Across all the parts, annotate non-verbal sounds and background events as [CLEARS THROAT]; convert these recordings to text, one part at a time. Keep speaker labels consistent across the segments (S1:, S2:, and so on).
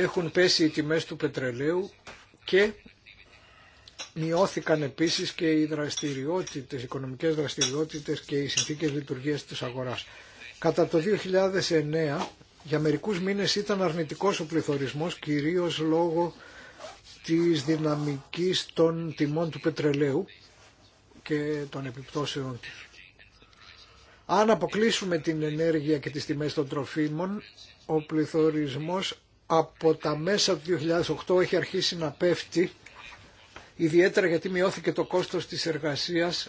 S1: έχουν πέσει οι τιμές του πετρελαίου και μειώθηκαν επίσης και οι δραστηριότητες, οι οικονομικές δραστηριότητες και οι συνθήκες λειτουργίας της αγοράς. Κατά το 2009 για μερικούς μήνες ήταν αρνητικός ο πληθωρισμός κυρίως λόγω της δυναμικής των τιμών του πετρελαίου και των επιπτώσεων της. Αν αποκλείσουμε την ενέργεια και τις τιμές των τροφίμων, ο πληθωρισμός από τα μέσα του 2008 έχει αρχίσει να πέφτει ιδιαίτερα γιατί μειώθηκε το κόστος της εργασίας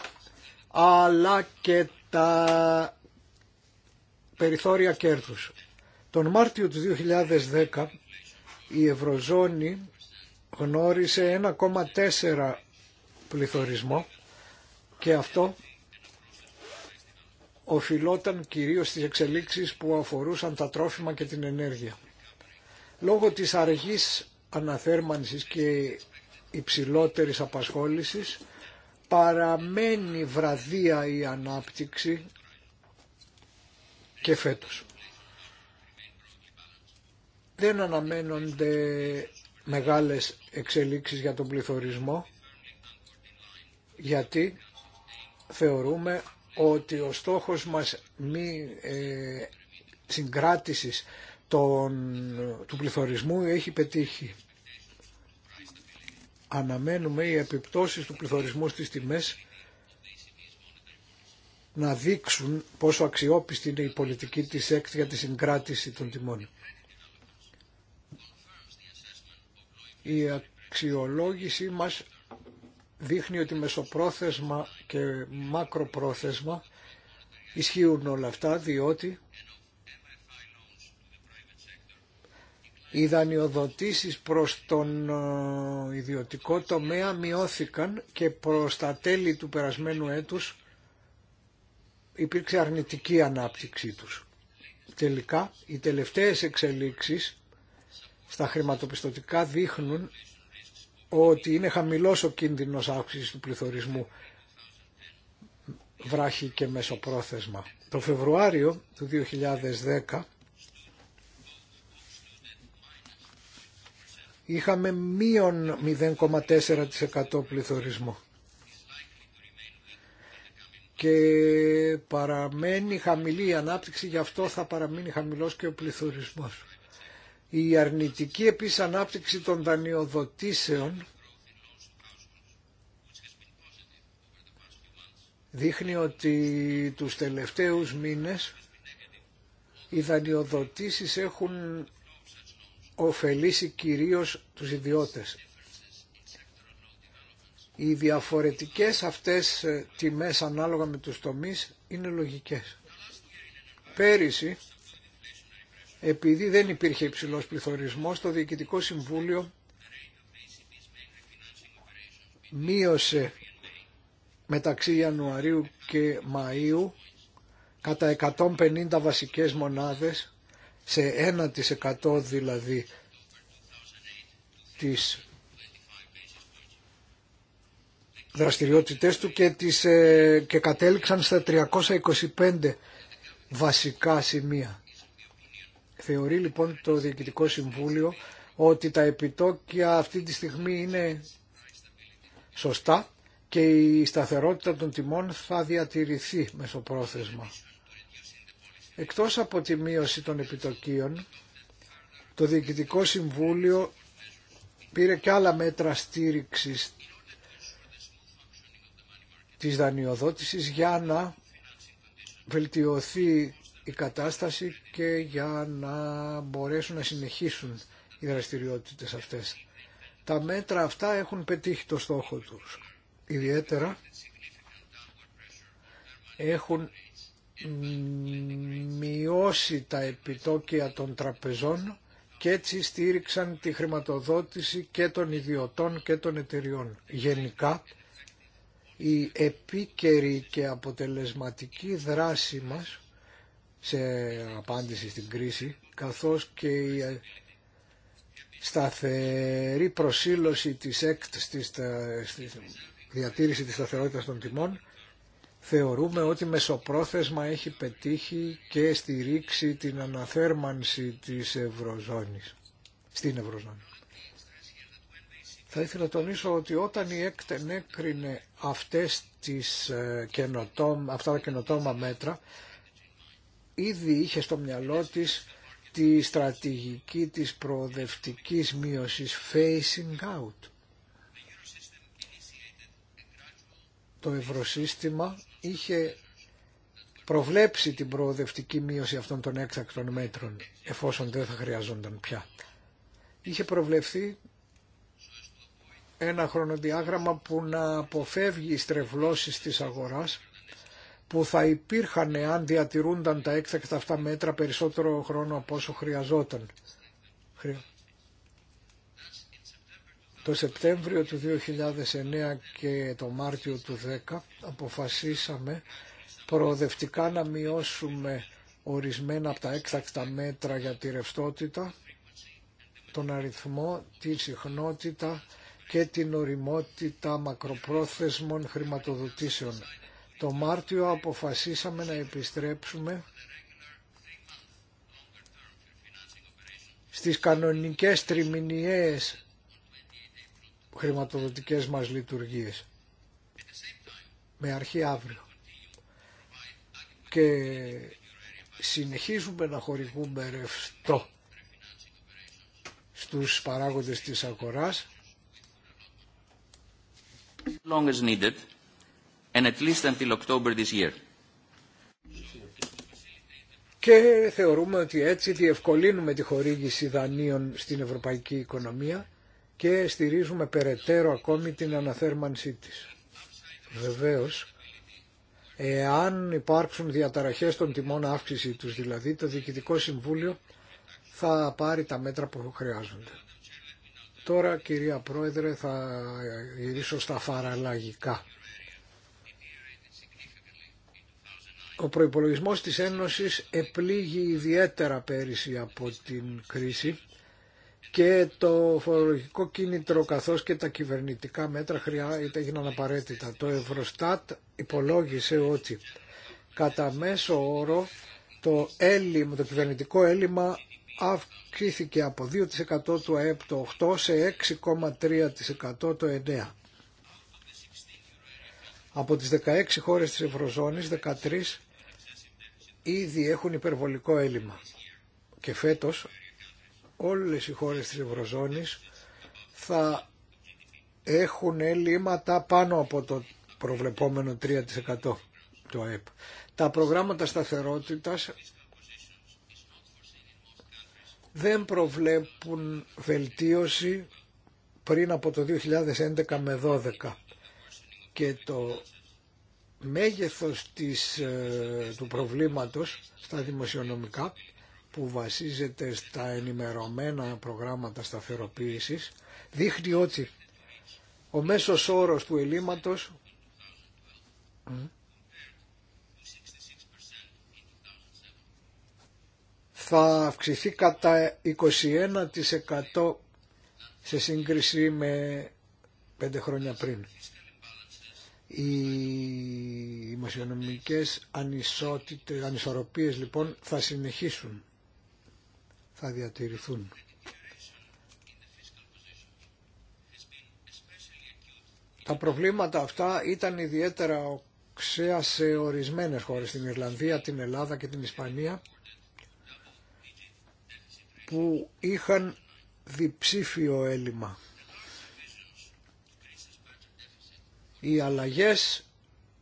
S1: αλλά και τα περιθώρια κέρδους. Τον Μάρτιο του 2010 η Ευρωζώνη γνώρισε 1,4 πληθωρισμό και αυτό οφειλόταν κυρίως στις εξελίξεις που αφορούσαν τα τρόφιμα και την ενέργεια. Λόγω της αργής αναθέρμανσης και υψηλότερης απασχόλησης παραμένει βραδία η ανάπτυξη και φέτος. Δεν αναμένονται μεγάλες εξελίξεις για τον πληθωρισμό γιατί θεωρούμε ότι ο στόχος μας μη ε, συγκράτησης τον του πληθωρισμού έχει πετύχει. Αναμένουμε οι επιπτώσεις του πληθωρισμού στις τιμές να δείξουν πόσο αξιόπιστη είναι η πολιτική της ΕΚΤ της τη συγκράτηση των τιμών. Η αξιολόγηση μας δείχνει ότι μεσοπρόθεσμα και μακροπρόθεσμα ισχύουν όλα αυτά διότι Οι δανειοδοτήσεις προς τον ε, ιδιωτικό τομέα μειώθηκαν και προς τα τέλη του περασμένου έτους υπήρξε αρνητική ανάπτυξή τους. Τελικά, οι τελευταίες εξελίξεις στα χρηματοπιστωτικά δείχνουν ότι είναι χαμηλός ο κίνδυνος αύξησης του πληθωρισμού βράχη και μεσοπρόθεσμα. Το Φεβρουάριο του 2010 είχαμε μείον 0,4% πληθωρισμό και παραμένει χαμηλή η ανάπτυξη, γι' αυτό θα παραμείνει χαμηλός και ο πληθωρισμός. Η αρνητική επίσης ανάπτυξη των δανειοδοτήσεων δείχνει ότι τους τελευταίους μήνες οι δανειοδοτήσεις έχουν ωφελήσει κυρίως τους ιδιώτες. Οι διαφορετικές αυτές ε, τιμές ανάλογα με τους τομείς είναι λογικές. Πέρυσι, επειδή δεν υπήρχε υψηλός πληθωρισμός, το Διοικητικό Συμβούλιο μείωσε μεταξύ Ιανουαρίου και Μαΐου κατά 150 βασικές μονάδες σε 1% δηλαδή τις δραστηριότητες του και, τις, ε, και κατέληξαν στα 325 βασικά σημεία. Θεωρεί λοιπόν το Διοικητικό Συμβούλιο ότι τα επιτόκια αυτή τη στιγμή είναι σωστά και η σταθερότητα των τιμών θα διατηρηθεί μεσοπρόθεσμα. Εκτός από τη μείωση των επιτοκίων, το Διοικητικό Συμβούλιο πήρε και άλλα μέτρα στήριξης της δανειοδότησης για να βελτιωθεί η κατάσταση και για να μπορέσουν να συνεχίσουν οι δραστηριότητες αυτές. Τα μέτρα αυτά έχουν πετύχει το στόχο τους. Ιδιαίτερα έχουν μειώσει τα επιτόκια των τραπεζών και έτσι στήριξαν τη χρηματοδότηση και των ιδιωτών και των εταιριών. Γενικά, η επίκαιρη και αποτελεσματική δράση μας σε απάντηση στην κρίση, καθώς και η σταθερή προσήλωση της ΕΚΤ στη διατήρηση της σταθερότητας των τιμών, θεωρούμε ότι μεσοπρόθεσμα έχει πετύχει και στηρίξει την αναθέρμανση της Ευρωζώνης, στην Ευρωζώνη. Θα ήθελα να τονίσω ότι όταν η ΕΚΤΕΝ έκρινε αυτές τις ε, αυτά τα καινοτόμα μέτρα, ήδη είχε στο μυαλό της τη στρατηγική της προοδευτικής μείωσης facing out. Το ευρωσύστημα είχε προβλέψει την προοδευτική μείωση αυτών των έκτακτων μέτρων εφόσον δεν θα χρειαζόνταν πια. Είχε προβλεφθεί ένα χρονοδιάγραμμα που να αποφεύγει οι στρεβλώσεις της αγοράς που θα υπήρχαν αν διατηρούνταν τα έξακτα αυτά μέτρα περισσότερο χρόνο από όσο χρειαζόταν. Το Σεπτέμβριο του 2009 και το Μάρτιο του 10 αποφασίσαμε προοδευτικά να μειώσουμε ορισμένα από τα έκτακτα μέτρα για τη ρευστότητα, τον αριθμό, τη συχνότητα και την οριμότητα μακροπρόθεσμων χρηματοδοτήσεων. Το Μάρτιο αποφασίσαμε να επιστρέψουμε στις κανονικές τριμηνιές χρηματοδοτικές μας λειτουργίες με αρχή αύριο και συνεχίζουμε να χορηγούμε ρευστό στους παράγοντες της αγοράς Και θεωρούμε ότι έτσι διευκολύνουμε τη χορήγηση δανείων στην ευρωπαϊκή οικονομία και στηρίζουμε περαιτέρω ακόμη την αναθέρμανσή της. Βεβαίως, εάν υπάρξουν διαταραχές των τιμών αύξηση τους, δηλαδή το Διοικητικό Συμβούλιο θα πάρει τα μέτρα που χρειάζονται. Τώρα, κυρία Πρόεδρε, θα γυρίσω στα φαραλαγικά. Ο προϋπολογισμός της Ένωσης επλήγει ιδιαίτερα πέρυσι από την κρίση και το φορολογικό κίνητρο καθώς και τα κυβερνητικά μέτρα χρειάζεται έγιναν απαραίτητα. Το Ευρωστάτ υπολόγισε ότι κατά μέσο όρο το, έλλειμμα, το κυβερνητικό έλλειμμα αυξήθηκε από 2% του ΑΕΠ το 8 σε 6,3% το 9. Από τις 16 χώρες της Ευρωζώνης, 13 ήδη έχουν υπερβολικό έλλειμμα. Και φέτος όλες οι χώρες της Ευρωζώνης θα έχουν έλλειμματα πάνω από το προβλεπόμενο 3% του ΑΕΠ. Τα προγράμματα σταθερότητας δεν προβλέπουν βελτίωση πριν από το 2011 με 12 και το μέγεθος της, ε, του προβλήματος στα δημοσιονομικά που βασίζεται στα ενημερωμένα προγράμματα σταθεροποίησης δείχνει ότι ο μέσος όρος του ελλείμματος θα αυξηθεί κατά 21% σε σύγκριση με πέντε χρόνια πριν. Οι δημοσιονομικές ανισότητες, ανισορροπίες λοιπόν θα συνεχίσουν θα διατηρηθούν. Τα προβλήματα αυτά ήταν ιδιαίτερα οξέα σε ορισμένες χώρες, την Ιρλανδία, την Ελλάδα και την Ισπανία, που είχαν διψήφιο έλλειμμα. Οι αλλαγές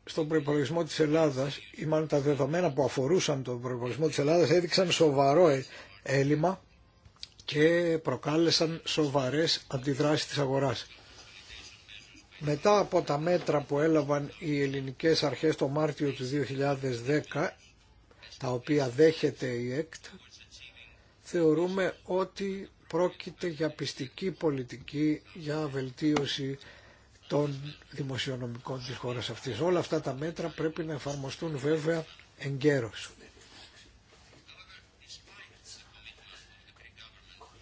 S1: στον προϋπολογισμό της Ελλάδας, ή μάλλον τα δεδομένα που αφορούσαν τον προϋπολογισμό της Ελλάδας, έδειξαν σοβαρό έλλειμμα και προκάλεσαν σοβαρές αντιδράσεις της αγοράς. Μετά από τα μέτρα που έλαβαν οι ελληνικές αρχές το Μάρτιο του 2010, τα οποία δέχεται η ΕΚΤ, θεωρούμε ότι πρόκειται για πιστική πολιτική για βελτίωση των δημοσιονομικών της χώρας αυτής. Όλα αυτά τα μέτρα πρέπει να εφαρμοστούν βέβαια εγκαίρως.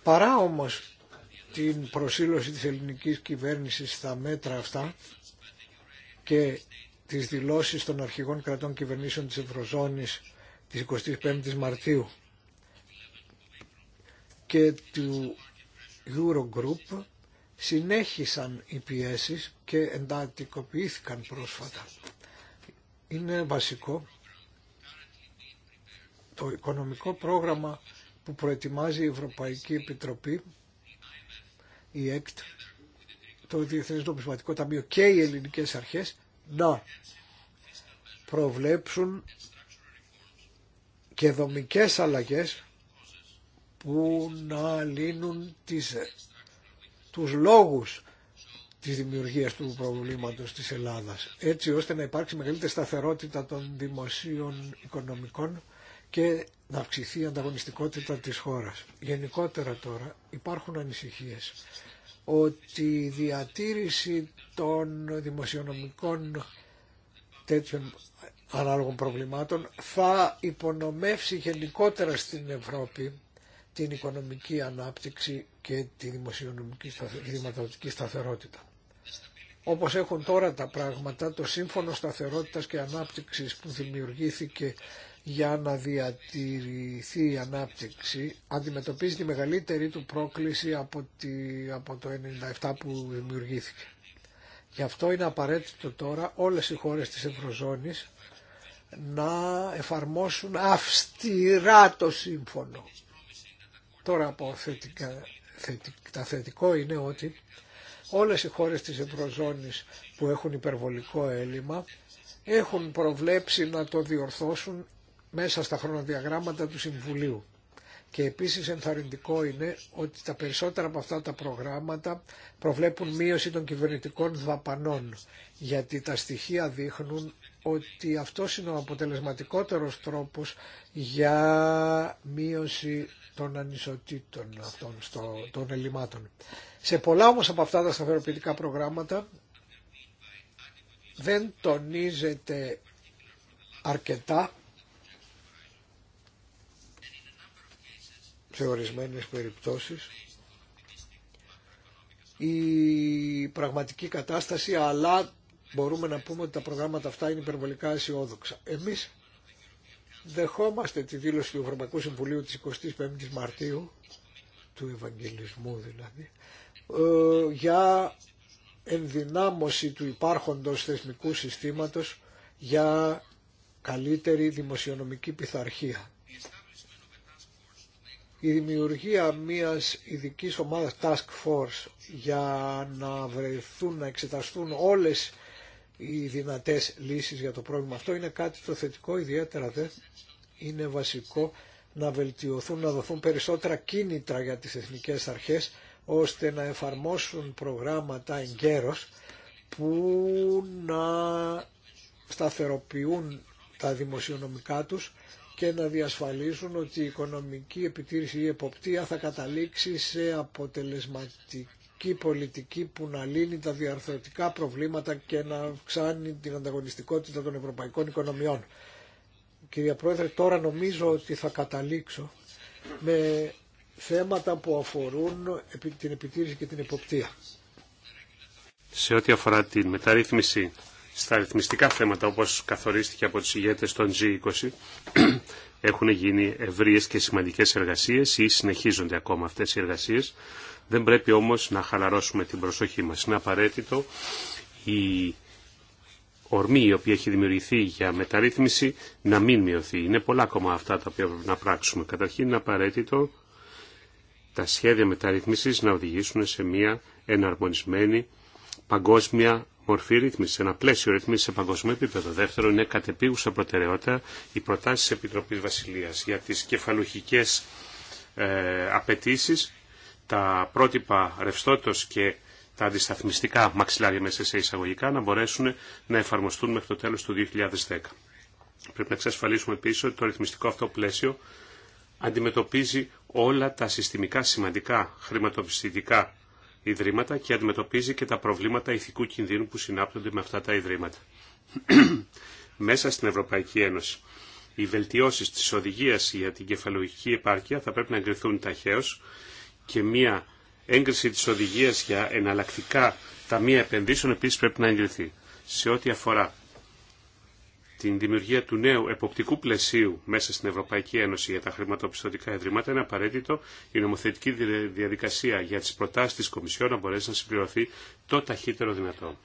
S1: Παρά όμως την προσήλωση της ελληνικής κυβέρνησης στα μέτρα αυτά και τις δηλώσεις των αρχηγών κρατών κυβερνήσεων της Ευρωζώνης της 25ης Μαρτίου και του Eurogroup συνέχισαν οι πιέσεις και εντατικοποιήθηκαν πρόσφατα. Είναι βασικό το οικονομικό πρόγραμμα που προετοιμάζει η Ευρωπαϊκή Επιτροπή, η ΕΚΤ, το Διεθνές Νομισματικό Ταμείο και οι ελληνικές αρχές να προβλέψουν και δομικές αλλαγές που να λύνουν τις, τους λόγους της δημιουργίας του προβλήματος της Ελλάδας έτσι ώστε να υπάρξει μεγαλύτερη σταθερότητα των δημοσίων οικονομικών και να αυξηθεί η ανταγωνιστικότητα της χώρας. Γενικότερα τώρα υπάρχουν ανησυχίες ότι η διατήρηση των δημοσιονομικών τέτοιων ανάλογων προβλημάτων θα υπονομεύσει γενικότερα στην Ευρώπη την οικονομική ανάπτυξη και τη δημοσιονομική χρηματοδοτική σταθερότητα. Όπως έχουν τώρα τα πράγματα, το Σύμφωνο Σταθερότητας και Ανάπτυξης που δημιουργήθηκε για να διατηρηθεί η ανάπτυξη αντιμετωπίζει τη μεγαλύτερη του πρόκληση από, τη, από το 1997 που δημιουργήθηκε. Γι' αυτό είναι απαραίτητο τώρα όλες οι χώρες της Ευρωζώνης να εφαρμόσουν αυστηρά το σύμφωνο. Τώρα από θετικά, θετικό είναι ότι όλες οι χώρες της Ευρωζώνης που έχουν υπερβολικό έλλειμμα έχουν προβλέψει να το διορθώσουν μέσα στα χρονοδιαγράμματα του Συμβουλίου. Και επίσης ενθαρρυντικό είναι ότι τα περισσότερα από αυτά τα προγράμματα προβλέπουν μείωση των κυβερνητικών δαπανών, γιατί τα στοιχεία δείχνουν ότι αυτό είναι ο αποτελεσματικότερος τρόπος για μείωση των ανισοτήτων αυτών, των ελλημάτων. Σε πολλά όμως από αυτά τα σταθεροποιητικά προγράμματα δεν τονίζεται αρκετά σε ορισμένες περιπτώσεις η πραγματική κατάσταση αλλά μπορούμε να πούμε ότι τα προγράμματα αυτά είναι υπερβολικά αισιόδοξα. Εμείς δεχόμαστε τη δήλωση του Ευρωπαϊκού Συμβουλίου της 25ης Μαρτίου του Ευαγγελισμού δηλαδή ε, για ενδυνάμωση του υπάρχοντος θεσμικού συστήματος για καλύτερη δημοσιονομική πειθαρχία η δημιουργία μιας ειδική ομάδας task force για να βρεθούν, να εξεταστούν όλες οι δυνατές λύσεις για το πρόβλημα αυτό είναι κάτι το θετικό, ιδιαίτερα δε είναι βασικό να βελτιωθούν, να δοθούν περισσότερα κίνητρα για τις εθνικές αρχές ώστε να εφαρμόσουν προγράμματα εγκαίρως που να σταθεροποιούν τα δημοσιονομικά τους και να διασφαλίσουν ότι η οικονομική επιτήρηση ή εποπτεία θα καταλήξει σε αποτελεσματική πολιτική που να λύνει τα διαρθρωτικά προβλήματα και να αυξάνει την ανταγωνιστικότητα των ευρωπαϊκών οικονομιών. Κυρία Πρόεδρε, τώρα νομίζω ότι θα καταλήξω με θέματα που αφορούν την επιτήρηση και την εποπτεία.
S2: Σε ό,τι αφορά την μεταρρύθμιση στα ρυθμιστικά θέματα όπως καθορίστηκε από τους ηγέτες των G20 [CLEARS THROAT] έχουν γίνει ευρείες και σημαντικές εργασίες ή συνεχίζονται ακόμα αυτές οι εργασίες. Δεν πρέπει όμως να χαλαρώσουμε την προσοχή μας. Είναι απαραίτητο η ορμή η οποία έχει δημιουργηθεί για μεταρρύθμιση να μην μειωθεί. Είναι πολλά ακόμα αυτά τα οποία πρέπει να πράξουμε. Καταρχήν είναι απαραίτητο τα σχέδια μεταρρύθμισης να οδηγήσουν σε μια εναρμονισμένη παγκόσμια μορφή ρύθμιση, ένα πλαίσιο ρύθμιση σε παγκοσμίο επίπεδο. Δεύτερον, είναι κατεπίγουσα προτεραιότητα οι προτάσει τη Επιτροπή Βασιλεία για τι κεφαλουχικέ ε, απαιτήσει, τα πρότυπα ρευστότητα και τα αντισταθμιστικά μαξιλάρια μέσα σε εισαγωγικά να μπορέσουν να εφαρμοστούν μέχρι το τέλο του 2010. Πρέπει να εξασφαλίσουμε επίση ότι το ρυθμιστικό αυτό πλαίσιο αντιμετωπίζει όλα τα συστημικά σημαντικά χρηματοπιστωτικά ιδρύματα και αντιμετωπίζει και τα προβλήματα ηθικού κινδύνου που συνάπτονται με αυτά τα ιδρύματα. [CLEARS THROAT] Μέσα στην Ευρωπαϊκή Ένωση. Οι βελτιώσεις της οδηγίας για την κεφαλογική επάρκεια θα πρέπει να εγκριθούν ταχαίως και μία έγκριση της οδηγίας για εναλλακτικά ταμεία επενδύσεων επίσης πρέπει να εγκριθεί. Σε ό,τι αφορά την δημιουργία του νέου εποπτικού πλαισίου μέσα στην Ευρωπαϊκή Ένωση για τα χρηματοπιστωτικά ιδρύματα είναι απαραίτητο η νομοθετική διαδικασία για τις προτάσεις της Κομισιόν να μπορέσει να συμπληρωθεί το ταχύτερο δυνατό.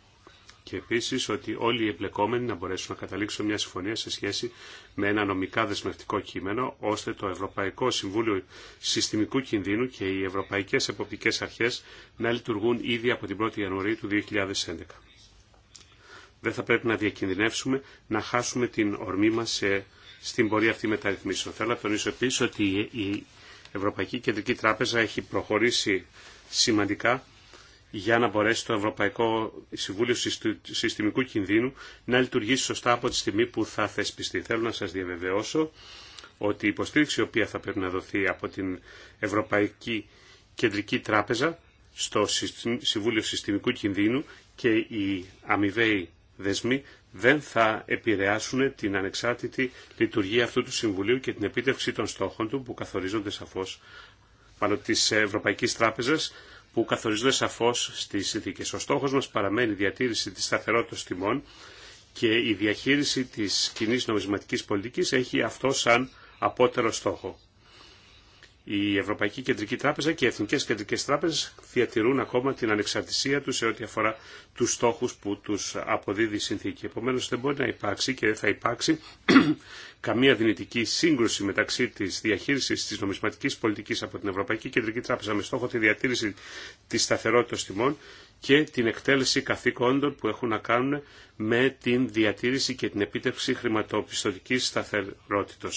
S2: Και επίση ότι όλοι οι εμπλεκόμενοι να μπορέσουν να καταλήξουν μια συμφωνία σε σχέση με ένα νομικά δεσμευτικό κείμενο, ώστε το Ευρωπαϊκό Συμβούλιο Συστημικού Κινδύνου και οι Ευρωπαϊκέ Εποπτικέ Αρχέ να λειτουργούν ήδη από την 1η Ιανουαρίου του 2011 δεν θα πρέπει να διακινδυνεύσουμε να χάσουμε την ορμή μας στην πορεία αυτή μεταρρυθμίσεων. Θέλω να τονίσω επίσης ότι η Ευρωπαϊκή Κεντρική Τράπεζα έχει προχωρήσει σημαντικά για να μπορέσει το Ευρωπαϊκό Συμβούλιο Συστημικού Κινδύνου να λειτουργήσει σωστά από τη στιγμή που θα θεσπιστεί. Θέλω να σας διαβεβαιώσω ότι η υποστήριξη η οποία θα πρέπει να δοθεί από την Ευρωπαϊκή Κεντρική Τράπεζα στο Συμβούλιο Συστημικού Κινδύνου και η αμοιβαίοι δεσμοί δεν θα επηρεάσουν την ανεξάρτητη λειτουργία αυτού του Συμβουλίου και την επίτευξη των στόχων του που καθορίζονται σαφώς πάνω της ευρωπαϊκή Τράπεζας που καθορίζονται σαφώς στις συνθήκε. Ο στόχος μας παραμένει η διατήρηση της σταθερότητας τιμών και η διαχείριση της κοινή νομισματικής πολιτικής έχει αυτό σαν απότερο στόχο. Η Ευρωπαϊκή Κεντρική Τράπεζα και οι Εθνικέ Κεντρικέ Τράπεζε διατηρούν ακόμα την ανεξαρτησία του σε ό,τι αφορά του στόχου που του αποδίδει η συνθήκη. Επομένω δεν μπορεί να υπάρξει και δεν θα υπάρξει [CLEARS THROAT] καμία δυνητική σύγκρουση μεταξύ τη διαχείριση τη νομισματική πολιτική από την Ευρωπαϊκή Κεντρική Τράπεζα με στόχο τη διατήρηση τη σταθερότητα τιμών και την εκτέλεση καθήκοντων που έχουν να κάνουν με την διατήρηση και την επίτευξη χρηματοπιστωτική σταθερότητα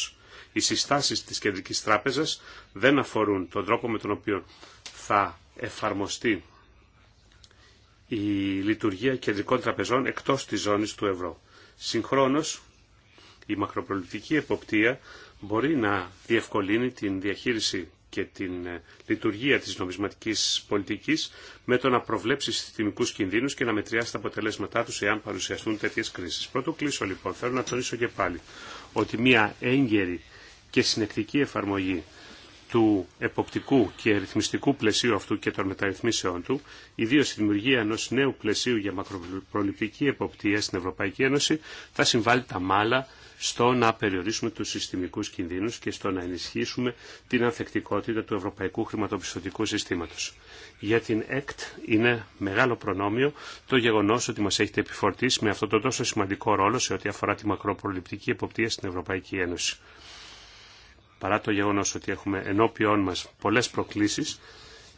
S2: οι συστάσεις της Κεντρικής Τράπεζας δεν αφορούν τον τρόπο με τον οποίο θα εφαρμοστεί η λειτουργία κεντρικών τραπεζών εκτός της ζώνης του ευρώ. Συγχρόνως, η μακροπολιτική εποπτεία μπορεί να διευκολύνει την διαχείριση και την ε, λειτουργία της νομισματικής πολιτικής με το να προβλέψει συστημικούς κινδύνους και να μετριάσει τα αποτελέσματά τους εάν παρουσιαστούν τέτοιες κρίσεις. Πρώτο κλείσω λοιπόν, θέλω να τονίσω και πάλι ότι μια έγκαιρη και συνεκτική εφαρμογή του εποπτικού και ρυθμιστικού πλαισίου αυτού και των μεταρρυθμίσεών του, ιδίω η δημιουργία ενό νέου πλαισίου για μακροπροληπτική εποπτεία στην Ευρωπαϊκή Ένωση, θα συμβάλλει τα μάλα στο να περιορίσουμε του συστημικού κινδύνου και στο να ενισχύσουμε την ανθεκτικότητα του ευρωπαϊκού χρηματοπιστωτικού συστήματο. Για την ΕΚΤ είναι μεγάλο προνόμιο το γεγονό ότι μα έχετε επιφορτήσει με αυτό το τόσο σημαντικό ρόλο σε ό,τι αφορά τη μακροπροληπτική εποπτεία στην Ευρωπαϊκή Ένωση παρά το γεγονός ότι έχουμε ενώπιόν μας πολλές προκλήσεις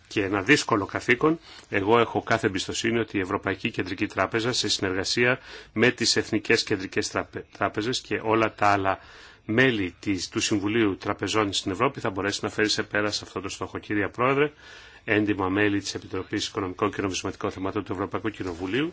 S2: και ένα δύσκολο καθήκον, εγώ έχω κάθε εμπιστοσύνη ότι η Ευρωπαϊκή Κεντρική Τράπεζα σε συνεργασία με τις Εθνικές Κεντρικές Τράπεζες και όλα τα άλλα μέλη της, του Συμβουλίου Τραπεζών στην Ευρώπη θα μπορέσει να φέρει σε πέρα σε αυτό το στόχο. Κύριε Πρόεδρε, έντιμα μέλη της Επιτροπής Οικονομικών και Νομισματικών Θεμάτων του Ευρωπαϊκού Κοινοβουλίου,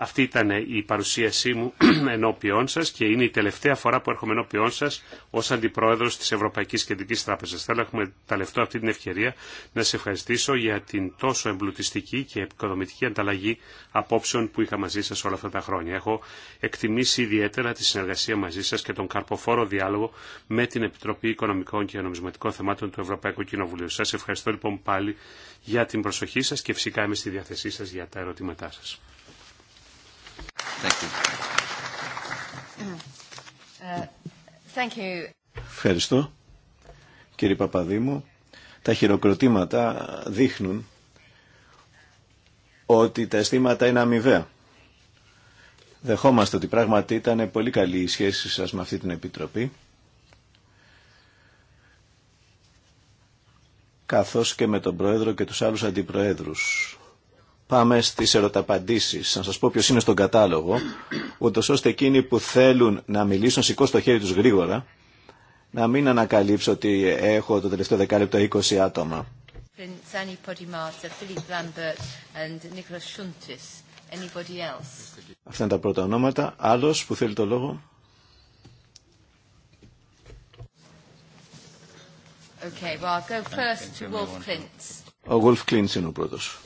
S2: αυτή ήταν η παρουσίασή μου [CLEARS THROAT] ενώπιόν σα και είναι η τελευταία φορά που έρχομαι ενώπιόν σα ω αντιπρόεδρο τη Ευρωπαϊκή Κεντρική Τράπεζα. Θέλω να λεφτά αυτή την ευκαιρία να σε ευχαριστήσω για την τόσο εμπλουτιστική και επικοδομητική ανταλλαγή απόψεων που είχα μαζί σα όλα αυτά τα χρόνια. Έχω εκτιμήσει ιδιαίτερα τη συνεργασία μαζί σα και τον καρποφόρο διάλογο με την Επιτροπή Οικονομικών και Νομισματικών Θεμάτων του Ευρωπαϊκού Κοινοβουλίου. Σα ευχαριστώ λοιπόν πάλι για την προσοχή σα και φυσικά είμαι στη διάθεσή σα για τα ερωτήματά σα.
S3: Uh,
S4: Ευχαριστώ, κύριε Παπαδήμου. Τα χειροκροτήματα δείχνουν ότι τα αισθήματα είναι αμοιβαία. Δεχόμαστε ότι πράγματι ήταν πολύ καλή η σχέση σας με αυτή την Επιτροπή. καθώς και με τον Πρόεδρο και τους άλλους αντιπροέδρους. Πάμε στις ερωταπαντήσεις. Να σας πω ποιος είναι στον κατάλογο, ούτω ώστε εκείνοι που θέλουν να μιλήσουν σηκώ το χέρι τους γρήγορα, να μην ανακαλύψω ότι έχω το τελευταίο δεκάλεπτο 20 άτομα. Αυτά είναι τα πρώτα ονόματα. Άλλος που θέλει το λόγο.
S3: Okay, well, go first to Wolf
S4: Klintz. Ο Wolf Klintz είναι ο πρώτος.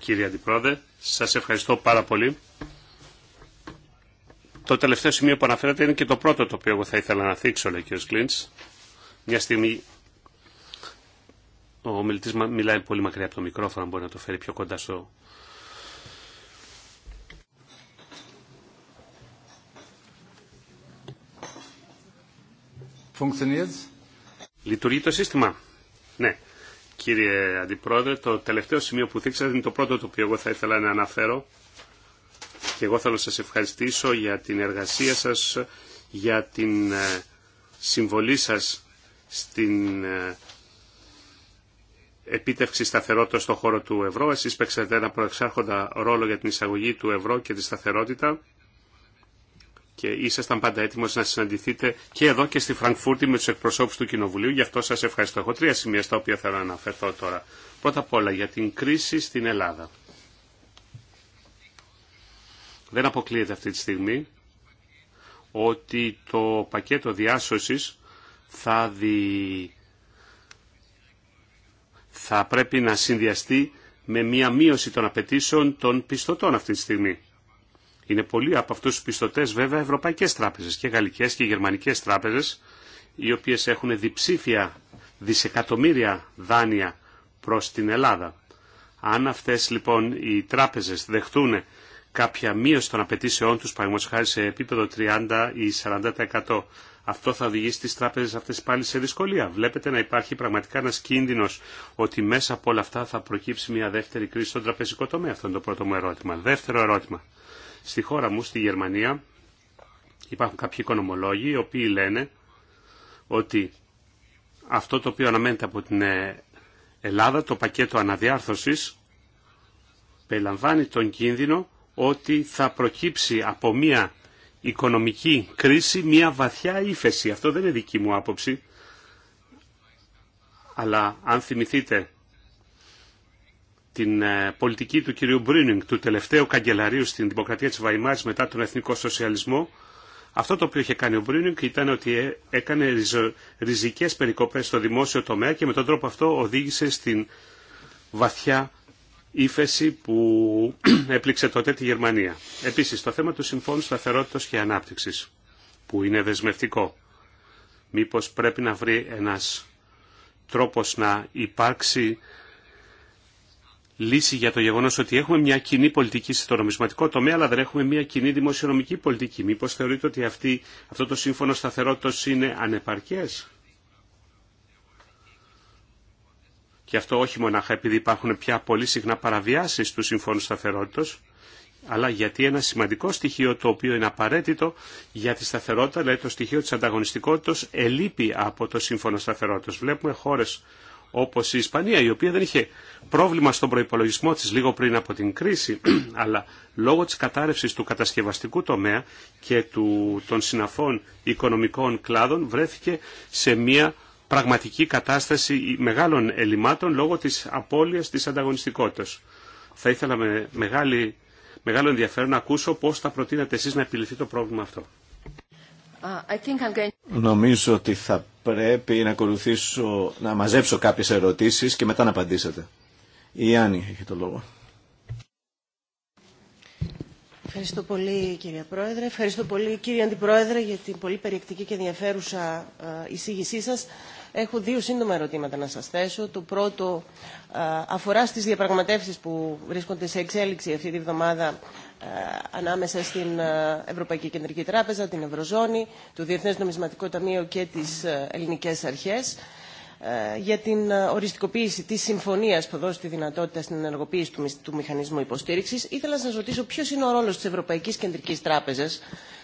S2: Κύριε Αντιπρόεδρε, σας ευχαριστώ πάρα πολύ. Το τελευταίο σημείο που αναφέρατε είναι και το πρώτο το οποίο εγώ θα ήθελα να θίξω, λέει ο κ. Κλίντς. Μια στιγμή ο ομιλητής μιλάει πολύ μακριά από το μικρόφωνο, μπορεί να το φέρει πιο κοντά στο... Λειτουργεί το σύστημα. Ναι. Κύριε Αντιπρόεδρε, το τελευταίο σημείο που θίξατε είναι το πρώτο το οποίο εγώ θα ήθελα να αναφέρω και εγώ θέλω να σας ευχαριστήσω για την εργασία σας, για την ε, συμβολή σας στην ε, επίτευξη σταθερότητα στον χώρο του ευρώ. Εσείς παίξατε ένα προεξάρχοντα ρόλο για την εισαγωγή του ευρώ και τη σταθερότητα και ήσασταν πάντα έτοιμος να συναντηθείτε και εδώ και στη Φραγκφούρτη με τους εκπροσώπους του Κοινοβουλίου. Γι' αυτό σας ευχαριστώ. Έχω τρία σημεία στα οποία θέλω να αναφερθώ τώρα. Πρώτα απ' όλα για την κρίση στην Ελλάδα. Δεν αποκλείεται αυτή τη στιγμή ότι το πακέτο διάσωσης θα, θα πρέπει να συνδυαστεί με μία μείωση των απαιτήσεων των πιστωτών αυτή τη στιγμή. Είναι πολλοί από αυτού του πιστωτέ, βέβαια Ευρωπαϊκέ Τράπεζε και Γαλλικέ και γερμανικέ τράπεζε, οι οποίε έχουν διψήφια δισεκατομμύρια δάνεια προ την Ελλάδα. Αν αυτέ, λοιπόν οι τράπεζε δεχτούν κάποια μείωση των απαιτήσεών του παραδείγματος χάρη σε επίπεδο 30 ή 40%, αυτό θα οδηγήσει τι τράπεζε αυτέ πάλι σε δυσκολία. Βλέπετε να υπάρχει πραγματικά ένα κίνδυνο ότι μέσα από όλα αυτά θα προκύψει μια δεύτερη κρίση στον τραπεζικό τομέα. Αυτό είναι το πρώτο μου ερώτημα. Δεύτερο ερώτημα. Στη χώρα μου, στη Γερμανία, υπάρχουν κάποιοι οικονομολόγοι οι οποίοι λένε ότι αυτό το οποίο αναμένεται από την ε, Ελλάδα, το πακέτο αναδιάρθρωσης, περιλαμβάνει τον κίνδυνο ότι θα προκύψει από μια οικονομική κρίση μια βαθιά ύφεση. Αυτό δεν είναι δική μου άποψη. Αλλά αν θυμηθείτε την ε, πολιτική του κυρίου Μπρίνινγκ, του τελευταίου καγκελαρίου στην Δημοκρατία της Βαϊμάρης μετά τον Εθνικό Σοσιαλισμό, αυτό το οποίο είχε κάνει ο Μπρίνινγκ ήταν ότι ε, έκανε ριζικές περικοπές στο δημόσιο τομέα και με τον τρόπο αυτό οδήγησε στην βαθιά ύφεση που [CLEARS THROAT] έπληξε τότε τη Γερμανία. Επίσης, το θέμα του Συμφώνου Σταθερότητας και Ανάπτυξης, που είναι δεσμευτικό. Μήπως πρέπει να βρει ένας τρόπο να υπάρξει λύση για το γεγονό ότι έχουμε μια κοινή πολιτική στο νομισματικό τομέα, αλλά δεν έχουμε μια κοινή δημοσιονομική πολιτική. Μήπω θεωρείτε ότι αυτή, αυτό το σύμφωνο σταθερότητα είναι ανεπαρκέ. Και αυτό όχι μονάχα επειδή υπάρχουν πια πολύ συχνά παραβιάσεις του Συμφώνου Σταθερότητος, αλλά γιατί ένα σημαντικό στοιχείο το οποίο είναι απαραίτητο για τη σταθερότητα, δηλαδή το στοιχείο της ανταγωνιστικότητας, ελείπει από το Σύμφωνο σταθερότητας. Βλέπουμε χώρες όπως η Ισπανία, η οποία δεν είχε πρόβλημα στον προϋπολογισμό τη λίγο πριν από την κρίση, [CLEARS THROAT] αλλά λόγω της κατάρρευση του κατασκευαστικού τομέα και του, των συναφών οικονομικών κλάδων βρέθηκε σε μια πραγματική κατάσταση μεγάλων ελλημάτων λόγω της απώλειας της ανταγωνιστικότητας. Θα ήθελα με μεγάλη, μεγάλο ενδιαφέρον να ακούσω πώς θα προτείνατε εσείς να επιληθεί το πρόβλημα αυτό.
S3: Uh,
S4: Νομίζω ότι θα πρέπει να ακολουθήσω, να μαζέψω κάποιες ερωτήσεις και μετά να απαντήσετε. Η Άννη έχει το λόγο.
S3: Ευχαριστώ πολύ κύριε Πρόεδρε. Ευχαριστώ πολύ κύριε Αντιπρόεδρε για την πολύ περιεκτική και ενδιαφέρουσα εισήγησή σας. Έχω δύο σύντομα ερωτήματα να σας θέσω. Το πρώτο αφορά στις διαπραγματεύσεις που βρίσκονται σε εξέλιξη αυτή τη βδομάδα ε, ανάμεσα στην ε, Ευρωπαϊκή Κεντρική Τράπεζα, την Ευρωζώνη, το Διεθνές Νομισματικό Ταμείο και τις ε, ελληνικές αρχές ε, για την ε, οριστικοποίηση της συμφωνίας που δώσει τη δυνατότητα στην ενεργοποίηση του μηχανισμού υποστήριξης. Ήθελα να σας ρωτήσω ποιος είναι ο ρόλος της Ευρωπαϊκής Κεντρικής Τράπεζας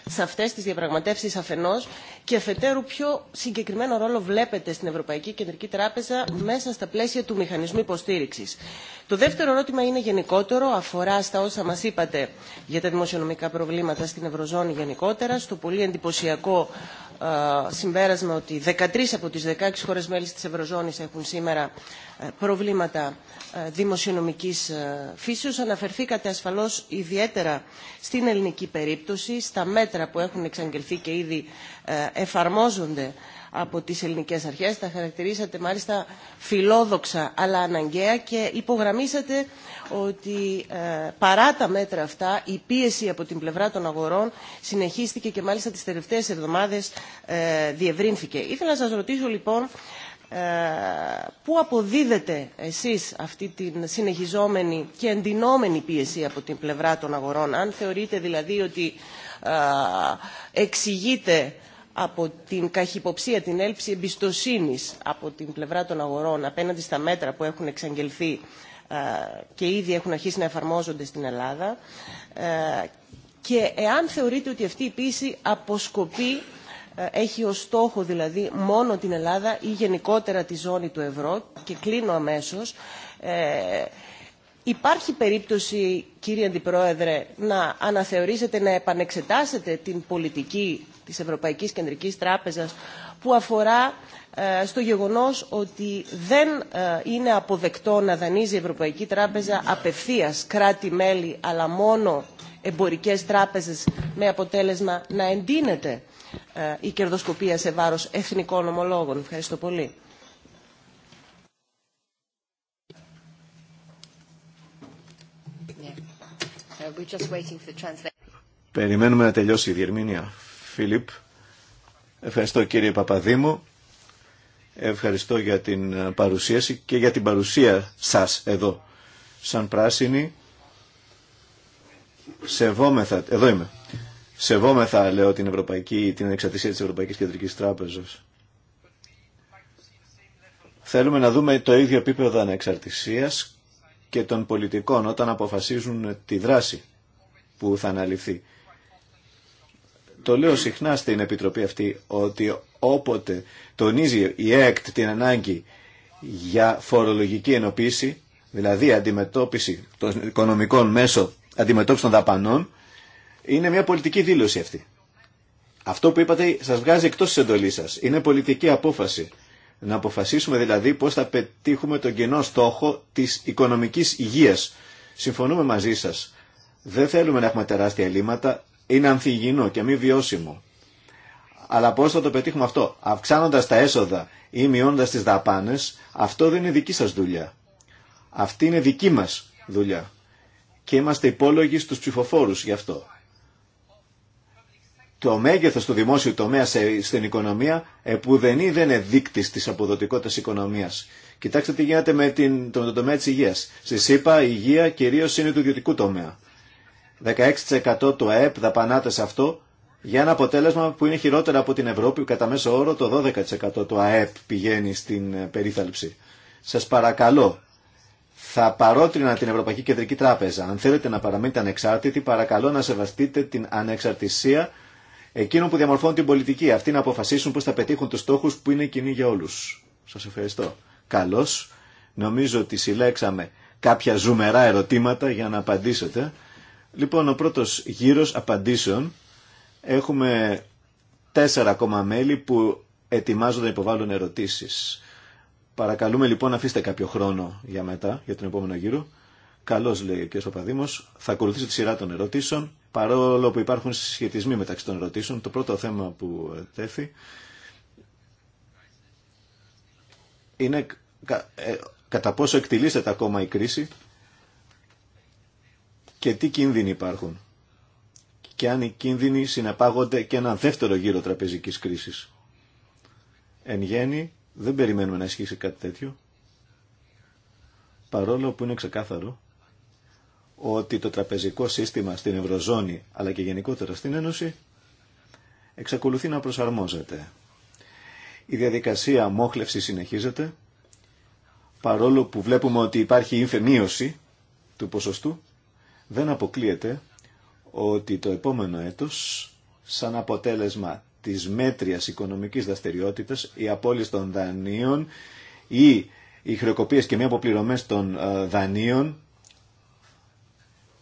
S3: σε αυτές τις διαπραγματεύσεις αφενός και αφετέρου ποιο συγκεκριμένο ρόλο βλέπετε στην Ευρωπαϊκή Κεντρική Τράπεζα μέσα στα πλαίσια του μηχανισμού υποστήριξης. Το δεύτερο ερώτημα είναι γενικότερο, αφορά στα όσα μας είπατε για τα δημοσιονομικά προβλήματα στην Ευρωζώνη γενικότερα, στο πολύ εντυπωσιακό ε, συμπέρασμα ότι 13 από τις 16 χώρες μέλη της Ευρωζώνης έχουν σήμερα ε, προβλήματα ε, δημοσιονομικής φύσεως. Αναφερθήκατε ασφαλώς ιδιαίτερα στην ελληνική περίπτωση, στα μέτρα που έχουν εξαγγελθεί και ήδη εφαρμόζονται από τις ελληνικές αρχές. Τα χαρακτηρίσατε μάλιστα φιλόδοξα αλλά αναγκαία και υπογραμμίσατε ότι ε, παρά τα μέτρα αυτά η πίεση από την πλευρά των αγορών συνεχίστηκε και μάλιστα τις τελευταίες εβδομάδες ε, διευρύνθηκε. Ήθελα να σας ρωτήσω λοιπόν ε, πού αποδίδετε εσείς αυτή την συνεχιζόμενη και εντυνόμενη πίεση από την πλευρά των αγορών. Αν θεωρείτε δηλαδή ότι εξηγείται από την καχυποψία, την έλλειψη εμπιστοσύνη από την πλευρά των αγορών απέναντι στα μέτρα που έχουν εξαγγελθεί ε, και ήδη έχουν αρχίσει να εφαρμόζονται στην Ελλάδα ε, και εάν θεωρείτε ότι αυτή η πίση αποσκοπεί ε, έχει ως στόχο δηλαδή μόνο την Ελλάδα ή γενικότερα τη ζώνη του ευρώ και κλείνω αμέσως υπάρχει περίπτωση κύριε Αντιπρόεδρε να αναθεωρήσετε, να επανεξετάσετε την πολιτική της Ευρωπαϊκής Κεντρικής Τράπεζας που αφορά ε, στο γεγονός ότι δεν ε, είναι αποδεκτό να δανείζει η Ευρωπαϊκή Τράπεζα απευθείας κράτη-μέλη αλλά μόνο εμπορικές τράπεζες με αποτέλεσμα να εντείνεται ε, η κερδοσκοπία σε βάρος εθνικών ομολόγων. Ευχαριστώ πολύ.
S4: Περιμένουμε να τελειώσει η διερμηνία. Φίλιπ. Ευχαριστώ κύριε Παπαδήμου. Ευχαριστώ για την ε, παρουσίαση και για την παρουσία σας εδώ. Σαν πράσινη, σεβόμεθα, εδώ είμαι, σεβόμεθα λέω την, Ευρωπαϊκή, την εξαρτησία της Ευρωπαϊκής Κεντρικής Τράπεζας. Θέλουμε να δούμε το ίδιο επίπεδο ανεξαρτησίας και των πολιτικών όταν αποφασίζουν τη δράση που θα αναλυθεί. Το λέω συχνά στην Επιτροπή αυτή ότι όποτε τονίζει η ΕΚΤ την ανάγκη για φορολογική ενοποίηση, δηλαδή αντιμετώπιση των οικονομικών μέσω αντιμετώπιση των δαπανών, είναι μια πολιτική δήλωση αυτή. Αυτό που είπατε σας βγάζει εκτός της εντολής σας. Είναι πολιτική απόφαση. Να αποφασίσουμε δηλαδή πώς θα πετύχουμε τον κοινό στόχο της οικονομικής υγείας. Συμφωνούμε μαζί σας. Δεν θέλουμε να έχουμε τεράστια ελλείμματα, είναι ανθυγινό και μη βιώσιμο. Αλλά πώ θα το πετύχουμε αυτό, αυξάνοντα τα έσοδα ή μειώνοντα τι δαπάνε, αυτό δεν είναι δική σα δουλειά. Αυτή είναι δική μα δουλειά. Και είμαστε υπόλογοι στου ψηφοφόρου γι' αυτό. Το μέγεθο του δημόσιου τομέα στην οικονομία που δεν είναι δείκτη τη αποδοτικότητα οικονομία. Κοιτάξτε τι γίνεται με την, το, το τομέα τη υγεία. Στη ΣΥΠΑ η υγεία κυρίω είναι του ιδιωτικού τομέα. 16% του ΑΕΠ δαπανάται σε αυτό για ένα αποτέλεσμα που είναι χειρότερο από την Ευρώπη που κατά μέσο όρο το 12% του ΑΕΠ πηγαίνει στην ε, περίθαλψη. Σας παρακαλώ, θα παρότρινα την Ευρωπαϊκή Κεντρική Τράπεζα. Αν θέλετε να παραμείνετε ανεξάρτητοι, παρακαλώ να σεβαστείτε την ανεξαρτησία εκείνων που διαμορφώνουν την πολιτική. Αυτοί να αποφασίσουν πώς θα πετύχουν τους στόχους που είναι κοινοί για όλους. Σας ευχαριστώ. Καλώς. Νομίζω ότι συλλέξαμε κάποια ζουμερά ερωτήματα για να απαντήσετε. Λοιπόν, ο πρώτος γύρος απαντήσεων. Έχουμε τέσσερα ακόμα μέλη που ετοιμάζονται να υποβάλουν ερωτήσεις. Παρακαλούμε λοιπόν να αφήστε κάποιο χρόνο για μετά, για τον επόμενο γύρο. Καλώς λέει ο κ. Παπαδήμος. Θα ακολουθήσει τη σειρά των ερωτήσεων, παρόλο που υπάρχουν συσχετισμοί μεταξύ των ερωτήσεων. Το πρώτο θέμα που τέθη είναι κα, ε, κατά πόσο εκτιλήσεται ακόμα η κρίση και τι κίνδυνοι υπάρχουν και αν οι κίνδυνοι συνεπάγονται και έναν δεύτερο γύρο τραπεζικής κρίσης. Εν γέννη δεν περιμένουμε να ισχύσει κάτι τέτοιο, παρόλο που είναι ξεκάθαρο ότι το τραπεζικό σύστημα στην Ευρωζώνη αλλά και γενικότερα στην Ένωση εξακολουθεί να προσαρμόζεται. Η διαδικασία μόχλευση συνεχίζεται, παρόλο που βλέπουμε ότι υπάρχει ύφε μείωση του ποσοστού, δεν αποκλείεται ότι το επόμενο έτος, σαν αποτέλεσμα της μέτριας οικονομικής δραστηριότητα, η απόλυση των δανείων ή οι χρεοκοπίες και μη αποπληρωμές των ε, δανείων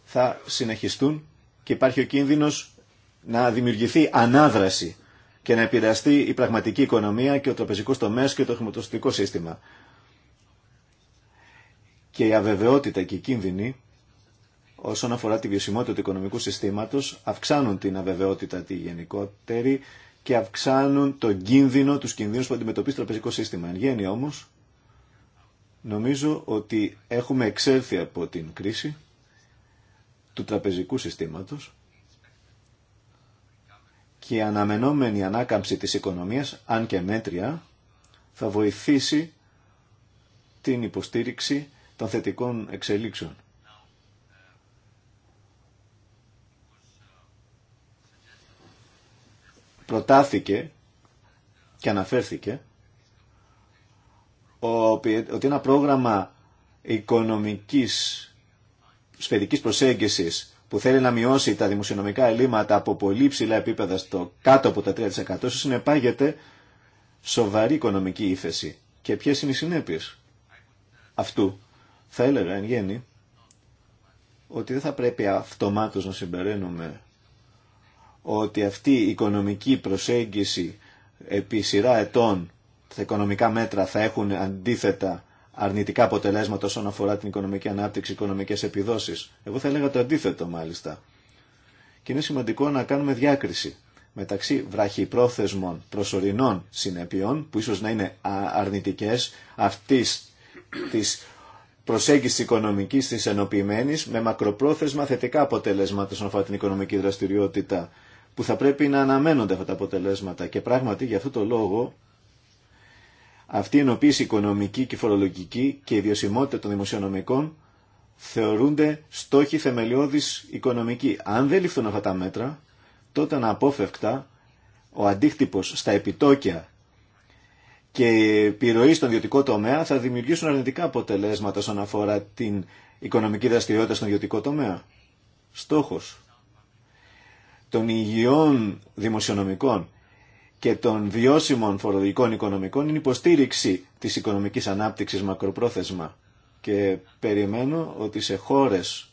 S4: θα συνεχιστούν και υπάρχει ο κίνδυνος να δημιουργηθεί ανάδραση και να επηρεαστεί η πραγματική οικονομία και ο τραπεζικός τομέας και το χρηματοστικό σύστημα. Και η αβεβαιότητα και η κίνδυνη όσον αφορά τη βιωσιμότητα του οικονομικού συστήματος αυξάνουν την αβεβαιότητα τη γενικότερη και αυξάνουν τον κίνδυνο, του κινδύνους που αντιμετωπίζει το τραπεζικό σύστημα. Εν γέννη όμως, νομίζω ότι έχουμε εξέλθει από την κρίση του τραπεζικού συστήματος και η αναμενόμενη ανάκαμψη της οικονομίας, αν και μέτρια, θα βοηθήσει την υποστήριξη των θετικών εξελίξεων. προτάθηκε και αναφέρθηκε ότι ένα πρόγραμμα οικονομικής σφαιρικής προσέγγισης που θέλει να μειώσει τα δημοσιονομικά ελλείμματα από πολύ ψηλά επίπεδα στο κάτω από τα 3% συνεπάγεται σοβαρή οικονομική ύφεση. Και ποιες είναι οι συνέπειες αυτού. Θα έλεγα εν γέννη ότι δεν θα πρέπει αυτομάτως να συμπεραίνουμε ότι αυτή η οικονομική προσέγγιση επί σειρά ετών τα οικονομικά μέτρα θα έχουν αντίθετα αρνητικά αποτελέσματα όσον αφορά την οικονομική ανάπτυξη, και οικονομικές επιδόσεις. Εγώ θα έλεγα το αντίθετο μάλιστα. Και είναι σημαντικό να κάνουμε διάκριση μεταξύ βραχυπρόθεσμων προσωρινών συνεπειών, που ίσως να είναι αρνητικές, αυτής της προσέγγιση οικονομική τη ενοποιημένη με μακροπρόθεσμα θετικά αποτελέσματα όσον αφορά την οικονομική δραστηριότητα που θα πρέπει να αναμένονται αυτά τα αποτελέσματα και πράγματι για αυτό το λόγο αυτή η ενοποίηση οικονομική και φορολογική και η βιωσιμότητα των δημοσιονομικών θεωρούνται στόχοι θεμελιώδης οικονομική. Αν δεν ληφθούν αυτά τα μέτρα, τότε αναπόφευκτα ο αντίκτυπος στα επιτόκια και η επιρροή στον ιδιωτικό τομέα θα δημιουργήσουν αρνητικά αποτελέσματα όσον αφορά την οικονομική δραστηριότητα στον ιδιωτικό τομέα. Στόχος των υγιών δημοσιονομικών και των βιώσιμων φορολογικών οικονομικών είναι υποστήριξη της οικονομικής ανάπτυξης μακροπρόθεσμα. Και περιμένω ότι σε χώρες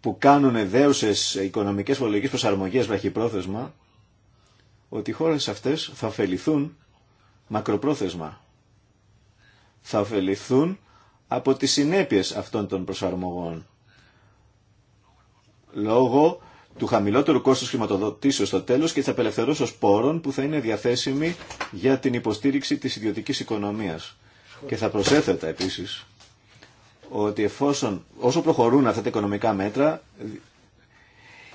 S4: που κάνουν δέουσες οικονομικές φορολογικές προσαρμογές βραχυπρόθεσμα, ότι οι χώρες αυτές θα ωφεληθούν μακροπρόθεσμα. Θα ωφεληθούν από τις συνέπειες αυτών των προσαρμογών λόγω του χαμηλότερου κόστους χρηματοδοτήσεω στο τέλο και τη απελευθερώσεως πόρων που θα είναι διαθέσιμη για την υποστήριξη τη ιδιωτική οικονομία. Και θα προσέθετα επίση ότι εφόσον, όσο προχωρούν αυτά τα οικονομικά μέτρα,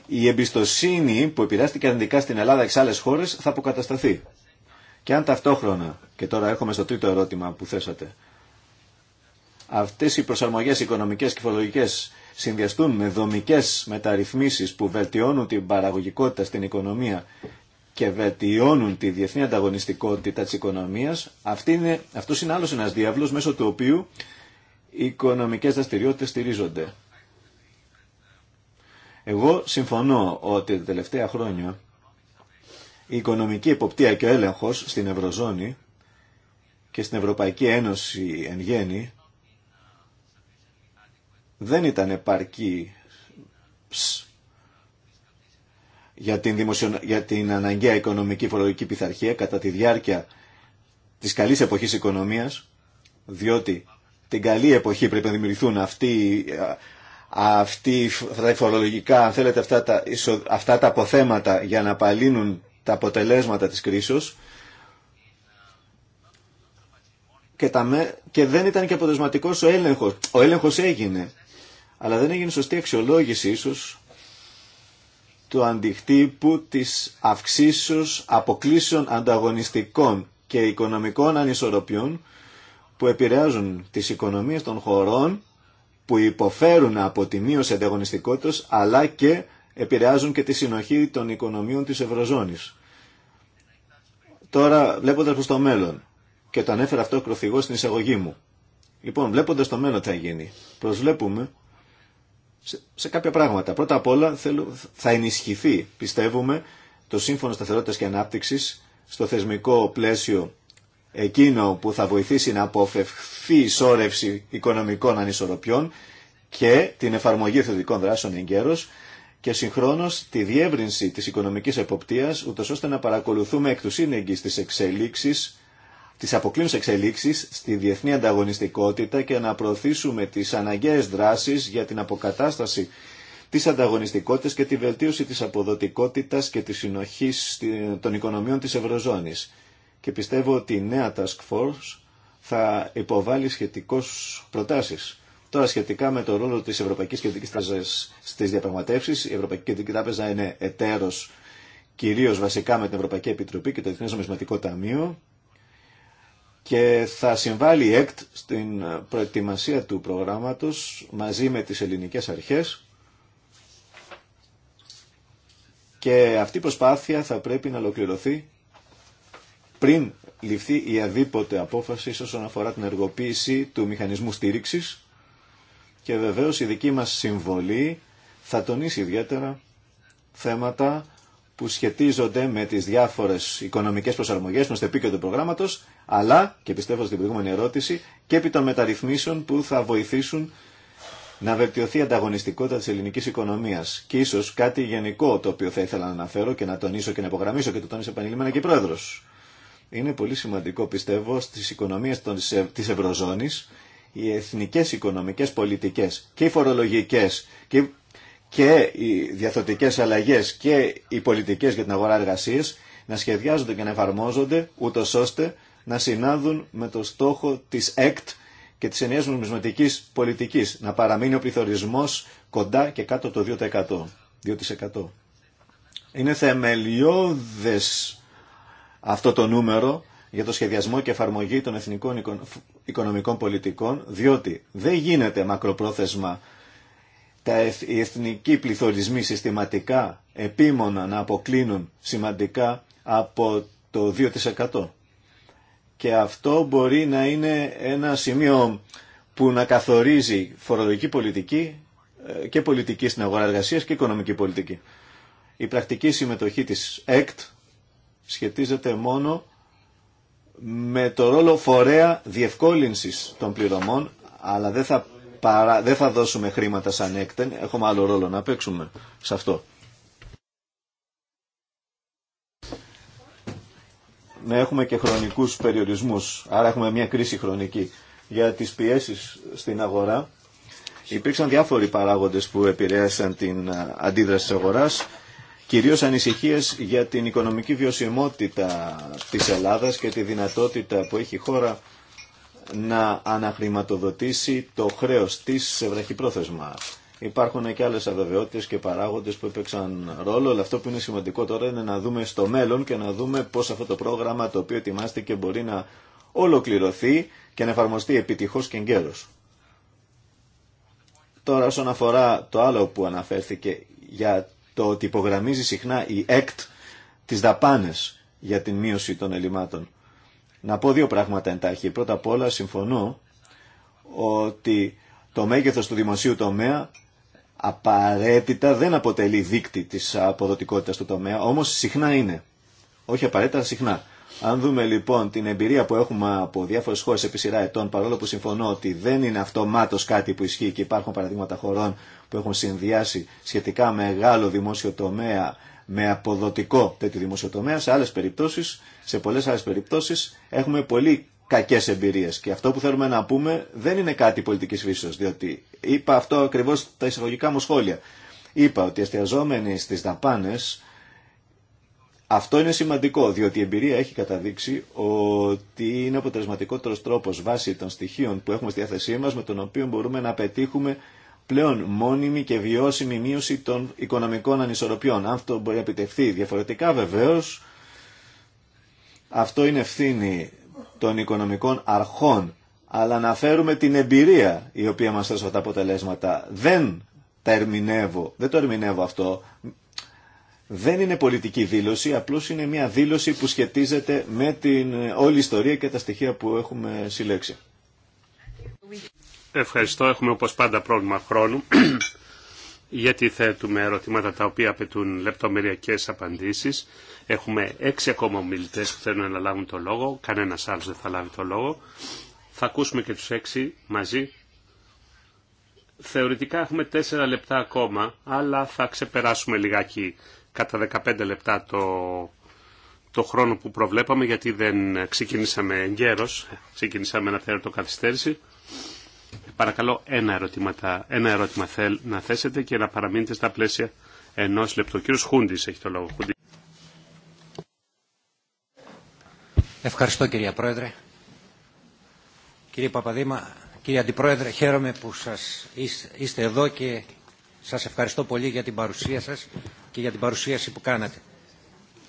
S4: η εμπιστοσύνη που επηρεάστηκε αρνητικά στην Ελλάδα και σε άλλες χώρες θα αποκατασταθεί. Και αν ταυτόχρονα, και τώρα έρχομαι στο τρίτο ερώτημα που θέσατε, αυτέ οι προσαρμογέ οικονομικέ και φορολογικές συνδυαστούν με δομικές μεταρρυθμίσεις που βελτιώνουν την παραγωγικότητα στην οικονομία και βελτιώνουν τη διεθνή ανταγωνιστικότητα της οικονομίας, αυτή είναι, αυτός είναι άλλος ένας διάβλος μέσω του οποίου οι οικονομικές δραστηριότητες στηρίζονται. Εγώ συμφωνώ ότι τα τελευταία χρόνια η οικονομική υποπτία και ο έλεγχος στην Ευρωζώνη και στην Ευρωπαϊκή Ένωση εν γέννη δεν ήταν επαρκή για την, δημοσιο... για την αναγκαία οικονομική φορολογική πειθαρχία κατά τη διάρκεια της καλής εποχής οικονομίας, διότι την καλή εποχή πρέπει να δημιουργηθούν αυτοί, αυτοί τα φορολογικά, αν θέλετε, αυτά τα, αυτά τα αποθέματα για να απαλύνουν τα αποτελέσματα της κρίσης και, τα, και δεν ήταν και αποτελεσματικός ο έλεγχος. Ο έλεγχος έγινε αλλά δεν έγινε σωστή αξιολόγηση ίσως του αντιχτύπου της αυξήσεως αποκλήσεων ανταγωνιστικών και οικονομικών ανισορροπιών που επηρεάζουν τις οικονομίες των χωρών που υποφέρουν από τη μείωση ανταγωνιστικότητας αλλά και επηρεάζουν και τη συνοχή των οικονομίων της Ευρωζώνης. Τώρα βλέποντας προς το μέλλον και το ανέφερα αυτό ο στην εισαγωγή μου. Λοιπόν, βλέποντας το μέλλον τι θα γίνει. Προσβλέπουμε σε, κάποια πράγματα. Πρώτα απ' όλα θα ενισχυθεί, πιστεύουμε, το Σύμφωνο Σταθερότητας και Ανάπτυξης στο θεσμικό πλαίσιο εκείνο που θα βοηθήσει να αποφευχθεί η σώρευση οικονομικών ανισορροπιών και την εφαρμογή θετικών δράσεων εγκαίρως και συγχρόνως τη διεύρυνση της οικονομικής εποπτείας, ούτως ώστε να παρακολουθούμε εκ του σύνεγγυς τις εξελίξεις τι αποκλίνουσες εξελίξει στη διεθνή ανταγωνιστικότητα και να προωθήσουμε τι αναγκαίε δράσει για την αποκατάσταση τη ανταγωνιστικότητα και τη βελτίωση τη αποδοτικότητα και τη συνοχή των οικονομιών τη Ευρωζώνης. Και πιστεύω ότι η νέα Task Force θα υποβάλει σχετικώ προτάσει. Τώρα σχετικά με το ρόλο της Ευρωπαϊκής Κεντρικής Τράπεζας στις διαπραγματεύσεις, η Ευρωπαϊκή Κεντρική Τράπεζα είναι εταίρος κυρίως βασικά με την Ευρωπαϊκή Επιτροπή και το Εθνές Νομισματικό Ταμείο και θα συμβάλλει η ΕΚΤ στην προετοιμασία του προγράμματος μαζί με τις ελληνικές αρχές και αυτή η προσπάθεια θα πρέπει να ολοκληρωθεί πριν ληφθεί η αδίποτε απόφαση όσον αφορά την εργοποίηση του μηχανισμού στήριξης και βεβαίως η δική μας συμβολή θα τονίσει ιδιαίτερα θέματα που σχετίζονται με τι διάφορε οικονομικέ προσαρμογέ που στο επίκεντρο του προγράμματος, αλλά, και πιστεύω στην προηγούμενη ερώτηση, και επί των μεταρρυθμίσεων που θα βοηθήσουν να βελτιωθεί η ανταγωνιστικότητα τη ελληνική οικονομία Και ίσω κάτι γενικό το οποίο θα ήθελα να αναφέρω και να τονίσω και να υπογραμμίσω και το τόνισε επανειλημμένα και η Πρόεδρος. Είναι πολύ σημαντικό, πιστεύω, στις οικονομίες τη Ευρωζώνης οι εθνικέ οικονομικέ πολιτικέ και οι φορολογικέ και και οι διαθωτικέ αλλαγές και οι πολιτικές για την αγορά εργασίας να σχεδιάζονται και να εφαρμόζονται ούτω ώστε να συνάδουν με το στόχο της ΕΚΤ και της ενιαίας νομισματικής πολιτικής να παραμείνει ο πληθωρισμός κοντά και κάτω το 2%. 2%. Είναι θεμελιώδες αυτό το νούμερο για το σχεδιασμό και εφαρμογή των εθνικών οικονομικών πολιτικών διότι δεν γίνεται μακροπρόθεσμα τα, οι εθνικοί πληθωρισμοί συστηματικά επίμονα να αποκλίνουν σημαντικά από το 2%. Και αυτό μπορεί να είναι ένα σημείο που να καθορίζει φορολογική πολιτική ε, και πολιτική στην αγορά εργασία και οικονομική πολιτική. Η πρακτική συμμετοχή της ΕΚΤ σχετίζεται μόνο με το ρόλο φορέα διευκόλυνσης των πληρωμών, αλλά δεν θα παρά, δεν θα δώσουμε χρήματα σαν έκτεν, έχουμε άλλο ρόλο να παίξουμε σε αυτό. Ναι, έχουμε και χρονικούς περιορισμούς, άρα έχουμε μια κρίση χρονική. Για τις πιέσεις στην αγορά υπήρξαν διάφοροι παράγοντες που επηρέασαν την αντίδραση της αγοράς, κυρίως ανησυχίες για την οικονομική βιωσιμότητα της Ελλάδας και τη δυνατότητα που έχει η χώρα να αναχρηματοδοτήσει το χρέος της σε βραχυπρόθεσμα. Υπάρχουν και άλλες αβεβαιότητες και παράγοντες που έπαιξαν ρόλο, αλλά αυτό που είναι σημαντικό τώρα είναι να δούμε στο μέλλον και να δούμε πώς αυτό το πρόγραμμα το οποίο ετοιμάστηκε μπορεί να ολοκληρωθεί και να εφαρμοστεί επιτυχώς και εγκαίρως. Τώρα όσον αφορά το άλλο που αναφέρθηκε για το ότι υπογραμμίζει συχνά η ΕΚΤ τις δαπάνες για την μείωση των ελλημάτων. Να πω δύο πράγματα εντάχει. Πρώτα απ' όλα συμφωνώ ότι το μέγεθος του δημοσίου τομέα απαραίτητα δεν αποτελεί δείκτη της αποδοτικότητας του τομέα, όμως συχνά είναι. Όχι απαραίτητα, συχνά. Αν δούμε λοιπόν την εμπειρία που έχουμε από διάφορε χώρε επί σειρά ετών, παρόλο που συμφωνώ ότι δεν είναι αυτομάτω κάτι που ισχύει και υπάρχουν παραδείγματα χωρών που έχουν συνδυάσει σχετικά μεγάλο δημόσιο τομέα με αποδοτικό τέτοιο δημόσιο τομέα, σε άλλε περιπτώσει σε πολλές άλλες περιπτώσεις έχουμε πολύ κακές εμπειρίες και αυτό που θέλουμε να πούμε δεν είναι κάτι πολιτικής φύσεως, διότι είπα αυτό ακριβώς τα εισαγωγικά μου σχόλια. Είπα ότι εστιαζόμενοι στις δαπάνες αυτό είναι σημαντικό, διότι η εμπειρία έχει καταδείξει ότι είναι αποτελεσματικότερο τρόπο βάσει των στοιχείων που έχουμε στη διάθεσή μα, με τον οποίο μπορούμε να πετύχουμε πλέον μόνιμη και βιώσιμη μείωση των οικονομικών ανισορροπιών. Αν αυτό μπορεί να επιτευχθεί διαφορετικά, βεβαίω αυτό είναι ευθύνη των οικονομικών αρχών, αλλά να φέρουμε την εμπειρία η οποία μας έδωσε τα αποτελέσματα. Δεν τα δεν το ερμηνεύω αυτό. Δεν είναι πολιτική δήλωση, απλώς είναι μια δήλωση που σχετίζεται με την όλη ιστορία και τα στοιχεία που έχουμε συλλέξει.
S2: Ευχαριστώ. Έχουμε όπως πάντα πρόβλημα χρόνου [CLEARS THROAT] γιατί θέτουμε ερωτήματα τα οποία απαιτούν λεπτομεριακές απαντήσεις. Έχουμε έξι ακόμα ομιλητέ που θέλουν να λάβουν το λόγο. Κανένα άλλο δεν θα λάβει το λόγο. Θα ακούσουμε και του έξι μαζί. Θεωρητικά έχουμε τέσσερα λεπτά ακόμα, αλλά θα ξεπεράσουμε λιγάκι κατά 15 λεπτά το, το χρόνο που προβλέπαμε, γιατί δεν ξεκινήσαμε εγκαίρως, ξεκινήσαμε ένα θέατρο καθυστέρηση. Παρακαλώ ένα, ερωτήματα, ένα ερώτημα θέλ, να θέσετε και να παραμείνετε στα πλαίσια ενός λεπτού. Ο κύριος Χούντης έχει το λόγο.
S5: Ευχαριστώ κυρία Πρόεδρε. Κύριε Παπαδήμα, κύριε Αντιπρόεδρε, χαίρομαι που σας είστε εδώ και σας ευχαριστώ πολύ για την παρουσία σας και για την παρουσίαση που κάνατε.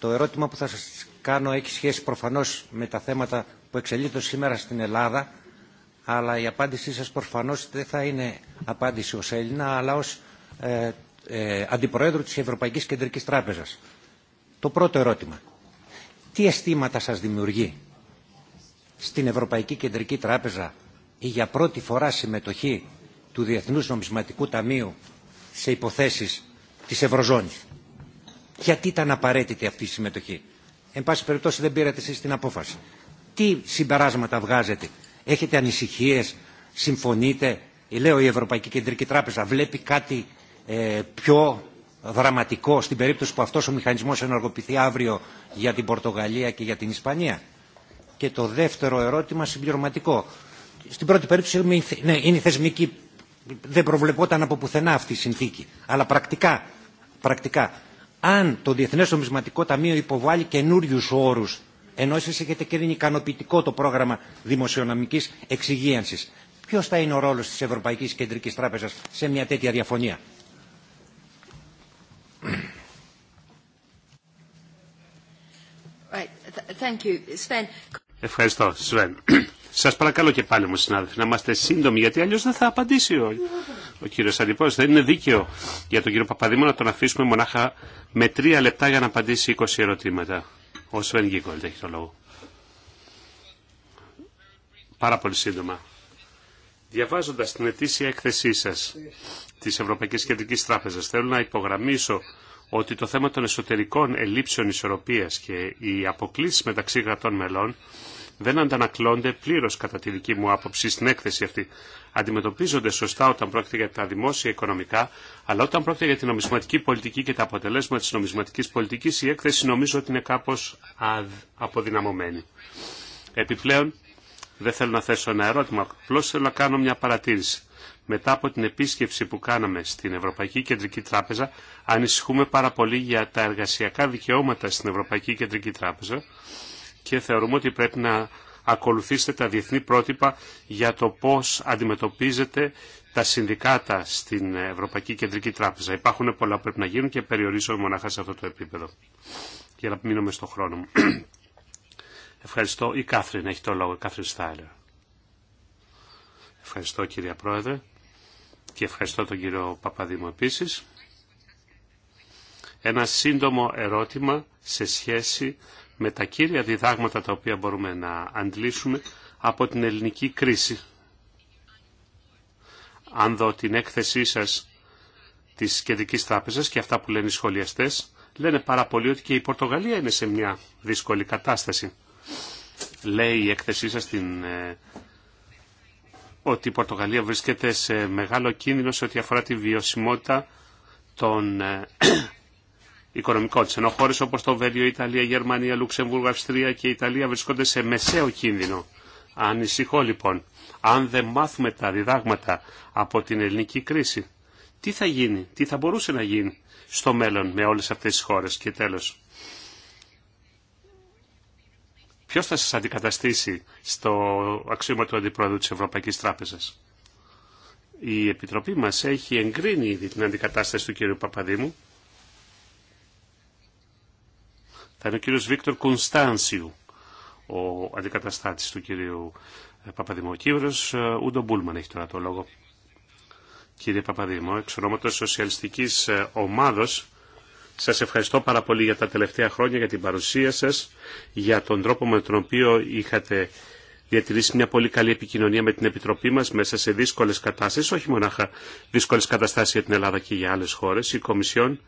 S5: Το ερώτημα που θα σας κάνω έχει σχέση προφανώς με τα θέματα που εξελίσσονται σήμερα στην Ελλάδα, αλλά η απάντησή σας προφανώς δεν θα είναι απάντηση ως Έλληνα, αλλά ως ε, ε, της Ευρωπαϊκής Κεντρικής Τράπεζας. Το πρώτο ερώτημα τι αισθήματα σας δημιουργεί στην Ευρωπαϊκή Κεντρική Τράπεζα η για πρώτη φορά συμμετοχή του Διεθνούς Νομισματικού Ταμείου σε υποθέσεις της Ευρωζώνης. Γιατί ήταν απαραίτητη αυτή η συμμετοχή. Εν πάση περιπτώσει δεν πήρατε εσείς την απόφαση. Τι συμπεράσματα βγάζετε. Έχετε ανησυχίες, συμφωνείτε. Λέω η Ευρωπαϊκή Κεντρική Τράπεζα βλέπει κάτι ε, πιο δραματικό στην περίπτωση που αυτός ο μηχανισμός ενεργοποιηθεί αύριο για την Πορτογαλία και για την Ισπανία. Και το δεύτερο ερώτημα συμπληρωματικό. Στην πρώτη περίπτωση ναι, είναι η θεσμική, δεν προβλεπόταν από πουθενά αυτή η συνθήκη. Αλλά πρακτικά, πρακτικά αν το Διεθνές Νομισματικό Ταμείο υποβάλει καινούριου όρους ενώ εσείς έχετε και είναι ικανοποιητικό το πρόγραμμα δημοσιονομικής εξυγίανσης. Ποιος θα είναι ο ρόλος της Ευρωπαϊκής Κεντρικής Τράπεζας σε μια τέτοια διαφωνία.
S2: Ευχαριστώ, Σβέν. Σα παρακαλώ και πάλι μου, συνάδελφοι, να είμαστε σύντομοι, γιατί αλλιώ δεν θα απαντήσει ο, ο κύριο Αντιπρόεδρο. Δεν είναι δίκαιο για τον κύριο Παπαδήμο να τον αφήσουμε μονάχα με τρία λεπτά για να απαντήσει 20 ερωτήματα. Ο Σβέν Γκίκολτ έχει το λόγο. Πάρα πολύ σύντομα. Διαβάζοντα την ετήσια έκθεσή σα τη Ευρωπαϊκή Κεντρική Τράπεζα, θέλω να υπογραμμίσω ότι το θέμα των εσωτερικών ελλείψεων ισορροπίας και οι αποκλήσει μεταξύ κρατών μελών δεν αντανακλώνται πλήρω κατά τη δική μου άποψη στην έκθεση αυτή. Αντιμετωπίζονται σωστά όταν πρόκειται για τα δημόσια οικονομικά, αλλά όταν πρόκειται για την νομισματική πολιτική και τα αποτελέσματα τη νομισματική πολιτική, η έκθεση νομίζω ότι είναι κάπω αποδυναμωμένη. Επιπλέον, δεν θέλω να θέσω ένα ερώτημα, απλώ θέλω να κάνω μια παρατήρηση μετά από την επίσκεψη που κάναμε στην Ευρωπαϊκή Κεντρική Τράπεζα, ανησυχούμε πάρα πολύ για τα εργασιακά δικαιώματα στην Ευρωπαϊκή Κεντρική Τράπεζα και θεωρούμε ότι πρέπει να ακολουθήσετε τα διεθνή πρότυπα για το πώς αντιμετωπίζετε τα συνδικάτα στην Ευρωπαϊκή Κεντρική Τράπεζα. Υπάρχουν πολλά που πρέπει να γίνουν και περιορίζω μονάχα σε αυτό το επίπεδο. Για να μείνουμε στο χρόνο μου. [CLEARS THROAT] Ευχαριστώ. Η Κάθριν έχει το λόγο. Η Κάθριν Ευχαριστώ κυρία Πρόεδρε και ευχαριστώ τον κύριο Παπαδήμο επίσης. Ένα σύντομο ερώτημα σε σχέση με τα κύρια διδάγματα τα οποία μπορούμε να αντλήσουμε από την ελληνική κρίση. Αν δω την έκθεσή σας της Κεντρικής Τράπεζας και αυτά που λένε οι σχολιαστές, λένε πάρα πολύ ότι και η Πορτογαλία είναι σε μια δύσκολη κατάσταση. Λέει η έκθεσή σας την. Ε, ότι η Πορτογαλία βρίσκεται σε μεγάλο κίνδυνο σε ό,τι αφορά τη βιωσιμότητα των ε, [CLEARS THROAT] οικονομικών της. Ενώ χώρες όπως το Βέλγιο, Ιταλία, Γερμανία, Λουξεμβούργο, Αυστρία και Ιταλία βρίσκονται σε μεσαίο κίνδυνο. Ανησυχώ λοιπόν, αν δεν μάθουμε τα διδάγματα από την ελληνική κρίση, τι θα γίνει, τι θα μπορούσε να γίνει στο μέλλον με όλες αυτές τις χώρες. Και τέλος, Ποιο θα σας αντικαταστήσει στο αξίωμα του Αντιπρόεδρου της Ευρωπαϊκής Τράπεζας. Η Επιτροπή μας έχει εγκρίνει ήδη την αντικατάσταση του κύριου Παπαδήμου. Θα είναι ο κύριος Βίκτορ Κωνστάνσιου, ο αντικαταστάτης του κύριου ε, Παπαδήμου. Ο κύριος ε, Ούντο Μπούλμαν έχει τώρα το λόγο. Κύριε Παπαδήμο, εξ ονόματος σοσιαλιστικής ε, ομάδος, σας ευχαριστώ πάρα πολύ για τα τελευταία χρόνια, για την παρουσία σας, για τον τρόπο με τον οποίο είχατε διατηρήσει μια πολύ καλή επικοινωνία με την Επιτροπή μας μέσα σε δύσκολες κατάστασεις, όχι μονάχα δύσκολες καταστάσεις για την Ελλάδα και για άλλες χώρες. Η Κομισιόν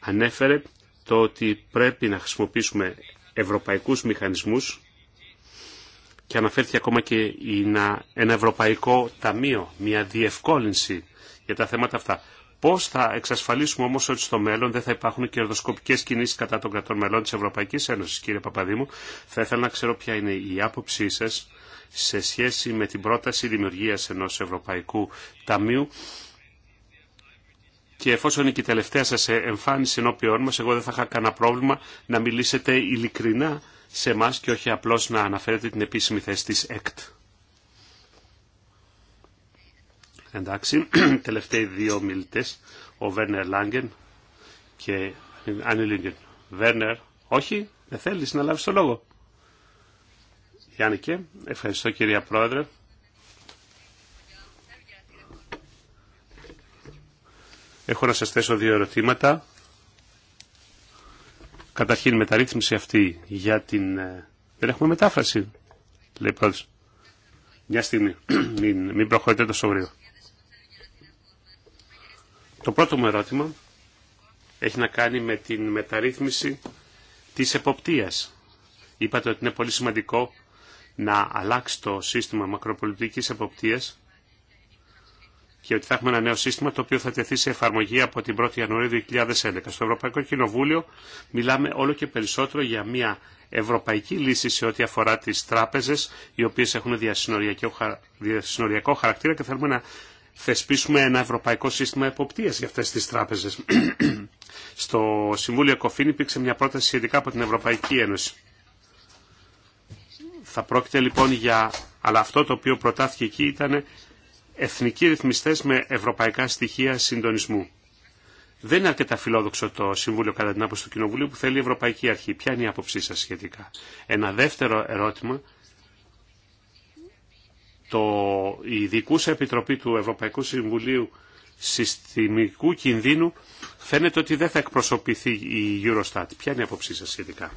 S2: ανέφερε το ότι πρέπει να χρησιμοποιήσουμε ευρωπαϊκούς μηχανισμούς και αναφέρθηκε ακόμα και ένα ευρωπαϊκό ταμείο, μια διευκόλυνση για τα θέματα αυτά. Πώ θα εξασφαλίσουμε όμω ότι στο μέλλον δεν θα υπάρχουν κερδοσκοπικέ κινήσει κατά των κρατών μελών τη Ευρωπαϊκή Ένωση, Κύριε Παπαδήμου, θα ήθελα να ξέρω ποια είναι η άποψή σα σε σχέση με την πρόταση δημιουργία ενό Ευρωπαϊκού Ταμείου και εφόσον είναι και η τελευταία σας εμφάνιση ενώπιόν μα, εγώ δεν θα είχα κανένα πρόβλημα να μιλήσετε ειλικρινά σε εμά και όχι απλώ να αναφέρετε την επίσημη θέση τη ΕΚΤ. Εντάξει, [CLEARS THROAT] τελευταίοι δύο μιλητές, ο Βέρνερ Λάγκεν και Άννη Λίγκεν. Βέρνερ, όχι, δεν θέλεις να λάβεις το λόγο. Γιάννη και, ευχαριστώ κυρία Πρόεδρε. Έχω να σας θέσω δύο ερωτήματα. Καταρχήν, μεταρρύθμιση αυτή για την... Ε, δεν έχουμε μετάφραση, λέει πρόεδρος. Μια στιγμή, [CLEARS THROAT] μην, μην προχωρείτε τόσο γρήγορα. Το πρώτο μου ερώτημα έχει να κάνει με την μεταρρύθμιση της εποπτείας. Είπατε ότι είναι πολύ σημαντικό να αλλάξει το σύστημα μακροπολιτικής εποπτείας και ότι θα έχουμε ένα νέο σύστημα το οποίο θα τεθεί σε εφαρμογή από την 1η Ιανουαρίου 2011. Στο Ευρωπαϊκό Κοινοβούλιο μιλάμε όλο και περισσότερο για μια ευρωπαϊκή λύση σε ό,τι αφορά τις τράπεζες οι οποίες έχουν διασυνοριακό χαρακτήρα και θέλουμε να θεσπίσουμε ένα ευρωπαϊκό σύστημα εποπτείας για αυτές τις τράπεζες. [CLEARS THROAT] Στο Συμβούλιο Κοφίν υπήρξε μια πρόταση σχετικά από την Ευρωπαϊκή Ένωση. Θα πρόκειται λοιπόν για... Αλλά αυτό το οποίο προτάθηκε εκεί ήταν εθνικοί ρυθμιστές με ευρωπαϊκά στοιχεία συντονισμού. Δεν είναι αρκετά φιλόδοξο το Συμβούλιο κατά την άποψη του Κοινοβουλίου που θέλει η Ευρωπαϊκή Αρχή. Ποια είναι η άποψή σας σχετικά. Ένα δεύτερο ερώτημα το, η Ειδικούσα Επιτροπή του Ευρωπαϊκού Συμβουλίου Συστημικού Κινδύνου φαίνεται ότι δεν θα εκπροσωπηθεί η Eurostat. Ποια είναι η απόψή σας σχετικά.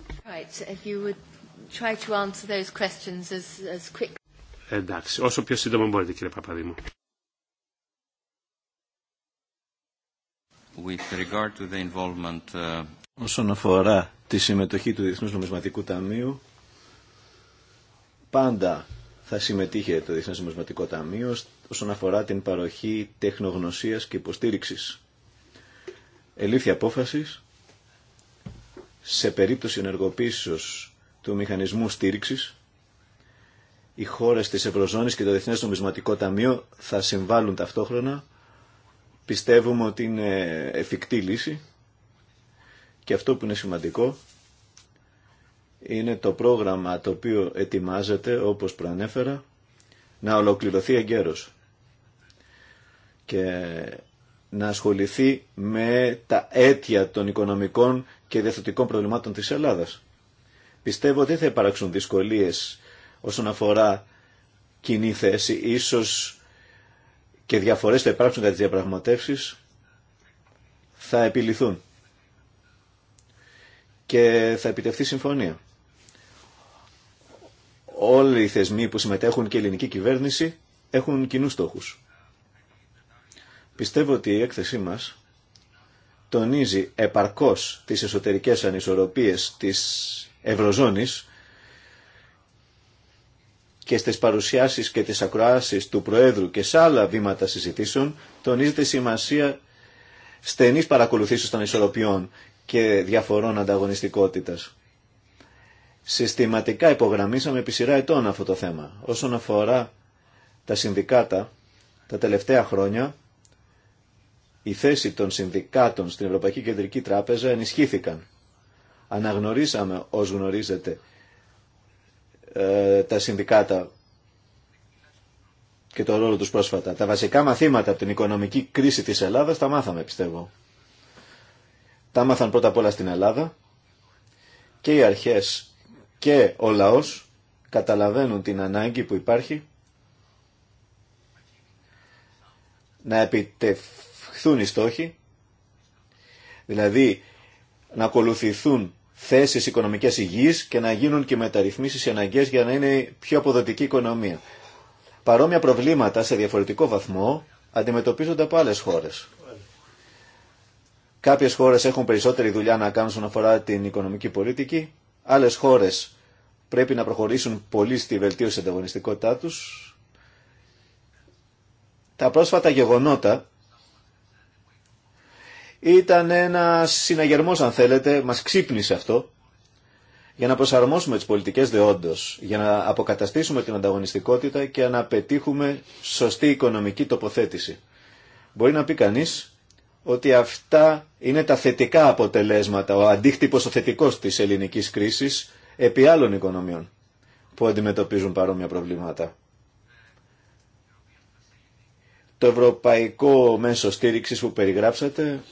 S2: Εντάξει, όσο πιο σύντομα μπορείτε κύριε Παπαδήμου.
S5: With regard to the involvement, uh,
S2: Όσον αφορά
S4: τη συμμετοχή του Διεθνούς Νομισματικού Ταμείου, πάντα θα συμμετείχε το Διεθνές Νομισματικό Ταμείο όσον αφορά την παροχή τεχνογνωσίας και υποστήριξης. Ελήφθη απόφαση σε περίπτωση ενεργοποίησης του μηχανισμού στήριξης οι χώρες της Ευρωζώνης και το Διεθνές Νομισματικό Ταμείο θα συμβάλλουν ταυτόχρονα. Πιστεύουμε ότι είναι εφικτή λύση και αυτό που είναι σημαντικό είναι το πρόγραμμα το οποίο ετοιμάζεται, όπως προανέφερα, να ολοκληρωθεί εγκαίρως και να ασχοληθεί με τα αίτια των οικονομικών και διαθετικών προβλημάτων της Ελλάδας. Πιστεύω ότι θα υπάρξουν δυσκολίες όσον αφορά κοινή θέση, ίσως και διαφορές θα υπάρξουν κατά τις διαπραγματεύσεις, θα επιληθούν και θα επιτευχθεί συμφωνία. Όλοι οι θεσμοί που συμμετέχουν και η ελληνική κυβέρνηση έχουν κοινούς στόχους. Πιστεύω ότι η έκθεσή μας τονίζει επαρκώς τις εσωτερικές ανισορροπίες της Ευρωζώνης και στις παρουσιάσεις και τις ακροάσεις του Προέδρου και σε άλλα βήματα συζητήσεων τονίζεται η σημασία στενής παρακολουθήσεως των ισορροπιών και διαφορών ανταγωνιστικότητας συστηματικά υπογραμμίσαμε επί σειρά ετών αυτό το θέμα. Όσον αφορά τα συνδικάτα, τα τελευταία χρόνια η θέση των συνδικάτων στην Ευρωπαϊκή Κεντρική Τράπεζα ενισχύθηκαν. Αναγνωρίσαμε, ως γνωρίζετε, ε, τα συνδικάτα και το ρόλο τους πρόσφατα. Τα βασικά μαθήματα από την οικονομική κρίση της Ελλάδας τα μάθαμε, πιστεύω. Τα μάθαν πρώτα απ' όλα στην Ελλάδα και οι αρχές και ο λαός καταλαβαίνουν την ανάγκη που υπάρχει να επιτευχθούν οι στόχοι, δηλαδή να ακολουθηθούν θέσεις οικονομικές υγιής και να γίνουν και μεταρρυθμίσεις αναγκαίες για να είναι πιο αποδοτική οικονομία. Παρόμοια προβλήματα σε διαφορετικό βαθμό αντιμετωπίζονται από άλλες χώρες. Κάποιες χώρες έχουν περισσότερη δουλειά να κάνουν όσον αφορά την οικονομική πολιτική, Άλλες χώρες πρέπει να προχωρήσουν πολύ στη βελτίωση της ανταγωνιστικότητά τους. Τα πρόσφατα γεγονότα ήταν ένα συναγερμός αν θέλετε, μας ξύπνησε αυτό για να προσαρμόσουμε τις πολιτικές δεόντως, για να αποκαταστήσουμε την ανταγωνιστικότητα και να πετύχουμε σωστή οικονομική τοποθέτηση. Μπορεί να πει κανείς ότι αυτά είναι τα θετικά αποτελέσματα, ο αντίκτυπος ο θετικός της ελληνικής κρίσης επί άλλων οικονομιών που αντιμετωπίζουν παρόμοια προβλήματα. Το ευρωπαϊκό μέσο στήριξης που περιγράψατε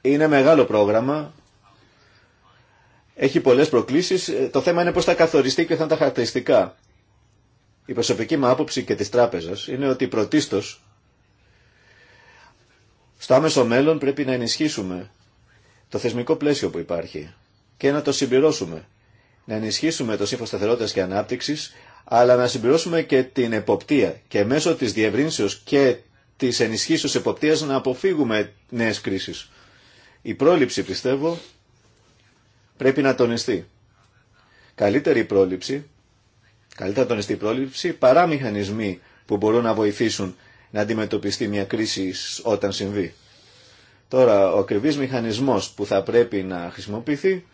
S4: είναι μεγάλο πρόγραμμα, έχει πολλές προκλήσεις, ε, το θέμα είναι πώς θα καθοριστεί και θα είναι τα χαρακτηριστικά. Η προσωπική μου άποψη και της τράπεζας είναι ότι πρωτίστως στο άμεσο μέλλον πρέπει να ενισχύσουμε το θεσμικό πλαίσιο που υπάρχει και να το συμπληρώσουμε. Να ενισχύσουμε το Σύμφωνο Σταθερότητα και Ανάπτυξη, αλλά να συμπληρώσουμε και την εποπτεία και μέσω τη διευρύνσεω και τη ενισχύσεω εποπτεία να αποφύγουμε νέε κρίσει. Η πρόληψη, πιστεύω, πρέπει να τονιστεί. Καλύτερη πρόληψη, καλύτερα τονιστεί η πρόληψη παρά μηχανισμοί που μπορούν να βοηθήσουν να αντιμετωπιστεί μια κρίση όταν συμβεί. Τώρα, ο ακριβής μηχανισμός που θα πρέπει να χρησιμοποιηθεί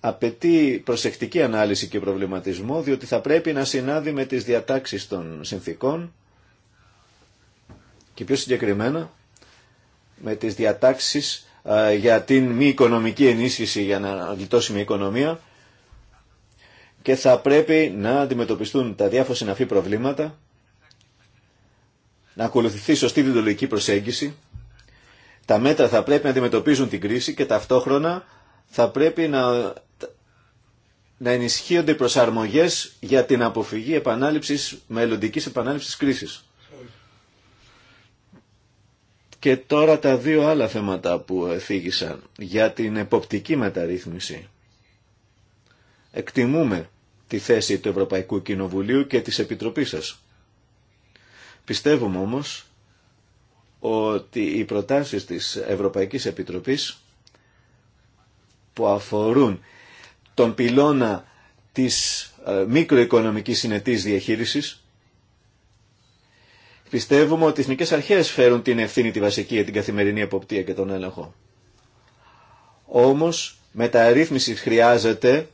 S4: απαιτεί προσεκτική ανάλυση και προβληματισμό, διότι θα πρέπει να συνάδει με τις διατάξεις των συνθήκων και πιο συγκεκριμένα με τις διατάξεις για την μη οικονομική ενίσχυση για να γλιτώσει μια οικονομία και θα πρέπει να αντιμετωπιστούν τα διάφορα συναφή προβλήματα να ακολουθηθεί σωστή διδολογική προσέγγιση. Τα μέτρα θα πρέπει να αντιμετωπίζουν την κρίση και ταυτόχρονα θα πρέπει να, να ενισχύονται οι προσαρμογές για την αποφυγή επανάληψης, μελλοντικής επανάληψης κρίσης. Και τώρα τα δύο άλλα θέματα που εφήγησαν για την εποπτική μεταρρύθμιση. Εκτιμούμε τη θέση του Ευρωπαϊκού Κοινοβουλίου και της Επιτροπής σας. Πιστεύουμε όμως ότι οι προτάσεις της Ευρωπαϊκής Επιτροπής που αφορούν τον πυλώνα της ε, μικροοικονομικής συνετής διαχείρισης πιστεύουμε ότι οι εθνικές αρχές φέρουν την ευθύνη τη βασική για την καθημερινή εποπτεία και τον έλεγχο. Όμως μεταρρύθμιση χρειάζεται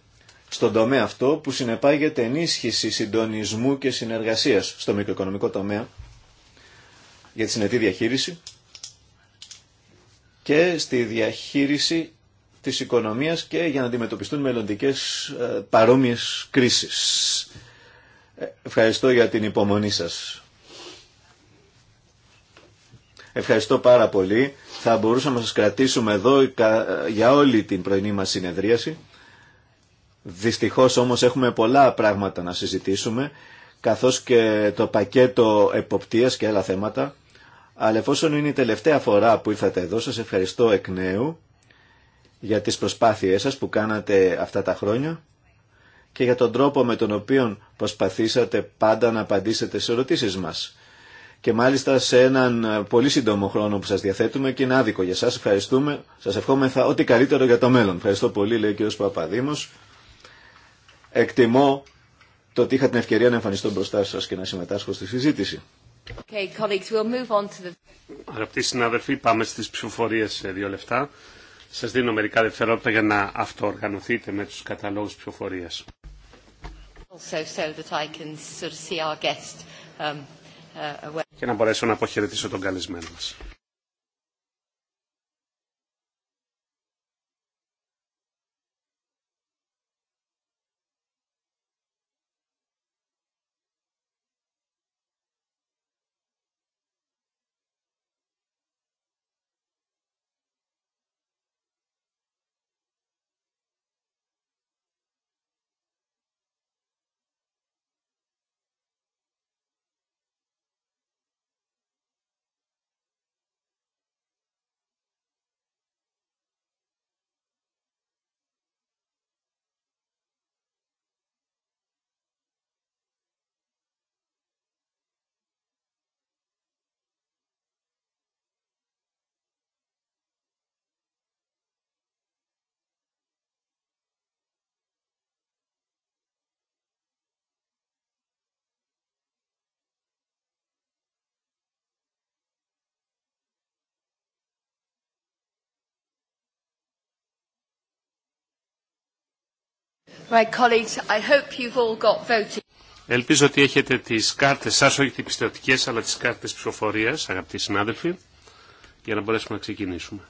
S4: στον τομέα αυτό που συνεπάγεται ενίσχυση συντονισμού και συνεργασίας στο μικροοικονομικό τομέα για τη συνετή διαχείριση και στη διαχείριση της οικονομίας και για να αντιμετωπιστούν μελλοντικές ε, παρόμοιες κρίσεις. Ε, ευχαριστώ για την υπομονή σας. Ευχαριστώ πάρα πολύ. Θα μπορούσαμε να σας κρατήσουμε εδώ ε, για όλη την πρωινή μας συνεδρίαση. Δυστυχώς όμως έχουμε πολλά πράγματα να συζητήσουμε, καθώς και το πακέτο εποπτείας και άλλα θέματα. Αλλά εφόσον είναι η τελευταία φορά που ήρθατε εδώ, σας ευχαριστώ εκ νέου για τις προσπάθειές σας που κάνατε αυτά τα χρόνια και για τον τρόπο με τον οποίο προσπαθήσατε πάντα να απαντήσετε σε ερωτήσεις μας. Και μάλιστα σε έναν πολύ σύντομο χρόνο που σας διαθέτουμε και είναι άδικο για σας. Ευχαριστούμε. Σας ευχόμεθα ό,τι καλύτερο για το μέλλον. Ευχαριστώ πολύ, λέει ο κ. Παπαδήμος. Εκτιμώ το ότι είχα την
S2: ευκαιρία να εμφανιστώ μπροστά σας και να
S4: συμμετάσχω στη συζήτηση.
S2: Αγαπητοί συνάδελφοι, πάμε στις ψηφοφορίες σε δύο λεφτά. Σας δίνω μερικά δευτερόλεπτα για να αυτοοργανωθείτε με τους καταλόγους ψηφοφορίας. Και να μπορέσω να αποχαιρετήσω τον καλεσμένο μας. Ελπίζω ότι έχετε τις κάρτες σας, όχι τις πιστοτικές, αλλά τις κάρτες ψηφοφορίας, αγαπητοί συνάδελφοι, για να μπορέσουμε να ξεκινήσουμε.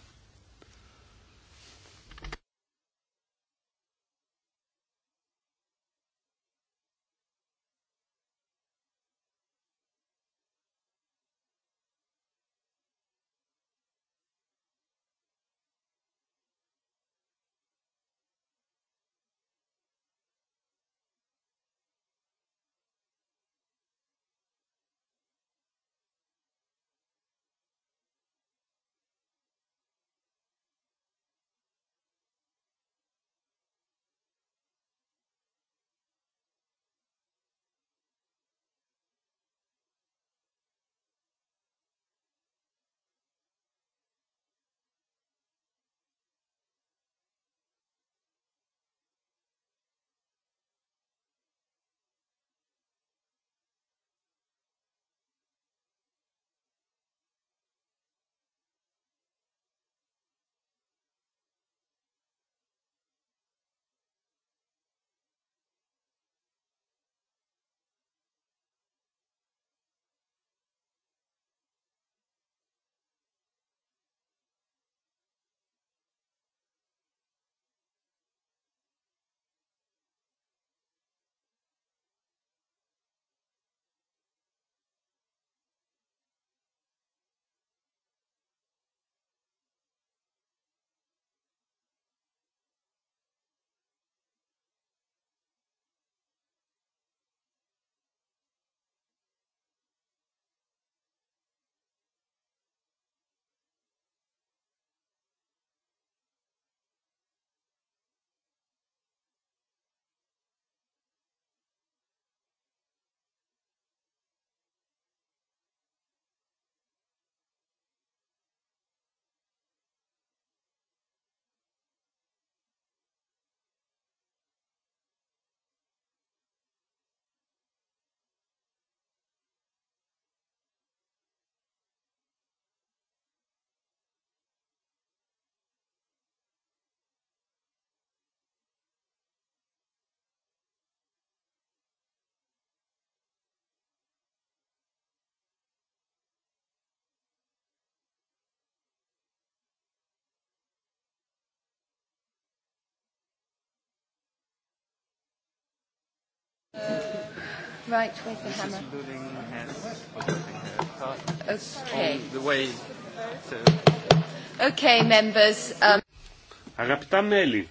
S2: Αγαπητά μέλη,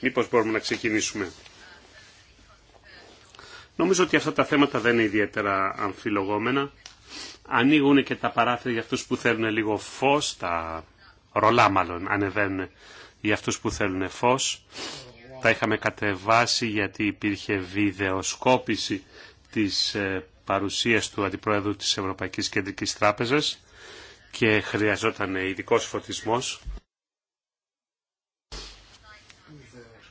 S2: μήπως μπορούμε να ξεκινήσουμε. Νομίζω ότι αυτά τα θέματα δεν είναι ιδιαίτερα αμφιλογόμενα. Ανοίγουν και τα παράθυρα για αυτούς που θέλουν λίγο φως, τα ρολά μάλλον ανεβαίνουν για αυτούς που θέλουν φως τα είχαμε κατεβάσει γιατί υπήρχε βιδεοσκόπηση της ε, παρουσίας του Αντιπρόεδρου της Ευρωπαϊκής Κεντρικής Τράπεζας και χρειαζόταν ειδικό φωτισμός.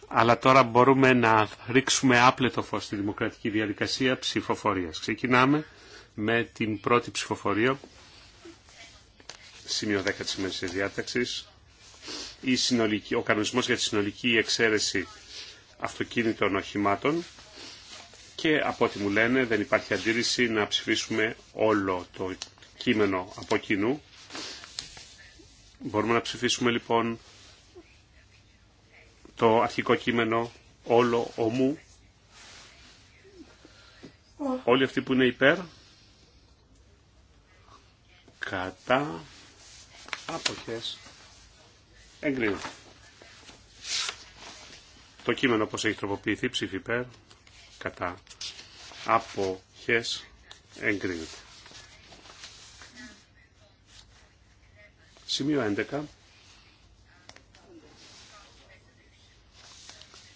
S2: Αλλά τώρα μπορούμε να ρίξουμε άπλετο φως στη δημοκρατική διαδικασία ψηφοφορίας. Ξεκινάμε με την πρώτη ψηφοφορία, σημείο 10 της ημέρας διάταξης, ο κανονισμός για τη συνολική εξαίρεση αυτοκίνητων οχημάτων και από ό,τι μου λένε δεν υπάρχει αντίρρηση να ψηφίσουμε όλο το κείμενο από κοινού. Μπορούμε να ψηφίσουμε λοιπόν το αρχικό κείμενο όλο ομού. Όλοι αυτοί που είναι υπέρ, κατά,
S5: αποχές,
S2: εγκρίνονται. Το κείμενο όπως έχει τροποποιηθεί ψήφι κατά αποχές εγκρίνεται. Σημείο 11.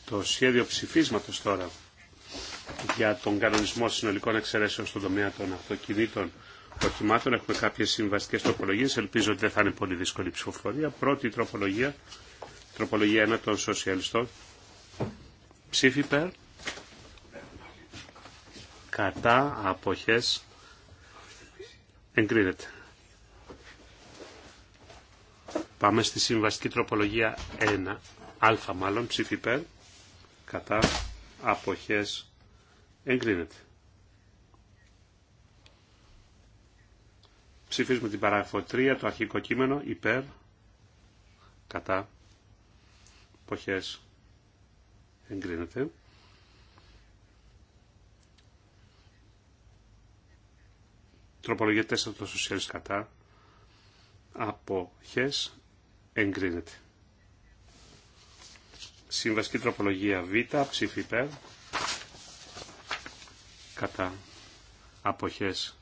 S2: Το σχέδιο ψηφίσματος τώρα για τον κανονισμό συνολικών εξαιρέσεων στον τομέα των αυτοκινήτων οχημάτων. Έχουμε κάποιες συμβαστικές τροπολογίες. Ελπίζω ότι δεν θα είναι πολύ δύσκολη ψηφοφορία. Πρώτη τροπολογία, τροπολογία 1 των σοσιαλιστών Ψήφι υπέρ. Κατά αποχές εγκρίνεται. Πάμε στη συμβαστική τροπολογία 1. Α μάλλον ψήφι υπέρ. Κατά αποχές εγκρίνεται. Ψήφισμα την παράγραφο 3, το αρχικό κείμενο, υπέρ, κατά, εποχές, εγκρίνεται. Τροπολογία 4 των σοσιαλιστών κατά αποχές εγκρίνεται. Συμβαστική τροπολογία Β, ψήφι υπέρ, κατά αποχές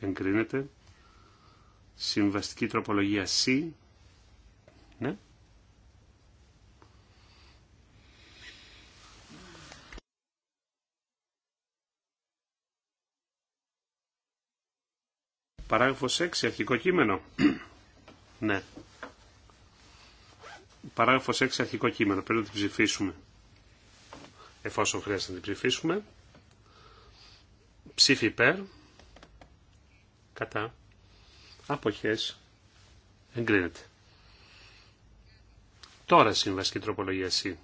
S2: εγκρίνεται. Συμβαστική τροπολογία C, ναι, Παράγραφος 6, αρχικό κείμενο. [CLEARS THROAT] ναι. Παράγραφος 6, αρχικό κείμενο. Πρέπει να την ψηφίσουμε. Εφόσον χρειάζεται να την ψηφίσουμε. Ψήφι υπέρ. Κατά. Αποχές. Εγκρίνεται. Τώρα συμβαστική τροπολογία C.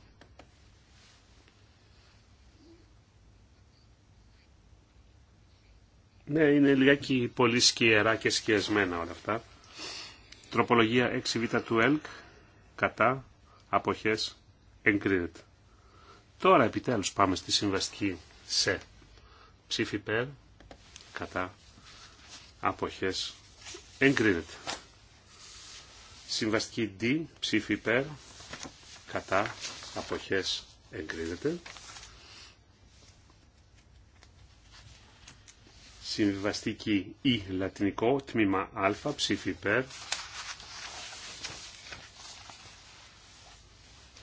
S2: Ναι, είναι λιγάκι πολύ σκιερά και σκιασμένα όλα αυτά. Τροπολογία 6β του ΕΛΚ, κατά, αποχές, εγκρίνεται. Τώρα επιτέλους πάμε στη συμβαστική σε ψήφι περ, κατά, αποχές, εγκρίνεται. Συμβαστική D, ψήφι περ, κατά, αποχές, εγκρίνεται. Συμβιβαστική ή λατινικό τμήμα α ψήφι υπέρ.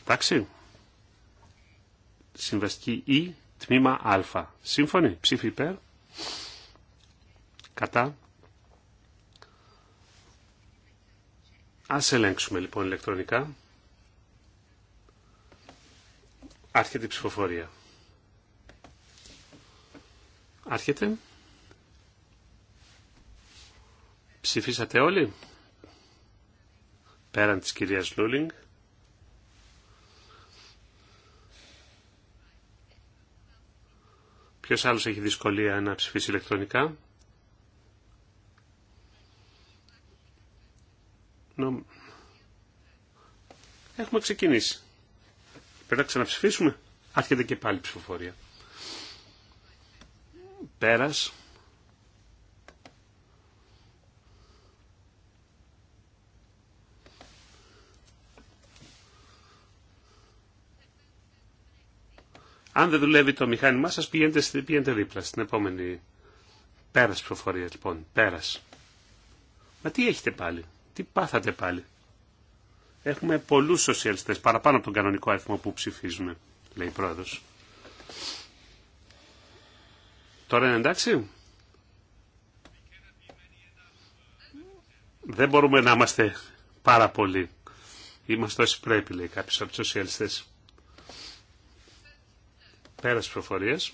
S2: Εντάξει. Συμβαστική ή τμήμα α. Σύμφωνοι. Ψήφι υπέρ. Κατά. Ας ελέγξουμε λοιπόν ηλεκτρονικά. Άρχεται η ψηφοφορία. Άρχεται. Ψηφίσατε όλοι. Πέραν της κυρίας Λούλινγκ. Ποιος άλλος έχει δυσκολία να ψηφίσει ηλεκτρονικά. Έχουμε ξεκινήσει. Πρέπει να ξαναψηφίσουμε. Άρχεται και πάλι ψηφοφορία. Πέρας. Αν δεν δουλεύει το μηχάνημά σας, πηγαίνετε, πηγαίνετε δίπλα στην επόμενη πέρας προφορία λοιπόν, πέρας. Μα τι έχετε πάλι, τι πάθατε πάλι. Έχουμε πολλούς σοσιαλιστές, παραπάνω από τον κανονικό αριθμό που ψηφίζουμε, λέει η πρόεδρος. Τώρα είναι εντάξει. Δεν μπορούμε να είμαστε πάρα πολλοί. Είμαστε όσοι πρέπει, λέει κάποιος από τους σοσιαλιστές στις προφορίες.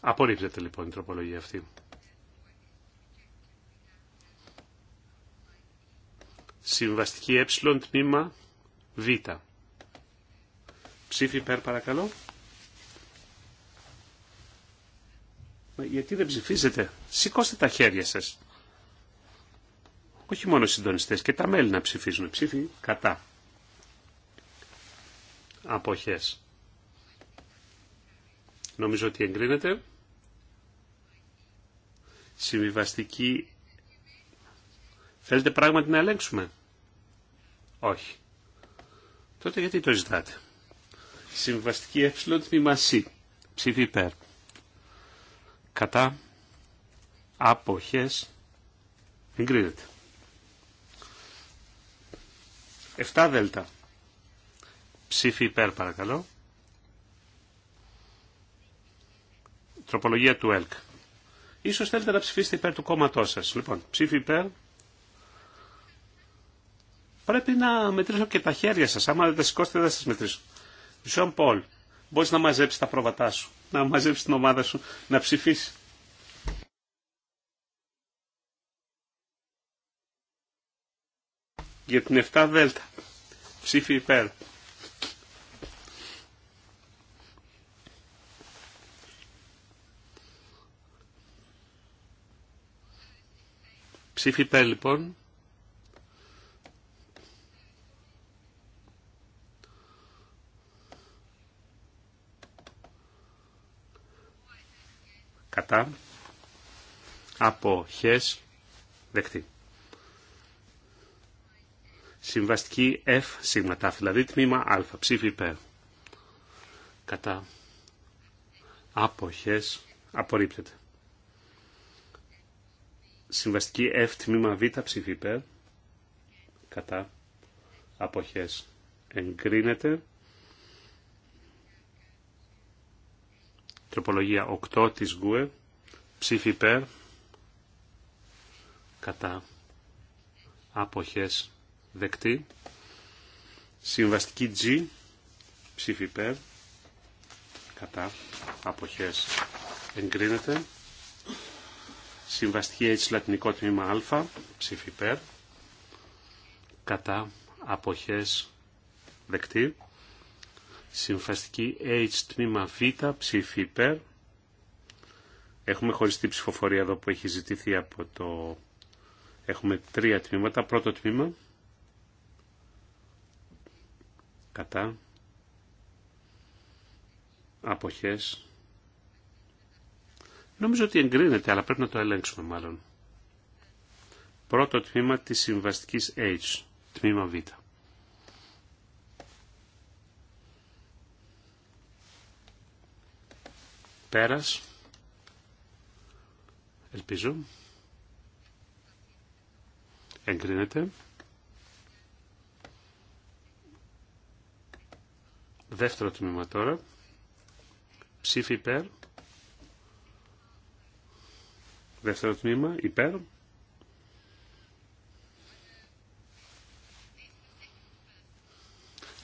S2: Απορρίπτεται λοιπόν η τροπολογία αυτή. Συμβαστική ε τμήμα β. Ψήφι υπέρ παρακαλώ. Γιατί δεν ψηφίζετε. Σηκώστε τα χέρια σας όχι μόνο οι συντονιστές και τα μέλη να ψηφίζουν ψήφι κατά αποχές. Νομίζω ότι εγκρίνεται. Συμβιβαστική. Θέλετε πράγματι να ελέγξουμε. Όχι. Τότε γιατί το ζητάτε. Συμβιβαστική ε τμήμα C. Ψήφι υπέρ. Κατά. Αποχές. Εγκρίνεται. 7 δέλτα. Ψήφι υπέρ παρακαλώ. Τροπολογία του ΕΛΚ. Ίσως θέλετε να ψηφίσετε υπέρ του κόμματός σας. Λοιπόν, ψήφι υπέρ. Πρέπει να μετρήσω και τα χέρια σας. Άμα δεν τα σηκώσετε δεν σας μετρήσω. Ζων Πολ, μπορείς να μαζέψεις τα πρόβατά σου, να μαζέψεις την ομάδα σου, να ψηφίσεις. για την 7 Δέλτα. Ψήφι υπέρ. Ψήφι υπέρ λοιπόν. Κατά. Αποχές δεκτή. Συμβαστική F σίγμα δηλαδή τμήμα α, ψήφι υπέρ. Κατά αποχές απορρίπτεται. Συμβαστική F τμήμα β ψήφι υπέρ. Κατά αποχές εγκρίνεται. Τροπολογία 8 της ΓΟΕ, ψήφι υπέρ, κατά αποχές δεκτή. Συμβαστική G, ψήφι υπέρ, κατά, αποχές, εγκρίνεται. Συμβαστική H, λατινικό τμήμα α, ψήφι υπέρ, κατά, αποχές, δεκτή. Συμβαστική H, τμήμα β, ψήφι υπέρ. Έχουμε χωριστή ψηφοφορία εδώ που έχει ζητηθεί από το... Έχουμε τρία τμήματα. Πρώτο τμήμα, κατά αποχές νομίζω ότι εγκρίνεται αλλά πρέπει να το ελέγξουμε μάλλον πρώτο τμήμα της συμβαστικής H τμήμα Β πέρας ελπίζω εγκρίνεται Δεύτερο τμήμα τώρα. Ψήφι υπέρ. Δεύτερο τμήμα υπέρ.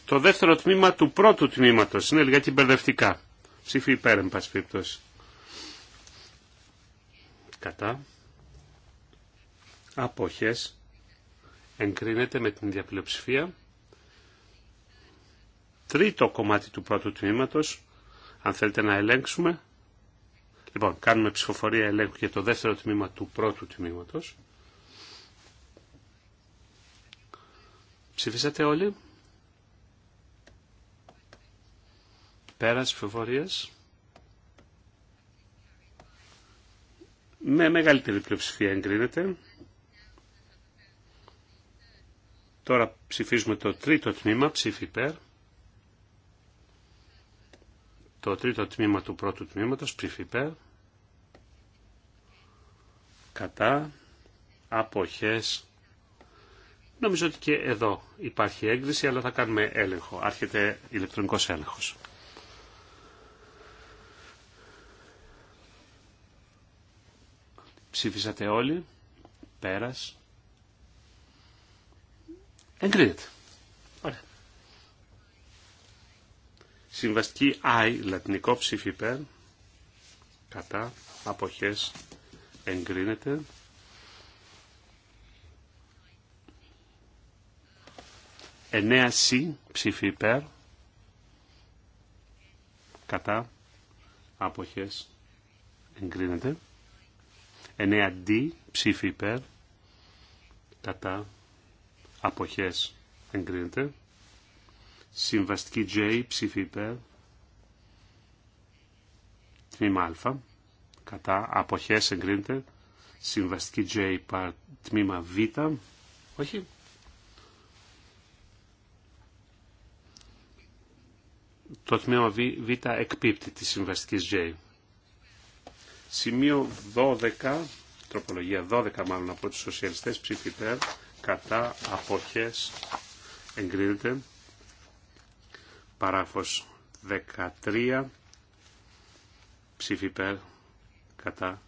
S2: Το δεύτερο τμήμα του πρώτου τμήματος είναι λιγάκι μπερδευτικά. Ψήφι υπέρ, εν πάση περιπτώσει. Κατά. Αποχές. Εγκρίνεται με την διαπλειοψηφία τρίτο κομμάτι του πρώτου τμήματος, αν θέλετε να ελέγξουμε. Λοιπόν, κάνουμε ψηφοφορία ελέγχου για το δεύτερο τμήμα του πρώτου τμήματος. Ψηφίσατε όλοι. Πέρας ψηφοφορίας. Με μεγαλύτερη πλειοψηφία εγκρίνεται. Τώρα ψηφίζουμε το τρίτο τμήμα, ψήφι υπέρ. Το τρίτο τμήμα του πρώτου τμήματος, ψήφι κατά, αποχές. Νομίζω ότι και εδώ υπάρχει έγκριση, αλλά θα κάνουμε έλεγχο. Άρχεται ηλεκτρονικός έλεγχος. Ψήφισατε όλοι. Πέρας. Εγκρίνεται. Συμβαστική I, λατινικό ψήφι υπέρ, κατά, αποχές, εγκρίνεται. Εννέα C, ψήφι υπέρ, κατά, αποχές, εγκρίνεται. 9D ψήφι υπέρ κατά αποχές εγκρίνεται Συμβαστική J, ψήφι υπέρ. Τμήμα Α, κατά αποχές εγκρίνεται. Συμβαστική J, τμήμα Β, όχι. Το τμήμα Β, Β εκπίπτει τη συμβαστική J. Σημείο 12, τροπολογία 12 μάλλον από τους σοσιαλιστές, ψήφι υπέρ, κατά αποχές εγκρίνεται. Παράφος 13. Ψήφι περ Κατά.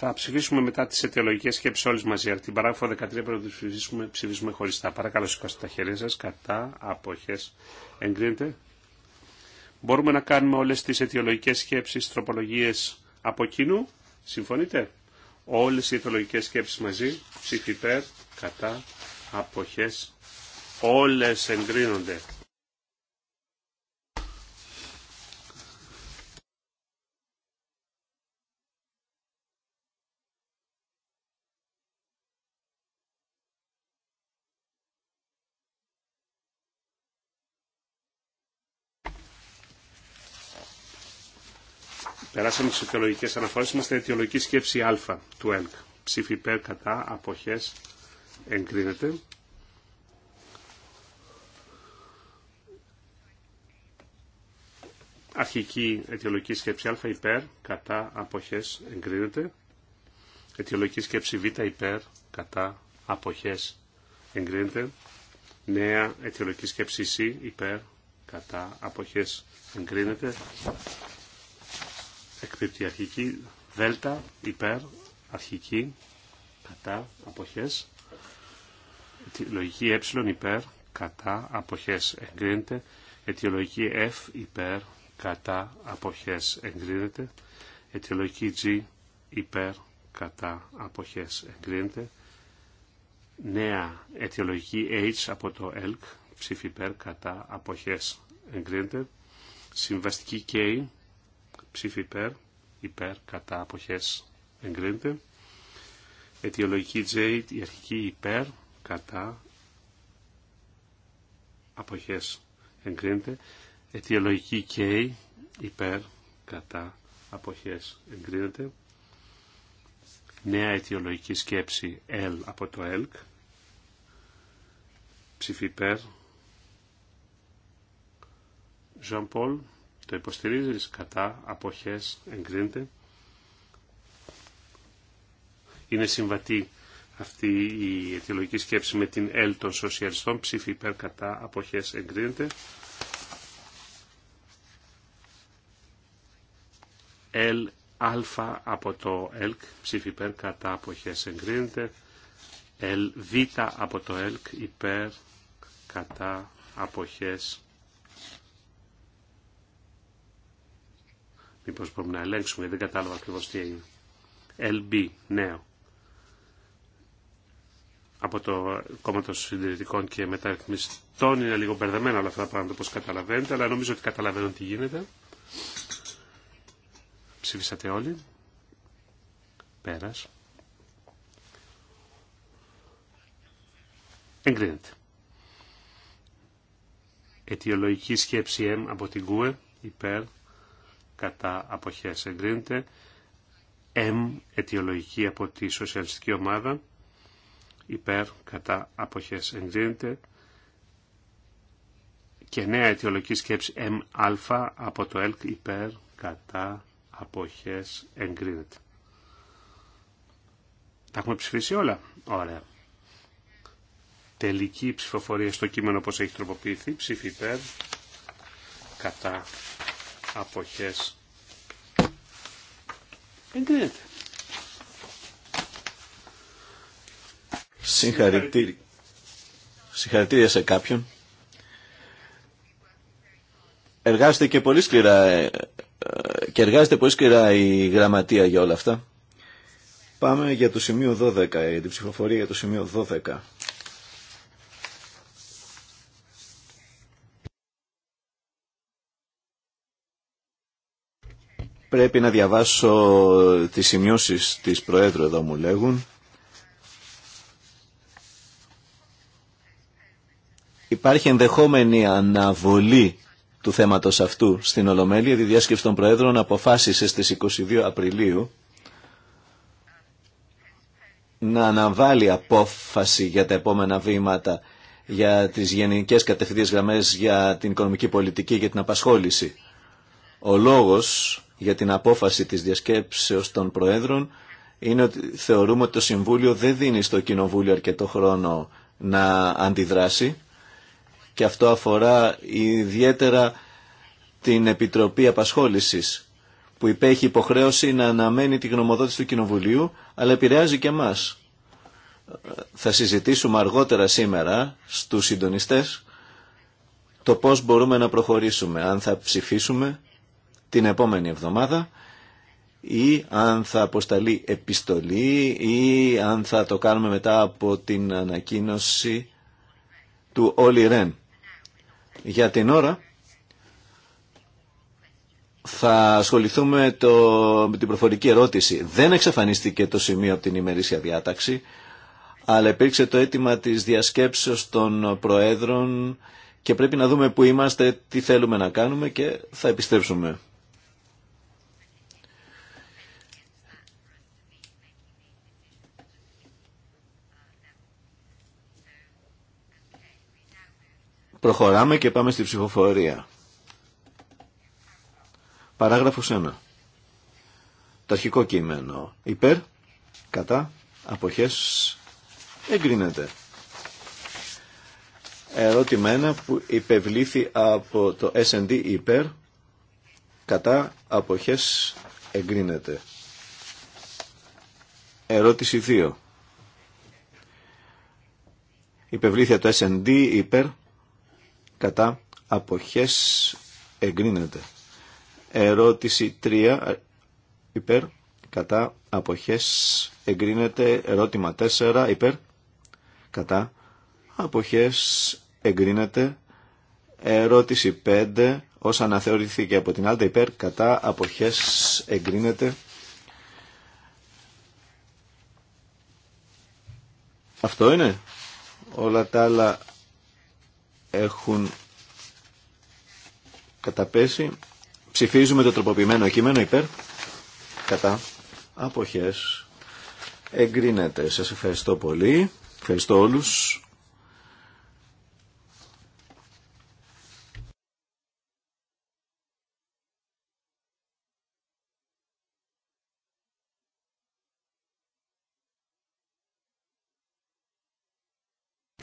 S2: Θα ψηφίσουμε μετά τις αιτιολογικές σκέψεις όλες μαζί. Αλλά την παράγραφο 13 πρέπει να ψηφίσουμε, ψηφίσουμε χωριστά. Παρακαλώ σηκώστε τα χέρια σας. Κατά. Απόχες. Εγκρίνεται. Μπορούμε να κάνουμε όλες τις αιτιολογικές σκέψεις, τροπολογίες από κοινού. Συμφωνείτε. Όλες οι αιτιολογικές σκέψεις μαζί, ψήφι κατά, αποχές, όλες εγκρίνονται. Περάσαμε τι αιτιολογικέ αναφορές. Είμαστε αιτιολογική σκέψη α του ΕΛΚ. Ψήφι υπέρ κατά αποχές εγκρίνεται. Αρχική αιτιολογική σκέψη α υπέρ κατά αποχές εγκρίνεται. Αιτιολογική σκέψη β υπέρ κατά αποχές εγκρίνεται. Νέα αιτιολογική σκέψη σ υπέρ κατά αποχές εγκρίνεται. Εκπίπτει αρχική. Δέλτα υπέρ αρχική κατά αποχές. λογική ε υπέρ κατά αποχές εγκρίνεται. Αιτιολογική F υπέρ κατά αποχές εγκρίνεται. Αιτιολογική G υπέρ κατά αποχές εγκρίνεται. Νέα αιτιολογική H από το Elk. ψήφι υπέρ κατά αποχές εγκρίνεται. Συμβαστική K ψήφι υπέρ, υπέρ, κατά, αποχές, εγκρίνεται. Αιτιολογική J, η αρχική υπέρ, κατά, αποχές, εγκρίνεται. Αιτιολογική K, υπέρ, κατά, αποχές, εγκρίνεται. Νέα αιτιολογική σκέψη L από το ΕΛΚ, ψήφι υπέρ, Jean-Paul, το υποστηρίζεις κατά αποχές εγκρίνεται. Είναι συμβατή αυτή η αιτιολογική σκέψη με την ΕΛ των σοσιαλιστών. Ψήφι υπέρ κατά αποχές εγκρίνεται. L α από το ΕΛΚ, ψήφι υπέρ κατά αποχές εγκρίνεται. ΕΛ β από το ΕΛΚ υπέρ κατά αποχές Μήπω μπορούμε να ελέγξουμε, δεν κατάλαβα ακριβώ τι έγινε. LB, νέο. Από το κόμμα των συντηρητικών και μεταρρυθμιστών είναι λίγο μπερδεμένα όλα αυτά τα πράγματα όπω καταλαβαίνετε, αλλά νομίζω ότι καταλαβαίνω τι γίνεται. Ψήφισατε όλοι. Πέρας. Εγκρίνεται. Αιτιολογική σκέψη M από την ΚΟΕ, e, υπέρ, κατά αποχές εγκρίνεται. M αιτιολογική από τη σοσιαλιστική ομάδα υπέρ κατά αποχές εγκρίνεται και νέα αιτιολογική σκέψη MA από το ΕΛΚ υπέρ κατά αποχές εγκρίνεται. Τα έχουμε ψηφίσει όλα. Ωραία. Τελική ψηφοφορία στο κείμενο όπως έχει τροποποιηθεί. Ψήφι υπέρ κατά αποχές εγκρίνεται.
S4: Συγχαρητήρια. Συγχαρητήρια σε κάποιον. Εργάζεται και πολύ σκληρά ε, ε, και εργάζεται πολύ σκληρά η γραμματεία για όλα αυτά. Πάμε για το σημείο 12, για ε, την ψηφοφορία για το σημείο 12. Πρέπει να διαβάσω τις σημειώσεις της Προέδρου εδώ μου λέγουν. Υπάρχει ενδεχόμενη αναβολή του θέματος αυτού στην Ολομέλεια. Η Διάσκεψη των Προέδρων αποφάσισε στις 22 Απριλίου να αναβάλει απόφαση για τα επόμενα βήματα για τις γενικές κατευθυντικές γραμμές για την οικονομική πολιτική και την απασχόληση. Ο λόγος για την απόφαση της διασκέψεως των Προέδρων είναι ότι θεωρούμε ότι το Συμβούλιο δεν δίνει στο Κοινοβούλιο αρκετό χρόνο να αντιδράσει και αυτό αφορά ιδιαίτερα την Επιτροπή Απασχόλησης που υπέχει υποχρέωση να αναμένει τη γνωμοδότηση του Κοινοβουλίου αλλά επηρεάζει και μας. Θα συζητήσουμε αργότερα σήμερα στους συντονιστές το πώς μπορούμε να προχωρήσουμε, αν θα ψηφίσουμε την επόμενη εβδομάδα ή αν θα αποσταλεί επιστολή ή αν θα το κάνουμε μετά από την ανακοίνωση του Όλι Ρεν. Για την ώρα θα ασχοληθούμε το, με την προφορική ερώτηση. Δεν εξαφανίστηκε το σημείο από την ημερήσια διάταξη, αλλά υπήρξε το αίτημα της διασκέψεως των Προέδρων και πρέπει να δούμε που είμαστε, τι θέλουμε να κάνουμε και θα επιστρέψουμε. Προχωράμε και πάμε στη ψηφοφορία. Παράγραφος 1. Το αρχικό κείμενο. Υπέρ, κατά, αποχές, εγκρίνεται. Ερώτημα 1 που υπευλήθη από το S&D υπέρ, κατά, αποχές, εγκρίνεται. Ερώτηση 2. Υπευλήθη από το S&D υπέρ, κατά αποχές εγκρίνεται. Ερώτηση 3 υπέρ κατά αποχές εγκρίνεται. Ερώτημα 4 υπέρ κατά αποχές εγκρίνεται. Ερώτηση 5 όσα αναθεωρηθήκε από την άλλη υπέρ κατά αποχές εγκρίνεται. Αυτό είναι. Όλα τα άλλα έχουν καταπέσει. Ψηφίζουμε το τροποποιημένο κείμενο υπέρ. Κατά. Αποχές. Εγκρίνεται. Σας ευχαριστώ πολύ. Ευχαριστώ όλους.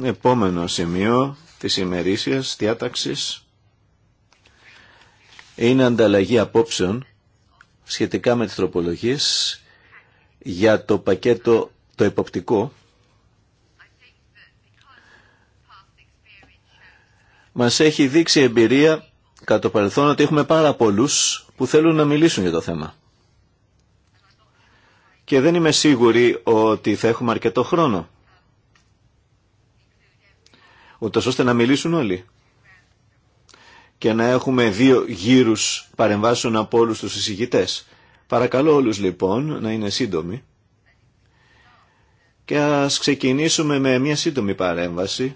S4: Επόμενο σημείο της ημερήσιας διάταξης είναι ανταλλαγή απόψεων σχετικά με τις τροπολογίες για το πακέτο το εποπτικό μας έχει δείξει εμπειρία κατά το παρελθόν ότι έχουμε πάρα πολλούς που θέλουν να μιλήσουν για το θέμα. Και δεν είμαι σίγουρη ότι θα έχουμε αρκετό χρόνο ούτω ώστε να μιλήσουν όλοι και να έχουμε δύο γύρους παρεμβάσεων από όλους τους εισηγητές. Παρακαλώ όλους λοιπόν να είναι σύντομοι και ας ξεκινήσουμε με μια σύντομη παρέμβαση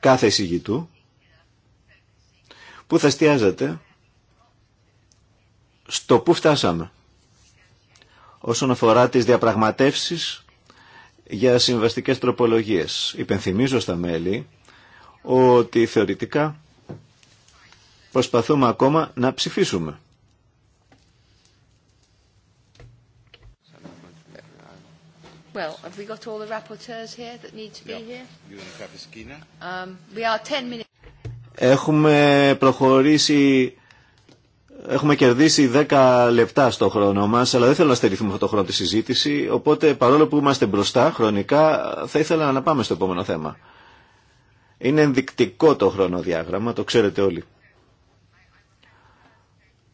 S4: κάθε εισηγητού που θα εστιάζεται στο που φτάσαμε όσον αφορά τις διαπραγματεύσεις για συμβαστικές τροπολογίες. Υπενθυμίζω στα μέλη ότι θεωρητικά προσπαθούμε ακόμα να ψηφίσουμε.
S3: Well, have we got all the rapporteurs here that need to be here? Um, we are 10 minutes.
S4: Έχουμε προχωρήσει Έχουμε κερδίσει 10 λεπτά στο χρόνο μας, αλλά δεν θέλω να στερηθούμε αυτό το χρόνο τη συζήτηση, οπότε παρόλο που είμαστε μπροστά χρονικά, θα ήθελα να πάμε στο επόμενο θέμα. Είναι ενδεικτικό το χρονοδιάγραμμα, το ξέρετε όλοι.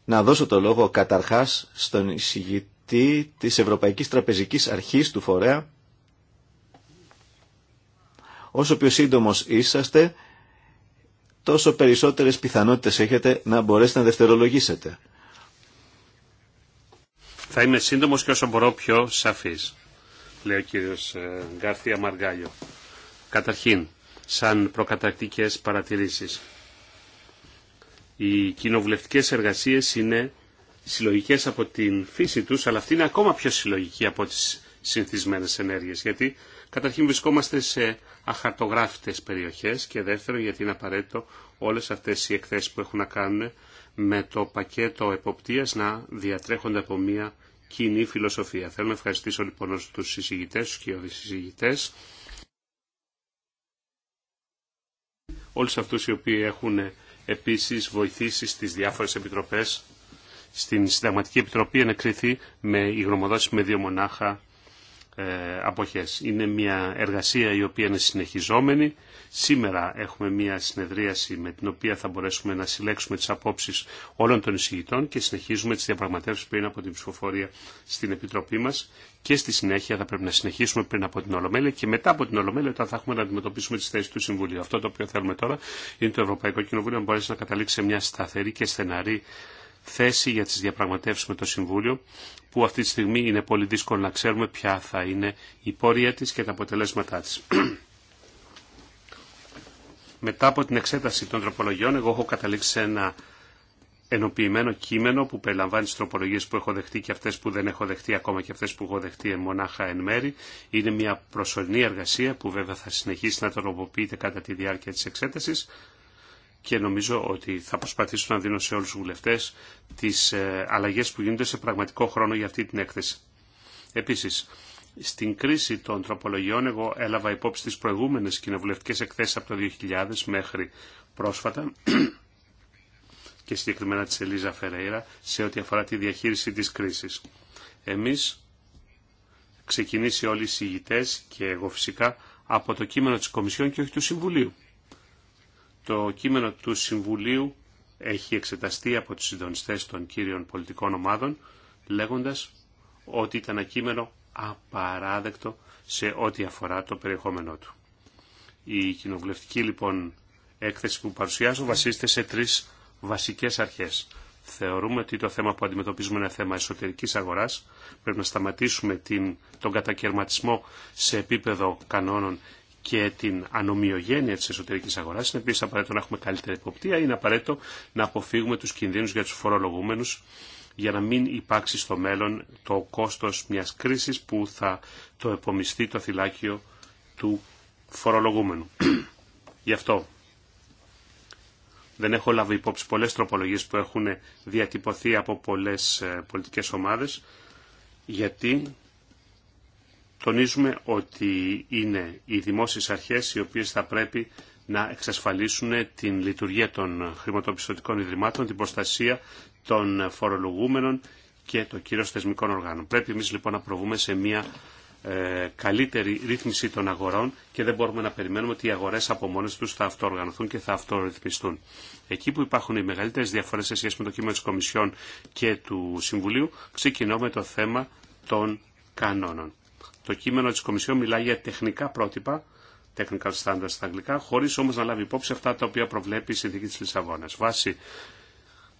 S4: Να δώσω το λόγο καταρχάς στον εισηγητή της Ευρωπαϊκής Τραπεζικής Αρχής του Φορέα. Όσο πιο σύντομος είσαστε, τόσο περισσότερες πιθανότητες έχετε να μπορέσετε να δευτερολογήσετε.
S2: Θα είμαι σύντομος και όσο μπορώ πιο σαφής, λέει ο κύριος ε, Γκάρθια Μαργάλιο. Καταρχήν, σαν προκαταρκτικές παρατηρήσεις, οι κοινοβουλευτικές εργασίες είναι συλλογικές από την φύση τους, αλλά αυτή είναι ακόμα πιο συλλογική από τις συνηθισμένες ενέργειες, γιατί Καταρχήν βρισκόμαστε σε αχαρτογράφητες περιοχές και δεύτερον γιατί είναι απαραίτητο όλες αυτές οι εκθέσεις που έχουν να κάνουν με το πακέτο εποπτείας να διατρέχονται από μια κοινή φιλοσοφία. Θέλω να ευχαριστήσω λοιπόν τους συζητητές, τους κοιόδης συζητητές, όλους αυτούς οι οποίοι έχουν επίσης βοηθήσει στις διάφορες επιτροπές. Στην Συνταγματική Επιτροπή ενεκριθεί με η γνωμοδότηση με δύο μονάχα ε, αποχές. Είναι μια εργασία η οποία είναι συνεχιζόμενη. Σήμερα έχουμε μια συνεδρίαση με την οποία θα μπορέσουμε να συλλέξουμε τις απόψεις όλων των εισηγητών και συνεχίζουμε τις διαπραγματεύσεις πριν από την ψηφοφορία στην Επιτροπή μας και στη συνέχεια θα πρέπει να συνεχίσουμε πριν από την Ολομέλεια και μετά από την Ολομέλεια όταν θα έχουμε να αντιμετωπίσουμε τις θέσεις του Συμβουλίου. Αυτό το οποίο θέλουμε τώρα είναι το Ευρωπαϊκό Κοινοβούλιο να μπορέσει να καταλήξει σε μια σταθερή και στεναρή θέση για τις διαπραγματεύσεις με το Συμβούλιο που αυτή τη στιγμή είναι πολύ δύσκολο να ξέρουμε ποια θα είναι η πορεία της και τα αποτελέσματά της. [CLEARS THROAT] Μετά από την εξέταση των τροπολογιών, εγώ έχω καταλήξει σε ένα ενοποιημένο κείμενο που περιλαμβάνει τις τροπολογίες που έχω δεχτεί και αυτές που δεν έχω δεχτεί ακόμα και αυτές που έχω δεχτεί μονάχα εν μέρη. Είναι μια προσωρινή εργασία που βέβαια θα συνεχίσει να τροποποιείται κατά τη διάρκεια της εξέτασης και νομίζω ότι θα προσπαθήσω να δίνω σε όλους τους βουλευτές τις ε, αλλαγές που γίνονται σε πραγματικό χρόνο για αυτή την έκθεση. Επίσης, στην κρίση των τροπολογιών εγώ έλαβα υπόψη τις προηγούμενες κοινοβουλευτικές εκθέσεις από το 2000 μέχρι πρόσφατα [CLEARS THROAT] και συγκεκριμένα της Ελίζα Φερέιρα σε ό,τι αφορά τη διαχείριση της κρίσης. Εμείς ξεκινήσει όλοι οι συγητές και εγώ φυσικά από το κείμενο της Κομισιόν και όχι του Συμβουλίου. Το κείμενο του Συμβουλίου έχει εξεταστεί από τους συντονιστές των κύριων πολιτικών ομάδων λέγοντας ότι ήταν ένα κείμενο απαράδεκτο σε ό,τι αφορά το περιεχόμενό του. Η κοινοβουλευτική λοιπόν έκθεση που παρουσιάζω βασίζεται σε τρεις βασικές αρχές. Θεωρούμε ότι το θέμα που αντιμετωπίζουμε είναι θέμα εσωτερικής αγοράς. Πρέπει να σταματήσουμε την, τον κατακαιρματισμό σε επίπεδο κανόνων και την ανομοιογένεια τη εσωτερική αγορά. Είναι επίση απαραίτητο να έχουμε καλύτερη εποπτεία, είναι απαραίτητο να αποφύγουμε του κινδύνου για του φορολογούμενους για να μην υπάρξει στο μέλλον το κόστος μιας κρίσης που θα το επομιστεί το θυλάκιο του φορολογούμενου. [CLEARS THROAT] Γι' αυτό δεν έχω λάβει υπόψη πολλές τροπολογίες που έχουν διατυπωθεί από πολλές ε, πολιτικές ομάδες, γιατί τονίζουμε ότι είναι οι δημόσιες αρχές οι οποίες θα πρέπει να εξασφαλίσουν την λειτουργία των χρηματοπιστωτικών ιδρυμάτων, την προστασία των φορολογούμενων και των κύριο θεσμικών οργάνων. Πρέπει εμείς λοιπόν να προβούμε σε μια ε, καλύτερη ρύθμιση των αγορών και δεν μπορούμε να περιμένουμε ότι οι αγορές από μόνες τους θα αυτοοργανωθούν και θα αυτορυθμιστούν. Εκεί που υπάρχουν οι μεγαλύτερες διαφορές σε σχέση με το κείμενο της Κομισιόν και του Συμβουλίου, ξεκινώ με το θέμα των κανόνων. Το κείμενο της Κομισιόν μιλάει για τεχνικά πρότυπα, technical standards στα αγγλικά, χωρίς όμως να λάβει υπόψη αυτά τα οποία προβλέπει η συνθήκη της Λισαβόνας. Βάσει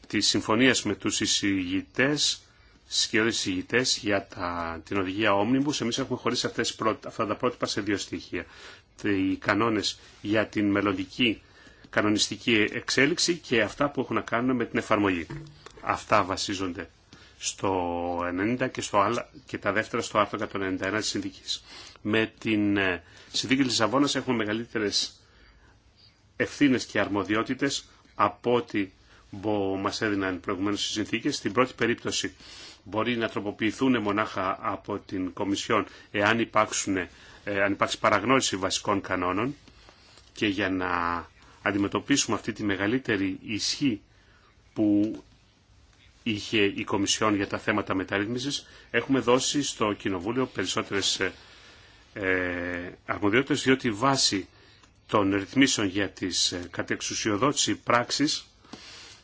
S2: της συμφωνίας με τους εισηγητές, σχεδόν εισηγητές για τα, την οδηγία Omnibus, εμείς έχουμε χωρίσει αυτές, αυτά τα πρότυπα σε δύο στοιχεία. Οι κανόνες για την μελλοντική κανονιστική εξέλιξη και αυτά που έχουν να κάνουν με την εφαρμογή. Αυτά βασίζονται στο 90 και, στο άλλα, και τα δεύτερα στο άρθρο 191 της συνδικής. Με την ε, συνδίκη της Λισαβόνας έχουμε μεγαλύτερες ευθύνες και αρμοδιότητες από ό,τι μας έδιναν προηγουμένως οι συνθήκες. Στην πρώτη περίπτωση μπορεί να τροποποιηθούν μονάχα από την Κομισιόν εάν υπάρξουν, εάν υπάρξει παραγνώριση βασικών κανόνων και για να αντιμετωπίσουμε αυτή τη μεγαλύτερη ισχύ που είχε η Κομισιόν για τα θέματα μεταρρύθμισης. Έχουμε δώσει στο Κοινοβούλιο περισσότερες ε, ε αρμοδιότητες, διότι βάσει των ρυθμίσεων για τις ε, κατεξουσιοδότηση πράξη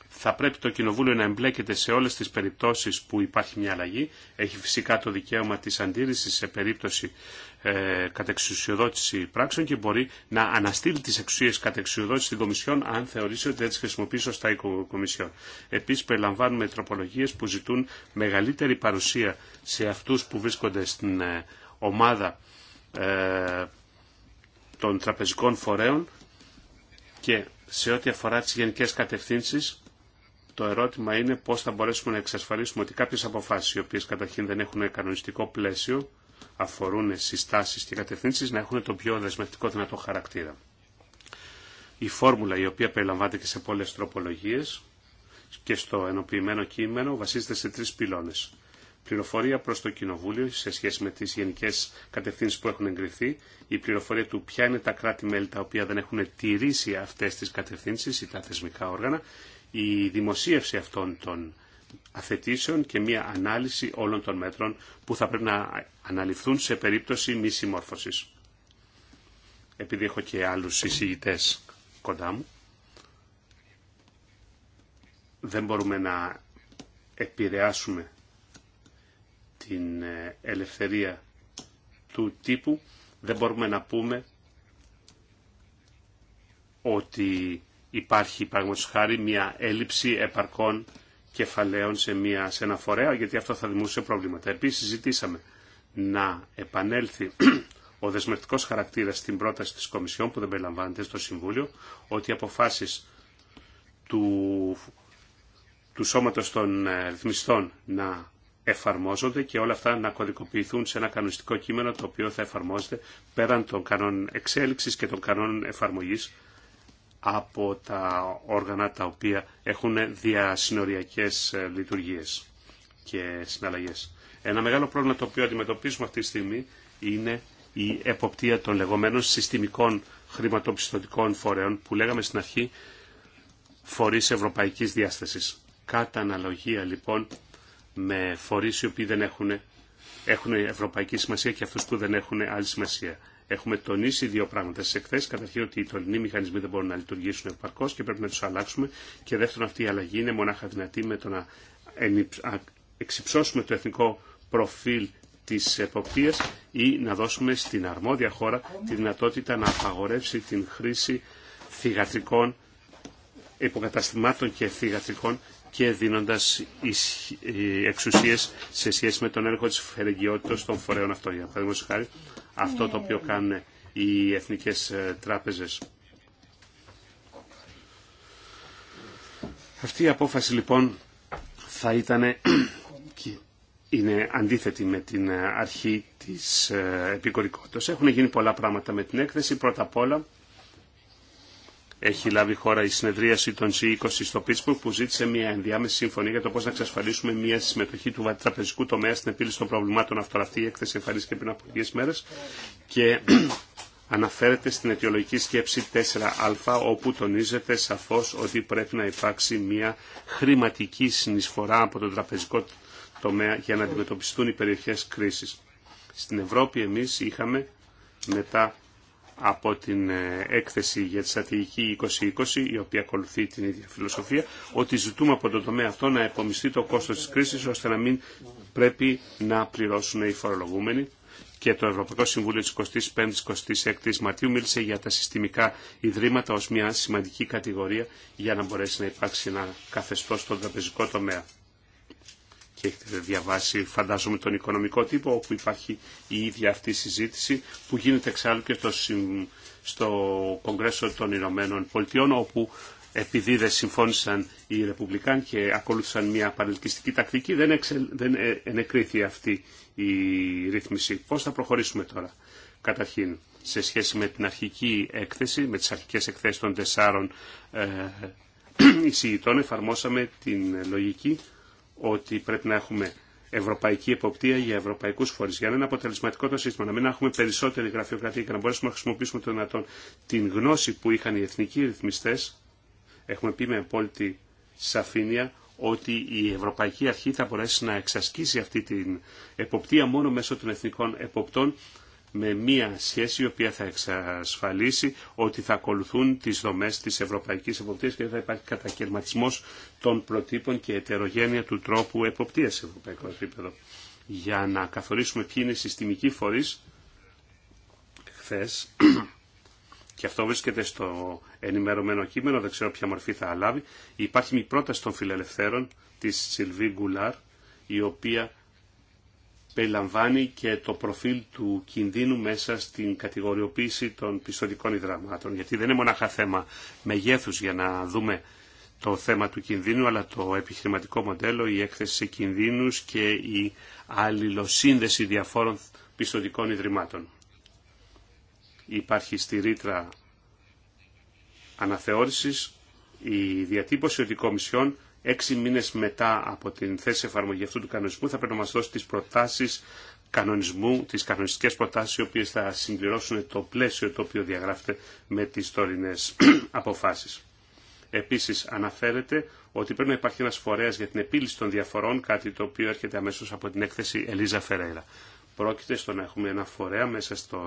S2: θα πρέπει το Κοινοβούλιο να εμπλέκεται σε όλες τις περιπτώσεις που υπάρχει μια αλλαγή. Έχει φυσικά το δικαίωμα της αντίρρησης σε περίπτωση ε, κατεξουσιοδότηση πράξεων και μπορεί να αναστείλει τις εξουσίες κατεξουσιοδότηση στην Κομισιόν αν θεωρήσει ότι δεν τι χρησιμοποιεί σωστά η Κομισιόν. Επίσης περιλαμβάνουμε τροπολογίε που ζητούν μεγαλύτερη παρουσία σε αυτού που βρίσκονται στην ε, ομάδα ε, των τραπεζικών φορέων και σε ό,τι αφορά τι γενικέ κατευθύνσει, το ερώτημα είναι πώς θα μπορέσουμε να εξασφαλίσουμε ότι κάποιες αποφάσεις οι οποίες καταρχήν δεν έχουν κανονιστικό πλαίσιο αφορούν συστάσει και κατευθύνσει να έχουν το πιο δεσμευτικό δυνατό χαρακτήρα. Η φόρμουλα η οποία περιλαμβάνεται και σε πολλέ τροπολογίε και στο ενοποιημένο κείμενο βασίζεται σε τρει πυλώνες. Πληροφορία προ το Κοινοβούλιο σε σχέση με τι γενικέ κατευθύνσει που έχουν εγκριθεί, η πληροφορία του ποια είναι τα κράτη-μέλη τα οποία δεν έχουν τηρήσει αυτές τις κατευθύνσει ή τα θεσμικά όργανα, η δημοσίευση αυτών των αθετήσεων και μια ανάλυση όλων των μέτρων που θα πρέπει να αναλυθούν σε περίπτωση μη συμμόρφωσης. Επειδή έχω και άλλους εισηγητές κοντά μου, δεν μπορούμε να επηρεάσουμε την ε, ελευθερία του τύπου, δεν μπορούμε να πούμε ότι υπάρχει, παραδείγματος χάρη, μια έλλειψη επαρκών κεφαλαίων σε, μια, σε ένα φορέα, γιατί αυτό θα δημιουργούσε προβλήματα. Επίσης ζητήσαμε να επανέλθει ο δεσμευτικός χαρακτήρας στην πρόταση τη Κομισιόν που δεν περιλαμβάνεται στο Συμβούλιο, ότι οι αποφάσεις του, του σώματος των ε, ρυθμιστών να εφαρμόζονται και όλα αυτά να κωδικοποιηθούν σε ένα κανονιστικό κείμενο το οποίο θα εφαρμόζεται πέραν των κανόνων εξέλιξης και των κανόνων εφαρμογής από τα όργανα τα οποία έχουν διασυνοριακές ε, λειτουργίες και συναλλαγές. Ένα μεγάλο πρόβλημα το οποίο αντιμετωπίζουμε αυτή τη στιγμή είναι η εποπτεία των λεγόμενων συστημικών χρηματοπιστωτικών φορέων που λέγαμε στην αρχή φορείς ευρωπαϊκής διάστασης. Κατά αναλογία λοιπόν με φορείς οι οποίοι έχουν, έχουν ευρωπαϊκή σημασία και αυτούς που δεν έχουν άλλη σημασία. Έχουμε τονίσει δύο πράγματα στι εκθέσει. Καταρχήν ότι οι τωρινοί μηχανισμοί δεν μπορούν να λειτουργήσουν επαρκώ και πρέπει να του αλλάξουμε. Και δεύτερον, αυτή η αλλαγή είναι μονάχα δυνατή με το να εξυψώσουμε το εθνικό προφίλ τη εποπτεία ή να δώσουμε στην αρμόδια χώρα τη δυνατότητα να απαγορεύσει την χρήση θηγατρικών υποκαταστημάτων και θηγατρικών και δίνοντας ε, εξουσίες σε σχέση με τον έλεγχο της φερεγγιότητας των φορέων αυτών. Για παράδειγμα, χάρη, αυτό το οποίο κάνουν οι εθνικές ε, τράπεζες. Αυτή η απόφαση λοιπόν θα ήταν [CLEARS THROAT] είναι αντίθετη με την ε, αρχή της ε, επικορικότητας. Έχουν γίνει πολλά πράγματα με την έκθεση. Πρώτα απ' όλα έχει λάβει χώρα η συνεδρίαση των G20 στο Πίτσπουργκ που ζήτησε μια ενδιάμεση συμφωνία για το πώ να εξασφαλίσουμε μια συμμετοχή του τραπεζικού τομέα στην επίλυση των προβλημάτων Αυτό Αυτή η έκθεση εμφανίστηκε πριν από λίγε μέρε και [CLEARS THROAT] αναφέρεται στην αιτιολογική σκέψη 4α όπου τονίζεται σαφώ ότι πρέπει να υπάρξει μια χρηματική συνεισφορά από τον τραπεζικό τομέα για να αντιμετωπιστούν οι περιοχέ κρίση. Στην Ευρώπη εμεί είχαμε μετά από την ε, έκθεση για τη στρατηγική 2020, η οποία ακολουθεί την ίδια φιλοσοφία, ότι ζητούμε από τον τομέα αυτό να επομιστεί το κόστος της κρίσης, ώστε να μην πρέπει να πληρώσουν οι φορολογούμενοι. Και το Ευρωπαϊκό Συμβούλιο της 25ης-26ης Μαρτίου μίλησε για τα συστημικά ιδρύματα ως μια σημαντική κατηγορία για να μπορέσει να υπάρξει ένα καθεστώς στον τραπεζικό τομέα έχετε διαβάσει φαντάζομαι τον οικονομικό τύπο όπου υπάρχει η ίδια αυτή η συζήτηση που γίνεται εξάλλου και στο, στο Κογκρέσο των Ηνωμένων Πολιτειών όπου επειδή δεν συμφώνησαν οι Ρεπουμπλικάν και ακολούθησαν μια παρελκυστική τακτική δεν, εξε, ε, ενεκρίθη αυτή η ρύθμιση. Πώς θα προχωρήσουμε τώρα καταρχήν σε σχέση με την αρχική έκθεση, με τις αρχικές εκθέσεις των τεσσάρων ε, [CLEARS THROAT] εισηγητών εφαρμόσαμε την λογική ότι πρέπει να έχουμε ευρωπαϊκή εποπτεία για ευρωπαϊκού φορεί. Για να είναι αποτελεσματικό το σύστημα, να μην έχουμε περισσότερη γραφειοκρατία και να μπορέσουμε να χρησιμοποιήσουμε το δυνατόν την γνώση που είχαν οι εθνικοί ρυθμιστέ, έχουμε πει με απόλυτη σαφήνεια ότι η Ευρωπαϊκή Αρχή θα μπορέσει να εξασκήσει αυτή την εποπτεία μόνο μέσω των εθνικών εποπτών με μία σχέση η οποία θα εξασφαλίσει ότι θα ακολουθούν τις δομές της Ευρωπαϊκής Εποπτείας και θα υπάρχει κατακαιρματισμός των προτύπων και ετερογένεια του τρόπου εποπτείας σε ευρωπαϊκό επίπεδο. Για να καθορίσουμε ποιοι είναι οι συστημικοί φορείς, χθε. [CLEARS THROAT] και αυτό βρίσκεται στο ενημερωμένο κείμενο, δεν ξέρω ποια μορφή θα λάβει. Υπάρχει μια πρόταση των φιλελευθέρων της Σιλβί Γκουλάρ, η οποία περιλαμβάνει και το προφίλ του κινδύνου μέσα στην κατηγοριοποίηση των πιστοτικών ιδρυμάτων. Γιατί δεν είναι μονάχα θέμα μεγέθους για να δούμε το θέμα του κινδύνου, αλλά το επιχειρηματικό μοντέλο, η έκθεση σε κινδύνους και η αλληλοσύνδεση διαφόρων πιστοτικών ιδρυμάτων. Υπάρχει στη ρήτρα αναθεώρησης η διατύπωση ότι έξι μήνες μετά από την θέση εφαρμογή αυτού του κανονισμού θα πρέπει να μας δώσει τις προτάσεις κανονισμού, τις κανονιστικές προτάσεις οι οποίες θα συμπληρώσουν το πλαίσιο το οποίο διαγράφεται με τις τωρινέ [CLEARS THROAT] αποφάσεις. Επίσης αναφέρεται ότι πρέπει να υπάρχει ένας φορέας για την επίλυση των διαφορών, κάτι το οποίο έρχεται αμέσως από την έκθεση Ελίζα Φερέιρα. Πρόκειται στο να έχουμε ένα φορέα μέσα στο,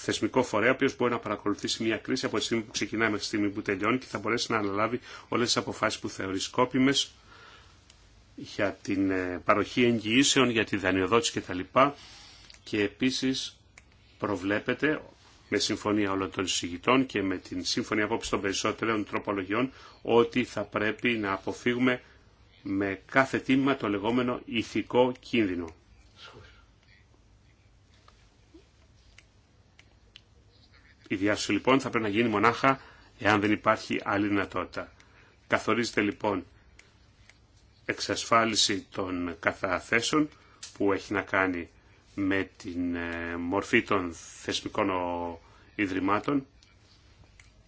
S2: θεσμικό φορέα, ο οποίο μπορεί να παρακολουθήσει μια κρίση από τη στιγμή που ξεκινάει μέχρι τη στιγμή που τελειώνει και θα μπορέσει να αναλάβει όλε τι αποφάσει που θεωρεί σκόπιμε για την ε, παροχή εγγυήσεων, για τη δανειοδότηση κτλ. Και επίση προβλέπεται με συμφωνία όλων των συζητητών και με την σύμφωνη απόψη των περισσότερων τροπολογιών ότι θα πρέπει να αποφύγουμε με κάθε τίμημα το λεγόμενο ηθικό κίνδυνο. Η διάσωση λοιπόν θα πρέπει να γίνει μονάχα εάν δεν υπάρχει άλλη δυνατότητα. Καθορίζεται λοιπόν εξασφάλιση των καταθέσεων που έχει να κάνει με την ε, μορφή των θεσμικών ιδρυμάτων.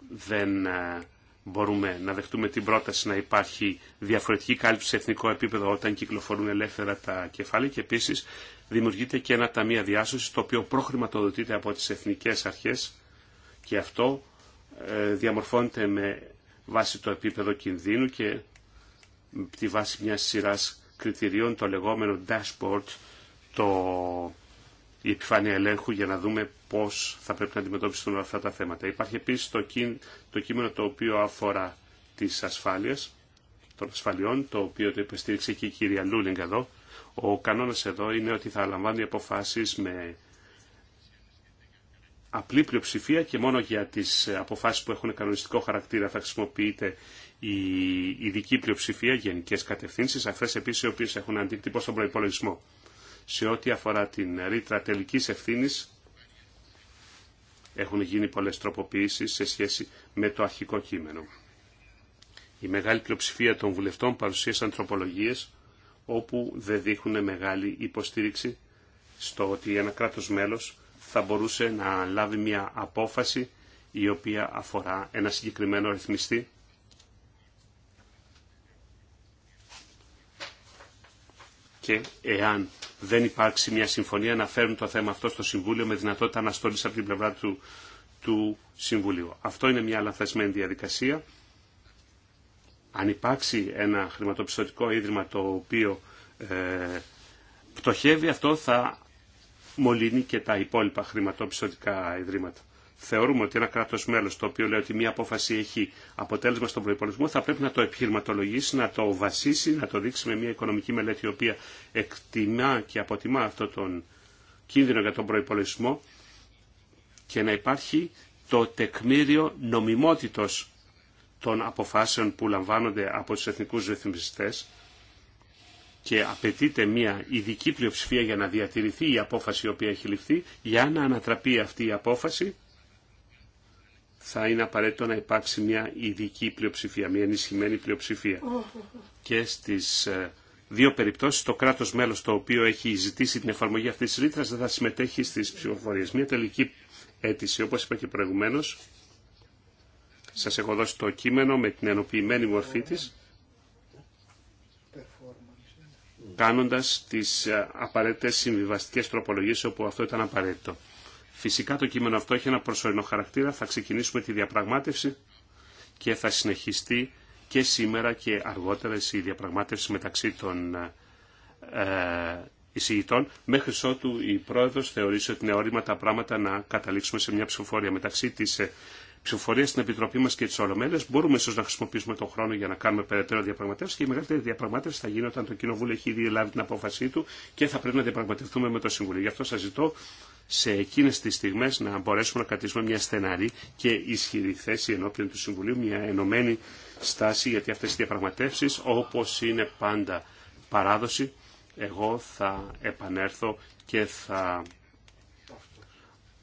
S2: Δεν ε, μπορούμε να δεχτούμε την πρόταση να υπάρχει διαφορετική κάλυψη σε εθνικό επίπεδο όταν κυκλοφορούν ελεύθερα τα κεφάλαια και επίσης δημιουργείται και ένα ταμείο διάσωσης το οποίο προχρηματοδοτείται από τις εθνικές αρχές και αυτό ε, διαμορφώνεται με βάση το επίπεδο κινδύνου και τη βάση μιας σειράς κριτηρίων, το λεγόμενο dashboard, το, η επιφάνεια ελέγχου για να δούμε πώς θα πρέπει να αντιμετωπιστούν αυτά τα θέματα. Υπάρχει επίσης το, το κείμενο το οποίο αφορά τις ασφάλειες των ασφαλιών, το οποίο το υποστήριξε και η κυρία Λούλινγκ εδώ. Ο κανόνας εδώ είναι ότι θα λαμβάνει αποφάσεις με απλή πλειοψηφία και μόνο για τις αποφάσεις που έχουν κανονιστικό χαρακτήρα θα χρησιμοποιείται η ειδική πλειοψηφία, γενικέ κατευθύνσει, αυτέ επίση οι οποίε έχουν αντίκτυπο στον προπολογισμό. Σε ό,τι αφορά την ρήτρα τελική ευθύνη, έχουν γίνει πολλέ τροποποιήσει σε σχέση με το αρχικό κείμενο. Η μεγάλη πλειοψηφία των βουλευτών παρουσίασαν τροπολογίε όπου δεν δείχνουν μεγάλη υποστήριξη στο ότι ένα κράτο μέλο θα μπορούσε να λάβει μια απόφαση η οποία αφορά ένα συγκεκριμένο ρυθμιστή. Και εάν δεν υπάρξει μια συμφωνία να φέρουν το θέμα αυτό στο Συμβούλιο με δυνατότητα αναστόλης από την πλευρά του, του Συμβουλίου. Αυτό είναι μια λαθασμένη διαδικασία. Αν υπάρξει ένα χρηματοπιστωτικό ίδρυμα το οποίο ε, πτωχεύει, αυτό θα μολύνει και τα υπόλοιπα χρηματοπιστωτικά ιδρύματα. Θεωρούμε ότι ένα κράτο μέλο το οποίο λέει ότι μια απόφαση έχει αποτέλεσμα στον προπολογισμό θα πρέπει να το επιχειρηματολογήσει, να το βασίσει, να το δείξει με μια οικονομική μελέτη η οποία εκτιμά και αποτιμά αυτόν τον κίνδυνο για τον προπολογισμό και να υπάρχει το τεκμήριο νομιμότητος των αποφάσεων που λαμβάνονται από τους εθνικούς ρυθμιστές και απαιτείται μια ειδική πλειοψηφία για να διατηρηθεί η απόφαση η οποία έχει ληφθεί, για να ανατραπεί αυτή η απόφαση θα είναι απαραίτητο να υπάρξει μια ειδική πλειοψηφία, μια ενισχυμένη πλειοψηφία. Και στις ε, δύο περιπτώσεις το κράτος μέλος το οποίο έχει ζητήσει την εφαρμογή αυτής της ρήτρας δεν θα συμμετέχει στις ψηφοφορίες. Μια τελική αίτηση, όπως είπα και προηγουμένως, σας έχω δώσει το κείμενο με την ενοποιημένη μορφή της κάνοντας τις ε, απαραίτητες συμβιβαστικές τροπολογίες όπου αυτό ήταν απαραίτητο. Φυσικά το κείμενο αυτό έχει ένα προσωρινό χαρακτήρα, θα ξεκινήσουμε τη διαπραγμάτευση και θα συνεχιστεί και σήμερα και αργότερα η διαπραγμάτευση μεταξύ των ε, ε, εισηγητών, μέχρι ότου η πρόεδρος θεωρήσει ότι είναι όριμα τα πράγματα να καταλήξουμε σε μια ψηφοφορία μεταξύ της ψηφοφορία στην Επιτροπή μα και τι Ολομέλειε, μπορούμε ίσω να χρησιμοποιήσουμε τον χρόνο για να κάνουμε περαιτέρω διαπραγματεύσει και η μεγαλύτερη διαπραγμάτευση θα γίνει όταν το Κοινοβούλιο έχει ήδη λάβει την απόφασή του και θα πρέπει να διαπραγματευτούμε με το Συμβούλιο. Γι' αυτό σα ζητώ σε εκείνε τι στιγμέ να μπορέσουμε να κρατήσουμε μια στεναρή και ισχυρή θέση ενώπιον του Συμβουλίου, μια ενωμένη στάση, γιατί αυτέ οι διαπραγματεύσει, όπω είναι πάντα παράδοση, εγώ θα επανέλθω και θα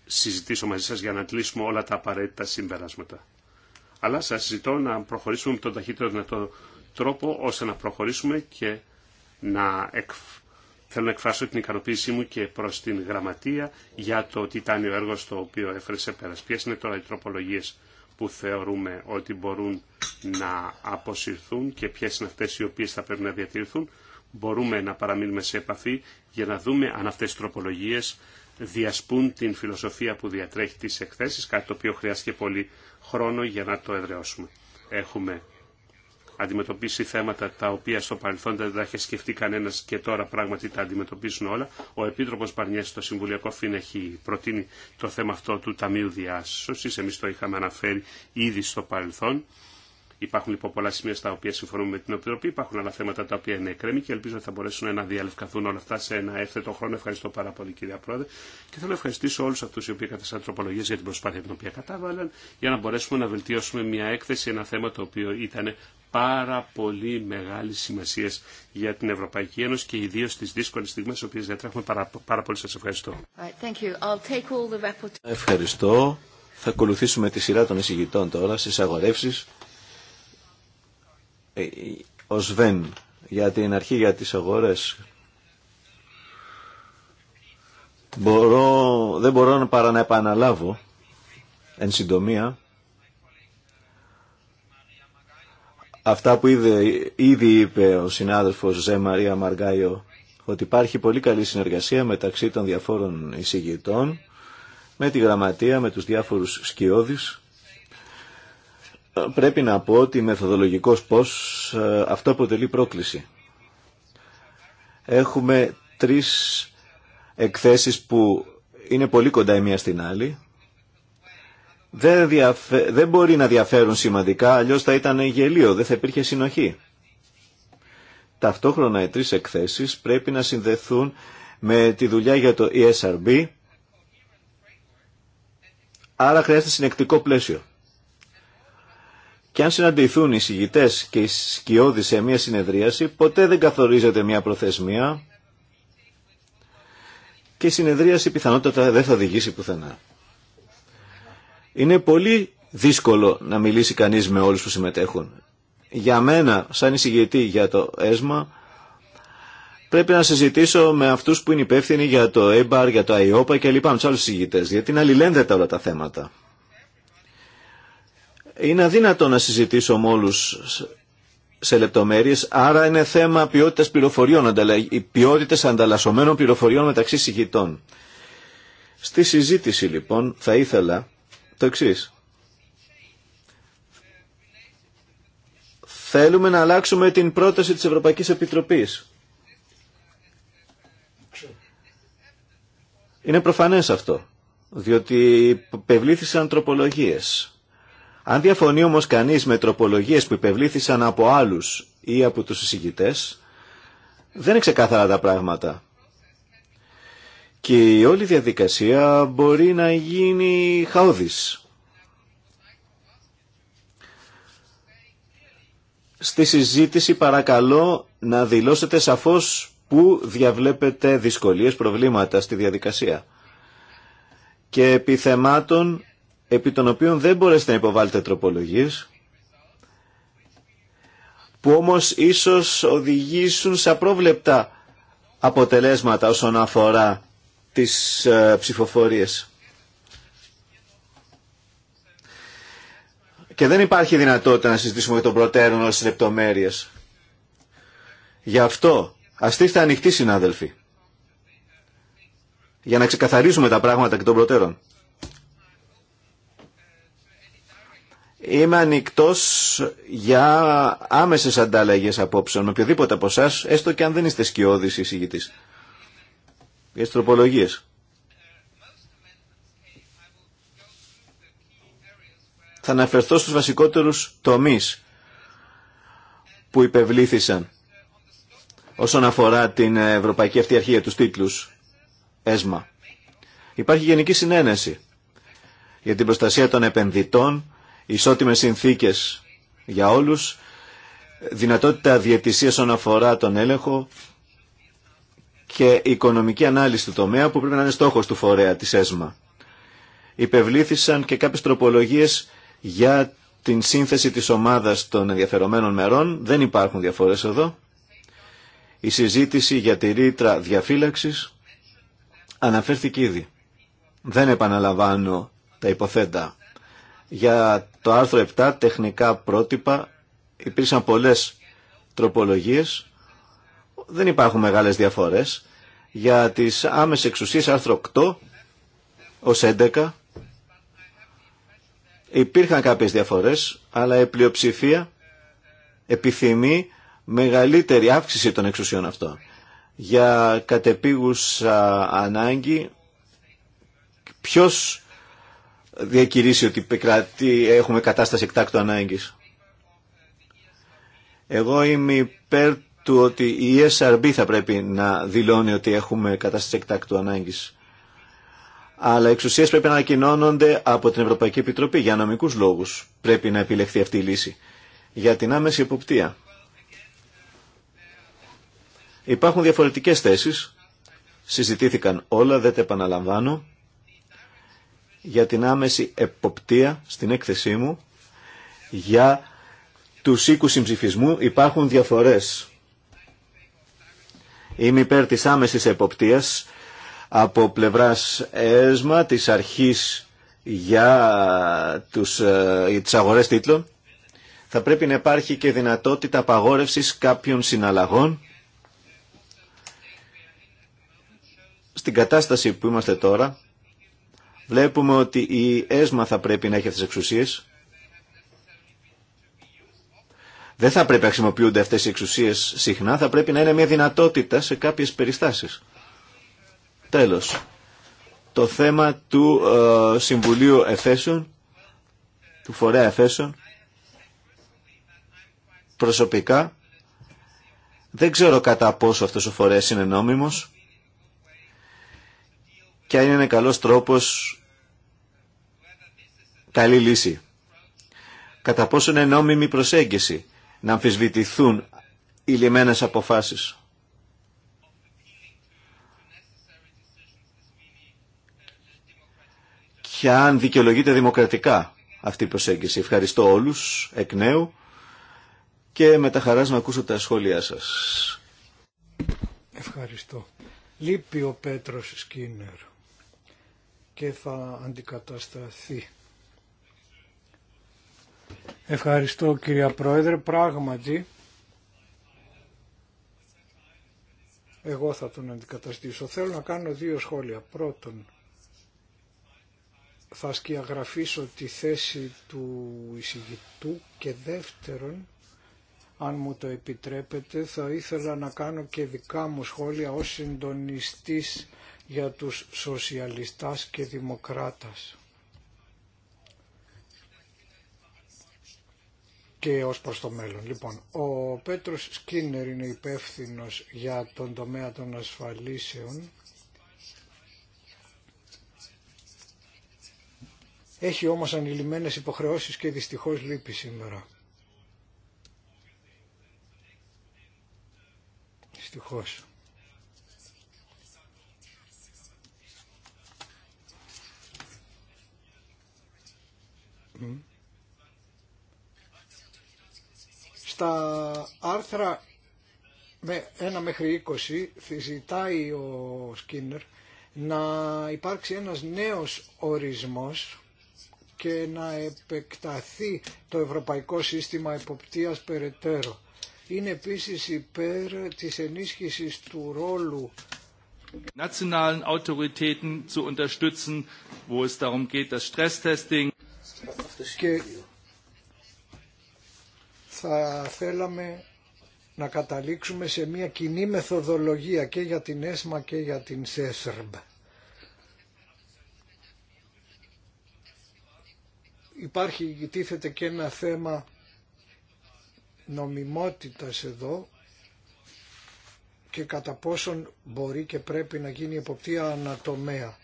S2: συζητήσω μαζί σας για να κλείσουμε όλα τα απαραίτητα συμπεράσματα. Αλλά σας ζητώ να προχωρήσουμε με τον ταχύτερο δυνατό τρόπο ώστε να προχωρήσουμε και να εκ... θέλω να εκφράσω την ικανοποίησή μου και προς την γραμματεία για το τιτάνιο έργο στο οποίο έφερε σε πέρας. Ποιες είναι τώρα οι τροπολογίες που θεωρούμε ότι μπορούν να αποσυρθούν και ποιες είναι αυτές οι οποίες θα πρέπει να διατηρηθούν μπορούμε να παραμείνουμε σε επαφή για να δούμε αν αυτές οι τροπολογίες διασπούν την φιλοσοφία που διατρέχει τις εκθέσεις, κάτι το οποίο χρειάστηκε πολύ χρόνο για να το εδραιώσουμε. Έχουμε αντιμετωπίσει θέματα τα οποία στο παρελθόν δεν τα είχε σκεφτεί κανένα και τώρα πράγματι τα αντιμετωπίσουν όλα. Ο Επίτροπο Παρνιέ στο Συμβουλιακό ΦΥΝ έχει προτείνει το θέμα αυτό του Ταμείου Διάσωση. Εμεί το είχαμε αναφέρει ήδη στο παρελθόν. Υπάρχουν λοιπόν πολλά σημεία στα οποία συμφωνούμε με την Επιτροπή, υπάρχουν άλλα θέματα τα οποία είναι εκκρέμη και ελπίζω ότι θα μπορέσουν να διαλευκαθούν όλα αυτά σε ένα έφθετο χρόνο. Ευχαριστώ πάρα πολύ κυρία Πρόεδρε και θέλω να ευχαριστήσω όλου αυτού οι οποίοι καταστάν τροπολογίε για την προσπάθεια την οποία κατάβαλαν για να μπορέσουμε να βελτιώσουμε μια έκθεση, ένα θέμα το οποίο ήταν πάρα πολύ μεγάλη σημασία για την Ευρωπαϊκή Ένωση και ιδίω στι δύσκολε στιγμέ, οποίε διατρέχουμε πάρα, πάρα πολύ. Σα ευχαριστώ. Ευχαριστώ.
S4: Θα ακολουθήσουμε τη σειρά των εισηγητών τώρα στι αγορεύσει. Ε, ο Σβέν για την αρχή για τις αγορές. Μπορώ, δεν μπορώ να παρά να επαναλάβω εν συντομία αυτά που είδε, ήδη είπε ο συνάδελφος Ζε Μαρία Μαργάιο ότι υπάρχει πολύ καλή συνεργασία μεταξύ των διαφόρων εισηγητών με τη γραμματεία, με τους διάφορους σκιώδεις πρέπει να πω ότι μεθοδολογικός πώς ε, αυτό αποτελεί πρόκληση. Έχουμε τρεις εκθέσεις που είναι πολύ κοντά η μία στην άλλη. Δεν, δεν μπορεί να διαφέρουν σημαντικά, αλλιώς θα ήταν γελίο, δεν θα υπήρχε συνοχή. Ταυτόχρονα οι τρεις εκθέσεις πρέπει να συνδεθούν με τη δουλειά για το ESRB, άρα χρειάζεται συνεκτικό πλαίσιο. Και αν συναντηθούν οι συγητέ και οι σκιώδει σε μια συνεδρίαση, ποτέ δεν καθορίζεται μια προθεσμία και η συνεδρίαση πιθανότατα δεν θα οδηγήσει πουθενά. Είναι πολύ δύσκολο να μιλήσει κανείς με όλους που συμμετέχουν. Για μένα, σαν εισηγητή για το ΕΣΜΑ, πρέπει να συζητήσω με αυτούς που είναι υπεύθυνοι για το ΕΜΠΑΡ, για το ΑΙΟΠΑ και λοιπά, με του άλλου γιατί είναι αλληλένδετα όλα τα θέματα. Είναι αδύνατο να συζητήσω με όλου σε λεπτομέρειες, άρα είναι θέμα ποιότητα πληροφοριών, ποιότητας ανταλλασσομένων πληροφοριών μεταξύ συγχυτών. Στη συζήτηση λοιπόν θα ήθελα το εξή. Θέλουμε να αλλάξουμε την πρόταση της Ευρωπαϊκής Επιτροπής. Είναι προφανές αυτό, διότι πευλήθησαν τροπολογίες αν διαφωνεί όμως κανείς με τροπολογίες που υπευλήθησαν από άλλους ή από τους εισηγητές, δεν είναι ξεκάθαρα τα πράγματα. Και η όλη διαδικασία μπορεί να γίνει χαόδης. Στη συζήτηση παρακαλώ να δηλώσετε σαφώς που διαβλέπετε δυσκολίες, προβλήματα στη διαδικασία. Και επιθεματων επί των οποίων δεν μπορέσετε να υποβάλλετε τροπολογίες, που όμως ίσως οδηγήσουν σε απρόβλεπτα αποτελέσματα όσον αφορά τις ε, ψηφοφορίες. Και δεν υπάρχει δυνατότητα να συζητήσουμε με τον προτέρων όλες λεπτομέρειες. Γι' αυτό ας ανοιχτοί συνάδελφοι. Για να ξεκαθαρίσουμε τα πράγματα και των προτέρων. Είμαι ανοιχτό για άμεσε ανταλλαγέ απόψεων με οποιοδήποτε από εσά, έστω και αν δεν είστε σκιώδη εισηγητή. Για τι τροπολογίε. Θα αναφερθώ στους βασικότερους τομείς που υπευλήθησαν όσον αφορά την Ευρωπαϊκή αυτή του για τίτλους ΕΣΜΑ. Υπάρχει γενική συνένεση για την προστασία των επενδυτών, ισότιμες συνθήκες για όλους, δυνατότητα διαιτησία όσον αφορά τον έλεγχο και οικονομική ανάλυση του τομέα που πρέπει να είναι στόχος του φορέα της ΕΣΜΑ. Υπευλήθησαν και κάποιες τροπολογίες για την σύνθεση της ομάδας των ενδιαφερομένων μερών. Δεν υπάρχουν διαφορές εδώ. Η συζήτηση για τη ρήτρα διαφύλαξης αναφέρθηκε ήδη. Δεν επαναλαμβάνω τα υποθέτα. Για το άρθρο 7, τεχνικά πρότυπα, υπήρξαν πολλές τροπολογίες. Δεν υπάρχουν μεγάλες διαφορές. Για τις άμεσες εξουσίες, άρθρο 8 ως 11, υπήρχαν κάποιες διαφορές, αλλά η πλειοψηφία επιθυμεί μεγαλύτερη αύξηση των εξουσιών αυτών. Για κατεπίγους ανάγκη, ποιος διακηρύσει ότι έχουμε κατάσταση εκτάκτου ανάγκης. Εγώ είμαι υπέρ του ότι η ESRB θα πρέπει να δηλώνει ότι έχουμε κατάσταση εκτάκτου ανάγκης. Αλλά οι εξουσίες πρέπει να ανακοινώνονται από την Ευρωπαϊκή Επιτροπή για νομικούς λόγους. Πρέπει να επιλεχθεί αυτή η λύση. Για την άμεση εποπτεία. Υπάρχουν διαφορετικές θέσεις. Συζητήθηκαν όλα, δεν τα επαναλαμβάνω για την άμεση εποπτεία στην έκθεσή μου για τους οίκους συμψηφισμού υπάρχουν διαφορές. Είμαι υπέρ της άμεσης εποπτείας από πλευράς ΕΣΜΑ, της αρχής για, τους, ε, τις αγορές τίτλων. Θα πρέπει να υπάρχει και δυνατότητα απαγόρευσης κάποιων συναλλαγών. Στην κατάσταση που είμαστε τώρα, Βλέπουμε ότι η ΕΣΜΑ θα πρέπει να έχει αυτές τις εξουσίες. Δεν θα πρέπει να χρησιμοποιούνται αυτές οι εξουσίες συχνά, θα πρέπει να είναι μια δυνατότητα σε κάποιες περιστάσεις. Τέλος, το θέμα του ε, Συμβουλίου Εφέσεων, του Φορέα Εφέσεων, προσωπικά, δεν ξέρω κατά πόσο αυτός ο φορέας είναι νόμιμος και αν είναι καλός τρόπος καλή λύση. Κατά πόσο είναι νόμιμη προσέγγιση να αμφισβητηθούν οι λιμένες αποφάσεις. Και αν δικαιολογείται δημοκρατικά αυτή η προσέγγιση. Ευχαριστώ όλους εκ νέου και με τα χαράς να ακούσω τα σχόλιά σας.
S1: Ευχαριστώ. Λείπει ο Πέτρος Σκίνερ και θα αντικατασταθεί Ευχαριστώ κυρία Πρόεδρε. Πράγματι, εγώ θα τον αντικαταστήσω. Θέλω να κάνω δύο σχόλια. Πρώτον, θα σκιαγραφίσω τη θέση του εισηγητού και δεύτερον, αν μου το επιτρέπετε, θα ήθελα να κάνω και δικά μου σχόλια ως συντονιστής για τους σοσιαλιστάς και δημοκράτας. και ως προς το μέλλον. Λοιπόν, ο Πέτρος Σκίνερ είναι υπεύθυνο για τον τομέα των ασφαλίσεων. Έχει όμως ανηλυμένες υποχρεώσεις και δυστυχώς λείπει σήμερα. Δυστυχώς. Mm. Στα άρθρα με ένα μέχρι 20 ζητάει ο Σκίνερ να υπάρξει ένας νέος ορισμός και να επεκταθεί το ευρωπαϊκό σύστημα εποπτείας περαιτέρω. Είναι επίσης υπέρ της ενίσχυσης του ρόλου
S3: nationalen Autoritäten zu unterstützen, wo es darum geht, das Stresstesting και
S1: θα θέλαμε να καταλήξουμε σε μια κοινή μεθοδολογία και για την ΕΣΜΑ και για την ΣΕΣΡΜ. Υπάρχει, τίθεται και ένα θέμα νομιμότητας εδώ και κατά πόσον μπορεί και πρέπει να γίνει εποπτεία ανατομέα.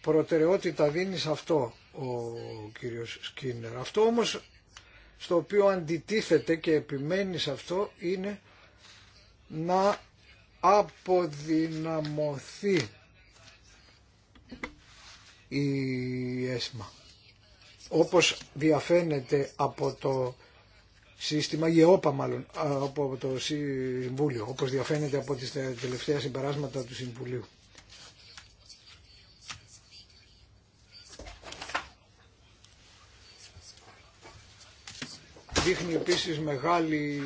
S1: Προτεραιότητα δίνει σε αυτό ο κύριος Σκίνερ. Αυτό όμως στο οποίο αντιτίθεται και επιμένει σε αυτό είναι να αποδυναμωθεί η ΕΣΜΑ. Όπως διαφαίνεται από το σύστημα, η ΕΟΠΑ μάλλον, από το Συμβούλιο, όπως διαφαίνεται από τις τελευταία συμπεράσματα του Συμβουλίου. δείχνει επίσης μεγάλη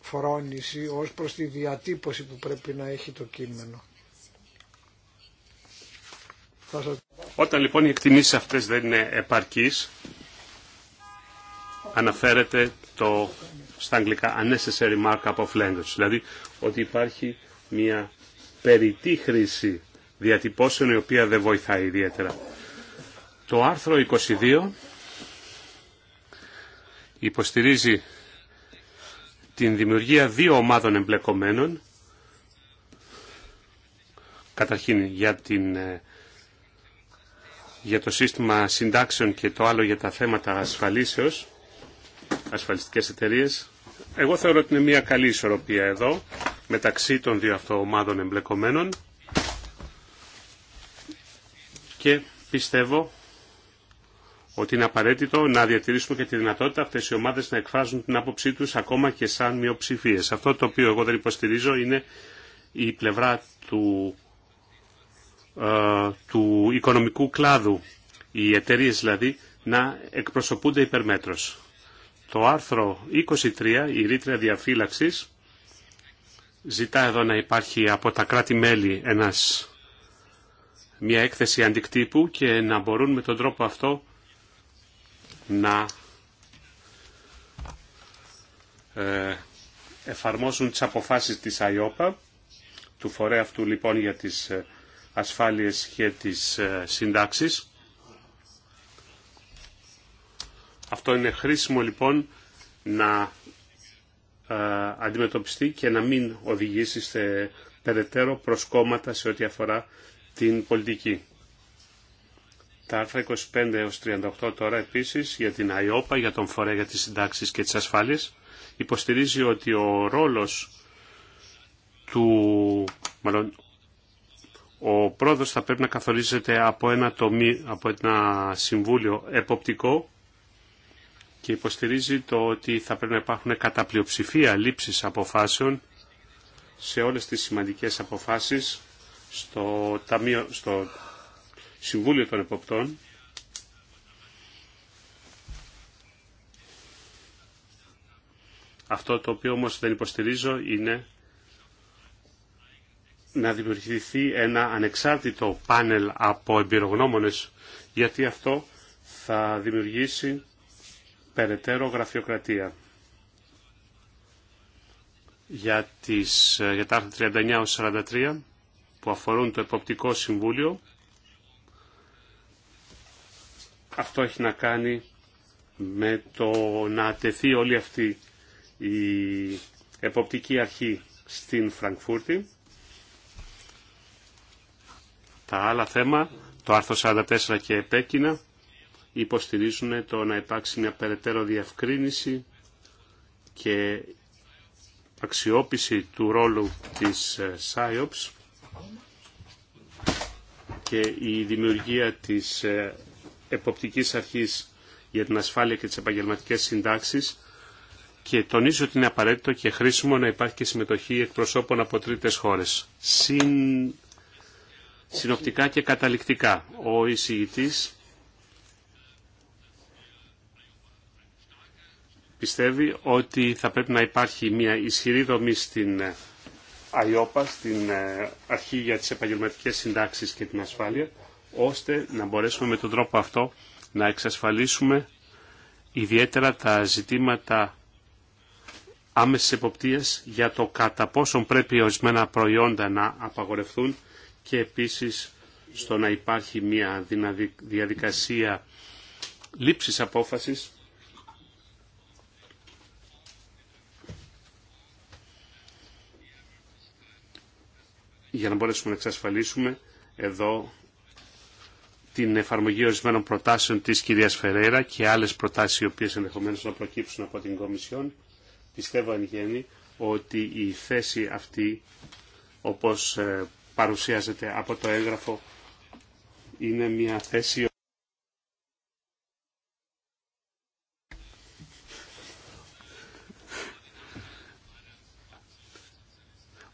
S1: φρόνηση ως προς τη διατύπωση που πρέπει να έχει το
S2: κείμενο. Όταν λοιπόν οι εκτιμήσεις αυτές δεν είναι επαρκείς, αναφέρεται το στα αγγλικά unnecessary markup of language, δηλαδή ότι υπάρχει μια περιττή χρήση διατυπώσεων η οποία δεν βοηθάει ιδιαίτερα. Το άρθρο 22 υποστηρίζει την δημιουργία δύο ομάδων εμπλεκομένων, καταρχήν για, την, ε, για το σύστημα συντάξεων και το άλλο για τα θέματα ασφαλίσεως, ασφαλιστικές εταιρείες. Εγώ θεωρώ ότι είναι μια καλή ισορροπία εδώ, μεταξύ των δύο αυτών ομάδων εμπλεκομένων και πιστεύω ότι είναι απαραίτητο να διατηρήσουμε και τη δυνατότητα αυτές οι ομάδες να εκφράζουν την άποψή του ακόμα και σαν μειοψηφίε. Αυτό το οποίο εγώ δεν υποστηρίζω είναι η πλευρά του, ε, του οικονομικού κλάδου, οι εταιρείε δηλαδή, να εκπροσωπούνται υπερμέτρως. Το άρθρο 23, η ρήτρα διαφύλαξης, ζητά εδώ να υπάρχει από τα κράτη-μέλη μια έκθεση αντικτύπου και να μπορούν με τον τρόπο αυτό να ε, εφαρμόσουν τις αποφάσεις της ΑΙΟΠΑ, του φορέα αυτού λοιπόν για τις ε, ασφάλειες και τις ε, συντάξεις. Αυτό είναι χρήσιμο λοιπόν να αντιμετωπιστεί και να μην οδηγήσει σε περαιτέρω προσκόμματα σε ό,τι αφορά την πολιτική. Τα άρθρα 25 έως 38 τώρα επίσης για την ΑΙΟΠΑ, για τον φορέα για τις συντάξεις και τις ασφάλειες, υποστηρίζει ότι ο ρόλος του, μάλλον, ο πρόεδρος θα πρέπει να καθορίζεται από ένα, τομή, από ένα συμβούλιο εποπτικό και υποστηρίζει το ότι θα πρέπει να υπάρχουν κατά πλειοψηφία λήψεις αποφάσεων σε όλες τις σημαντικές αποφάσεις στο, ταμείο, στο Συμβούλιο των Εποπτών Αυτό το οποίο όμως δεν υποστηρίζω είναι να δημιουργηθεί ένα ανεξάρτητο πάνελ από εμπειρογνώμονες, γιατί αυτό θα δημιουργήσει περαιτέρω γραφειοκρατία. Για, τις, για τα άρθρα 39 43 που αφορούν το Εποπτικό Συμβούλιο, αυτό έχει να κάνει με το να τεθεί όλη αυτή η εποπτική αρχή στην Φραγκφούρτη. Τα άλλα θέμα, το άρθρο 44 και επέκεινα, υποστηρίζουν το να υπάρξει μια περαιτέρω διευκρίνηση και αξιόπιση του ρόλου της ε, ΣΑΙΟΠΣ και η δημιουργία της ε, Εποπτικής Αρχής για την Ασφάλεια και τις Επαγγελματικές Συντάξεις και τονίζω ότι είναι απαραίτητο και χρήσιμο να υπάρχει και συμμετοχή εκπροσώπων από τρίτες χώρες. Συνοπτικά και καταληκτικά, ο εισηγητής πιστεύει ότι θα πρέπει να υπάρχει μια ισχυρή δομή στην ε, ΑΙΟΠΑ, στην ε, Αρχή για τις Επαγγελματικές Συντάξεις και την Ασφάλεια, ώστε να μπορέσουμε με τον τρόπο αυτό να εξασφαλίσουμε ιδιαίτερα τα ζητήματα άμεση εποπτείας για το κατά πόσον πρέπει ορισμένα προϊόντα να απαγορευτούν και επίσης στο να υπάρχει μια διαδικασία λήψης απόφασης για να μπορέσουμε να εξασφαλίσουμε εδώ την εφαρμογή ορισμένων προτάσεων της κυρίας Φερέρα και άλλες προτάσεις οι οποίες ενδεχομένως να προκύψουν από την Κομισιόν. Πιστεύω εν ότι η θέση αυτή όπως ε, παρουσιάζεται από το έγγραφο είναι μια θέση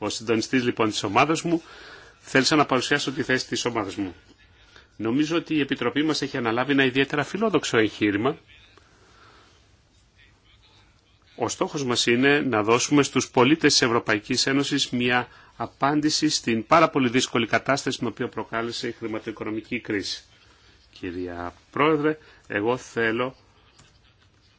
S2: Ο συντονιστής λοιπόν της ομάδας μου θέλησα να παρουσιάσω τη θέση της ομάδας μου. Νομίζω ότι η Επιτροπή μας έχει αναλάβει ένα ιδιαίτερα φιλόδοξο εγχείρημα. Ο στόχος μας είναι να δώσουμε στους πολίτες της Ευρωπαϊκής Ένωσης μια απάντηση στην πάρα πολύ δύσκολη κατάσταση με οποία προκάλεσε η χρηματοοικονομική κρίση. Κυρία Πρόεδρε, εγώ θέλω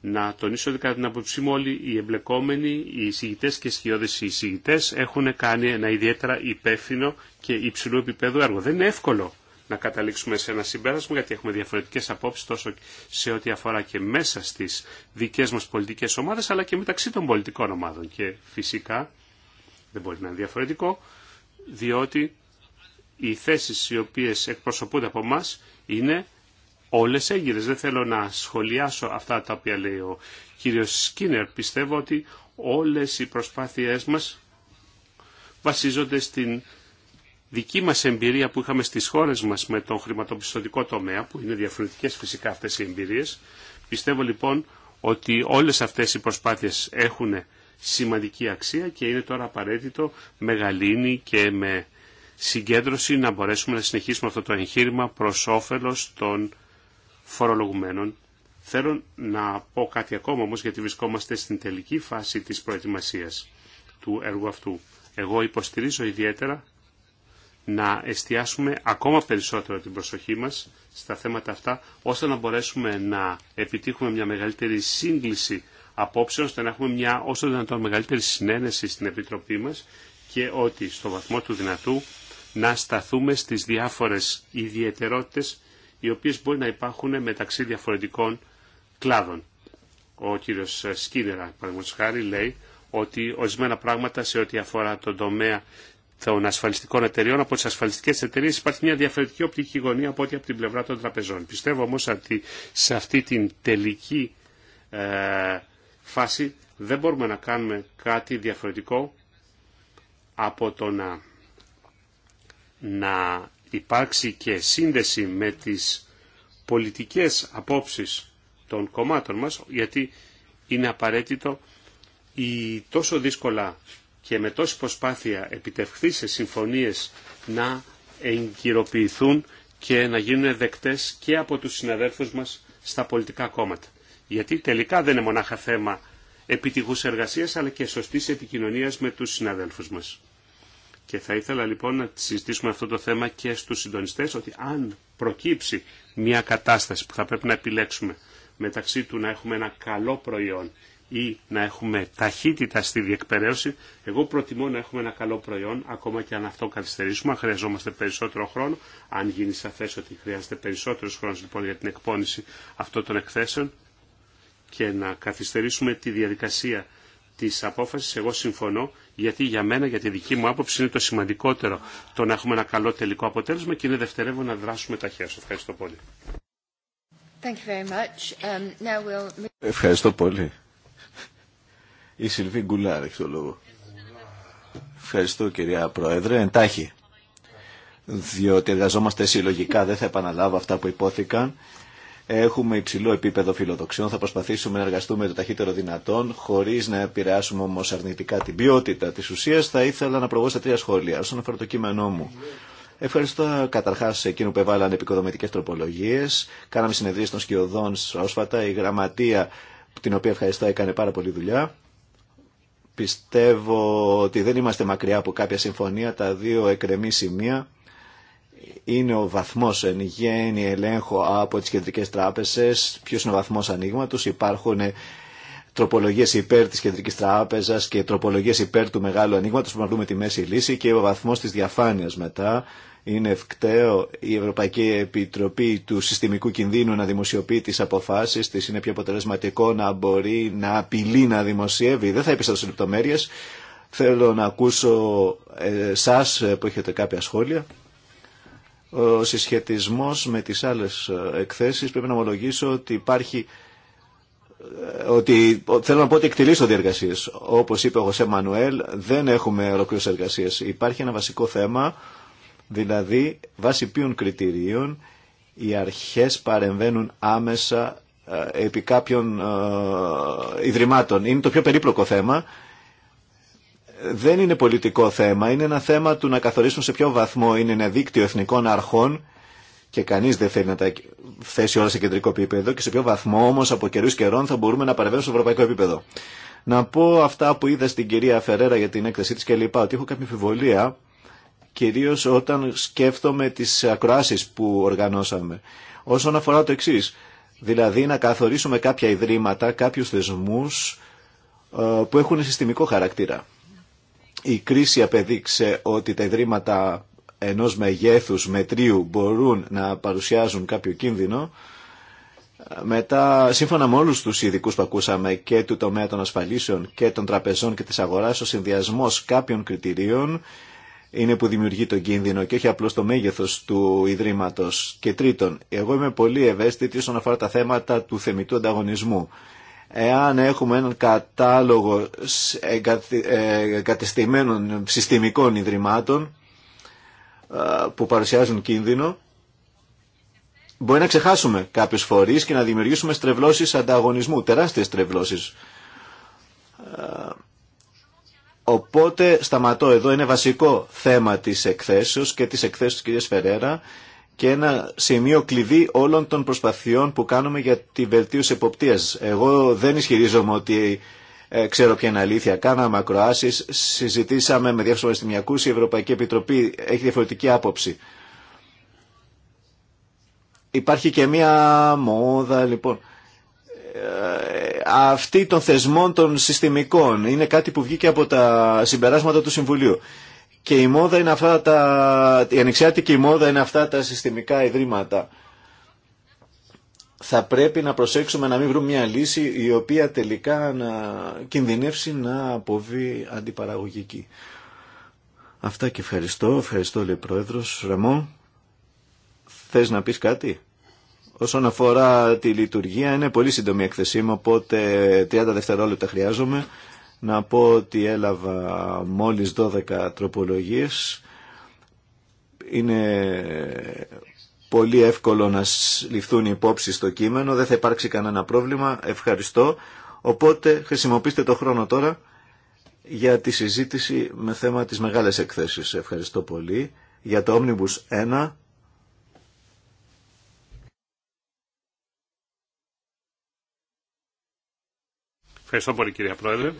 S2: να τονίσω ότι κατά την άποψή μου όλοι οι εμπλεκόμενοι, οι εισηγητές και σκιώδες οι εισηγητές έχουν κάνει ένα ιδιαίτερα υπεύθυνο και υψηλού επίπεδου έργο. Δεν είναι εύκολο να καταλήξουμε σε ένα συμπέρασμα, γιατί έχουμε διαφορετικές απόψεις τόσο σε ό,τι αφορά και μέσα στις δικές μας πολιτικές ομάδες, αλλά και μεταξύ των πολιτικών ομάδων. Και φυσικά δεν μπορεί να είναι διαφορετικό, διότι οι θέσεις οι οποίες εκπροσωπούνται από εμά είναι όλες έγκυρες. Δεν θέλω να σχολιάσω αυτά τα οποία λέει ο κύριος Σκίνερ. Πιστεύω ότι όλες οι προσπάθειές μας βασίζονται στην δική μας εμπειρία που είχαμε στις χώρες μας με τον χρηματοπιστωτικό τομέα, που είναι διαφορετικές φυσικά αυτές οι εμπειρίες. Πιστεύω λοιπόν ότι όλες αυτές οι προσπάθειες έχουν σημαντική αξία και είναι τώρα απαραίτητο με γαλήνη και με συγκέντρωση να μπορέσουμε να συνεχίσουμε αυτό το εγχείρημα προς όφελος των φορολογουμένων. Θέλω να πω κάτι ακόμα όμως γιατί βρισκόμαστε στην τελική φάση της προετοιμασίας του έργου αυτού. Εγώ υποστηρίζω ιδιαίτερα να εστιάσουμε ακόμα περισσότερο την προσοχή μας στα θέματα αυτά, ώστε να μπορέσουμε να επιτύχουμε μια μεγαλύτερη σύγκληση απόψεων, ώστε να έχουμε μια όσο δυνατόν μεγαλύτερη συνένεση στην Επιτροπή μας και ότι στο βαθμό του δυνατού να σταθούμε στις διάφορες ιδιαιτερότητες οι οποίες μπορεί να υπάρχουν μεταξύ διαφορετικών κλάδων. Ο κύριος Σκίνερα, παραδείγματος χάρη, λέει ότι ορισμένα πράγματα σε ό,τι αφορά τον τομέα των ασφαλιστικών εταιριών, από τι ασφαλιστικέ εταιρείε, υπάρχει μια διαφορετική οπτική γωνία από ό,τι από την πλευρά των τραπεζών. Πιστεύω όμω ότι σε αυτή την τελική ε, φάση δεν μπορούμε να κάνουμε κάτι διαφορετικό από το να, να υπάρξει και σύνδεση με τις πολιτικές απόψεις των κομμάτων μας, γιατί είναι απαραίτητο η τόσο δύσκολα και με τόση προσπάθεια επιτευχθεί σε συμφωνίες να εγκυροποιηθούν και να γίνουν δεκτές και από τους συναδέλφους μας στα πολιτικά κόμματα. Γιατί τελικά δεν είναι μονάχα θέμα επιτυχούς εργασίας αλλά και σωστής επικοινωνίας με τους συναδέλφους μας. Και θα ήθελα λοιπόν να συζητήσουμε αυτό το θέμα και στους συντονιστές ότι αν προκύψει μια κατάσταση που θα πρέπει να επιλέξουμε μεταξύ του να έχουμε ένα καλό προϊόν ή να έχουμε ταχύτητα στη διεκπαιρέωση. Εγώ προτιμώ να έχουμε ένα καλό προϊόν, ακόμα και αν αυτό καθυστερήσουμε, αν χρειαζόμαστε περισσότερο χρόνο. Αν γίνει σαφέ ότι χρειάζεται περισσότερο χρόνο λοιπόν, για την εκπόνηση αυτών των εκθέσεων και να καθυστερήσουμε τη διαδικασία τη απόφαση, εγώ συμφωνώ, γιατί για μένα, για τη δική μου άποψη, είναι το σημαντικότερο το να έχουμε ένα καλό τελικό αποτέλεσμα και είναι δευτερεύον να δράσουμε ταχαίω. Ευχαριστώ πολύ.
S3: Thank you very much. Um, now we'll...
S4: Ευχαριστώ πολύ. Η Σιλβί Γκουλάρ έχει το λόγο. Ευχαριστώ κυρία Πρόεδρε. Εντάχει. Διότι εργαζόμαστε συλλογικά, δεν θα επαναλάβω αυτά που υπόθηκαν. Έχουμε υψηλό επίπεδο φιλοδοξιών. Θα προσπαθήσουμε να εργαστούμε το ταχύτερο δυνατόν, χωρί να επηρεάσουμε όμω αρνητικά την ποιότητα τη ουσία. Θα ήθελα να προβώ σε τρία σχόλια όσον αφορά το κείμενό μου. Ευχαριστώ καταρχά εκείνου που έβαλαν επικοδομητικέ τροπολογίε. Κάναμε συνεδρίε των σκιωδών πρόσφατα. Η γραμματεία, την οποία ευχαριστώ, έκανε πάρα πολύ δουλειά. Πιστεύω ότι δεν είμαστε μακριά από κάποια συμφωνία. Τα δύο εκρεμή σημεία είναι ο βαθμός εν γέννη ελέγχου από τις κεντρικές τράπεζες, ποιος είναι ο βαθμός ανοίγματος, υπάρχουν τροπολογίες υπέρ της κεντρικής τράπεζας και τροπολογίες υπέρ του μεγάλου ανοίγματος που να δούμε τη μέση λύση και ο βαθμός της διαφάνειας μετά είναι ευκταίο η Ευρωπαϊκή Επιτροπή του Συστημικού Κινδύνου να δημοσιοποιεί τις αποφάσεις της, είναι πιο αποτελεσματικό να μπορεί να απειλεί να δημοσιεύει. Δεν θα επιστρέψω σε λεπτομέρειες. Θέλω να ακούσω ε, εσάς που έχετε κάποια σχόλια. Ο συσχετισμός με τις άλλες ε, εκθέσεις πρέπει να ομολογήσω ότι υπάρχει ε, ότι θέλω να πω ότι εκτελήσω διεργασίες. Όπως είπε ο Χωσέ Μανουέλ, δεν έχουμε ολοκληρώσει εργασίες. Υπάρχει ένα βασικό θέμα Δηλαδή, βάσει ποιων κριτηρίων οι αρχές παρεμβαίνουν άμεσα ε, επί κάποιων ε, ιδρυμάτων. Είναι το πιο περίπλοκο θέμα. Δεν είναι πολιτικό θέμα. Είναι ένα θέμα του να καθορίσουν σε ποιο βαθμό είναι ένα δίκτυο εθνικών αρχών και κανείς δεν θέλει να τα θέσει όλα σε κεντρικό επίπεδο και σε ποιο βαθμό όμως από καιρούς καιρών θα μπορούμε να παρεμβαίνουμε στο ευρωπαϊκό επίπεδο. Να πω αυτά που είδα στην κυρία Φερέρα για την έκθεσή της και λοιπά, ότι έχω κάποια αμφιβολία κυρίως όταν σκέφτομαι τις ακροάσεις που οργανώσαμε. Όσον αφορά το εξής, δηλαδή να καθορίσουμε κάποια ιδρύματα, κάποιους θεσμούς ε, που έχουν συστημικό χαρακτήρα. Η κρίση απεδείξε ότι τα ιδρύματα ενός μεγέθους μετρίου μπορούν να παρουσιάζουν κάποιο κίνδυνο. Μετά, σύμφωνα με όλου του ειδικού που ακούσαμε και του τομέα των ασφαλίσεων και των τραπεζών και της αγοράς, ο συνδυασμός κάποιων κριτηρίων είναι που δημιουργεί τον κίνδυνο και όχι απλώς το μέγεθος του Ιδρύματος. Και τρίτον, εγώ είμαι πολύ ευαίσθητη όσον αφορά τα θέματα του θεμητού ανταγωνισμού. Εάν έχουμε έναν κατάλογο ε, εγκατεστημένων συστημικών Ιδρυμάτων που παρουσιάζουν κίνδυνο, μπορεί να ξεχάσουμε κάποιους φορείς και να δημιουργήσουμε στρεβλώσεις ανταγωνισμού, τεράστιες στρεβλώσεις Οπότε σταματώ εδώ, είναι βασικό θέμα της εκθέσεως και της εκθέσεως της κυρίας Φερέρα και ένα σημείο κλειδί όλων των προσπαθειών που κάνουμε για τη βελτίωση εποπτείας. Εγώ δεν ισχυρίζομαι ότι ε, ξέρω ποια είναι αλήθεια. Κάναμε ακροάσεις, συζητήσαμε με διάφορους πανεπιστημιακούς, η Ευρωπαϊκή Επιτροπή έχει διαφορετική άποψη. Υπάρχει και μία μόδα, λοιπόν. Ε, αυτή των θεσμών των συστημικών. Είναι κάτι που βγήκε από τα συμπεράσματα του Συμβουλίου. Και η μόδα είναι αυτά τα... η ανοιξιάτικη μόδα είναι αυτά τα συστημικά ιδρύματα. Θα πρέπει να προσέξουμε να μην βρούμε μια λύση η οποία τελικά να κινδυνεύσει να αποβεί αντιπαραγωγική. Αυτά και ευχαριστώ. Ευχαριστώ λέει Πρόεδρος. Ρεμό, θες να πεις κάτι? Όσον αφορά τη λειτουργία, είναι πολύ σύντομη η εκθεσή μου, οπότε 30 δευτερόλεπτα χρειάζομαι. Να πω ότι έλαβα μόλις 12 τροπολογίες. Είναι πολύ εύκολο να ληφθούν οι υπόψεις στο κείμενο, δεν θα υπάρξει κανένα πρόβλημα, ευχαριστώ. Οπότε χρησιμοποιήστε το χρόνο τώρα για τη συζήτηση με θέμα της μεγάλες εκθέσεις. Ευχαριστώ πολύ. Για το Omnibus 1
S2: Ευχαριστώ πολύ κυρία Πρόεδρε.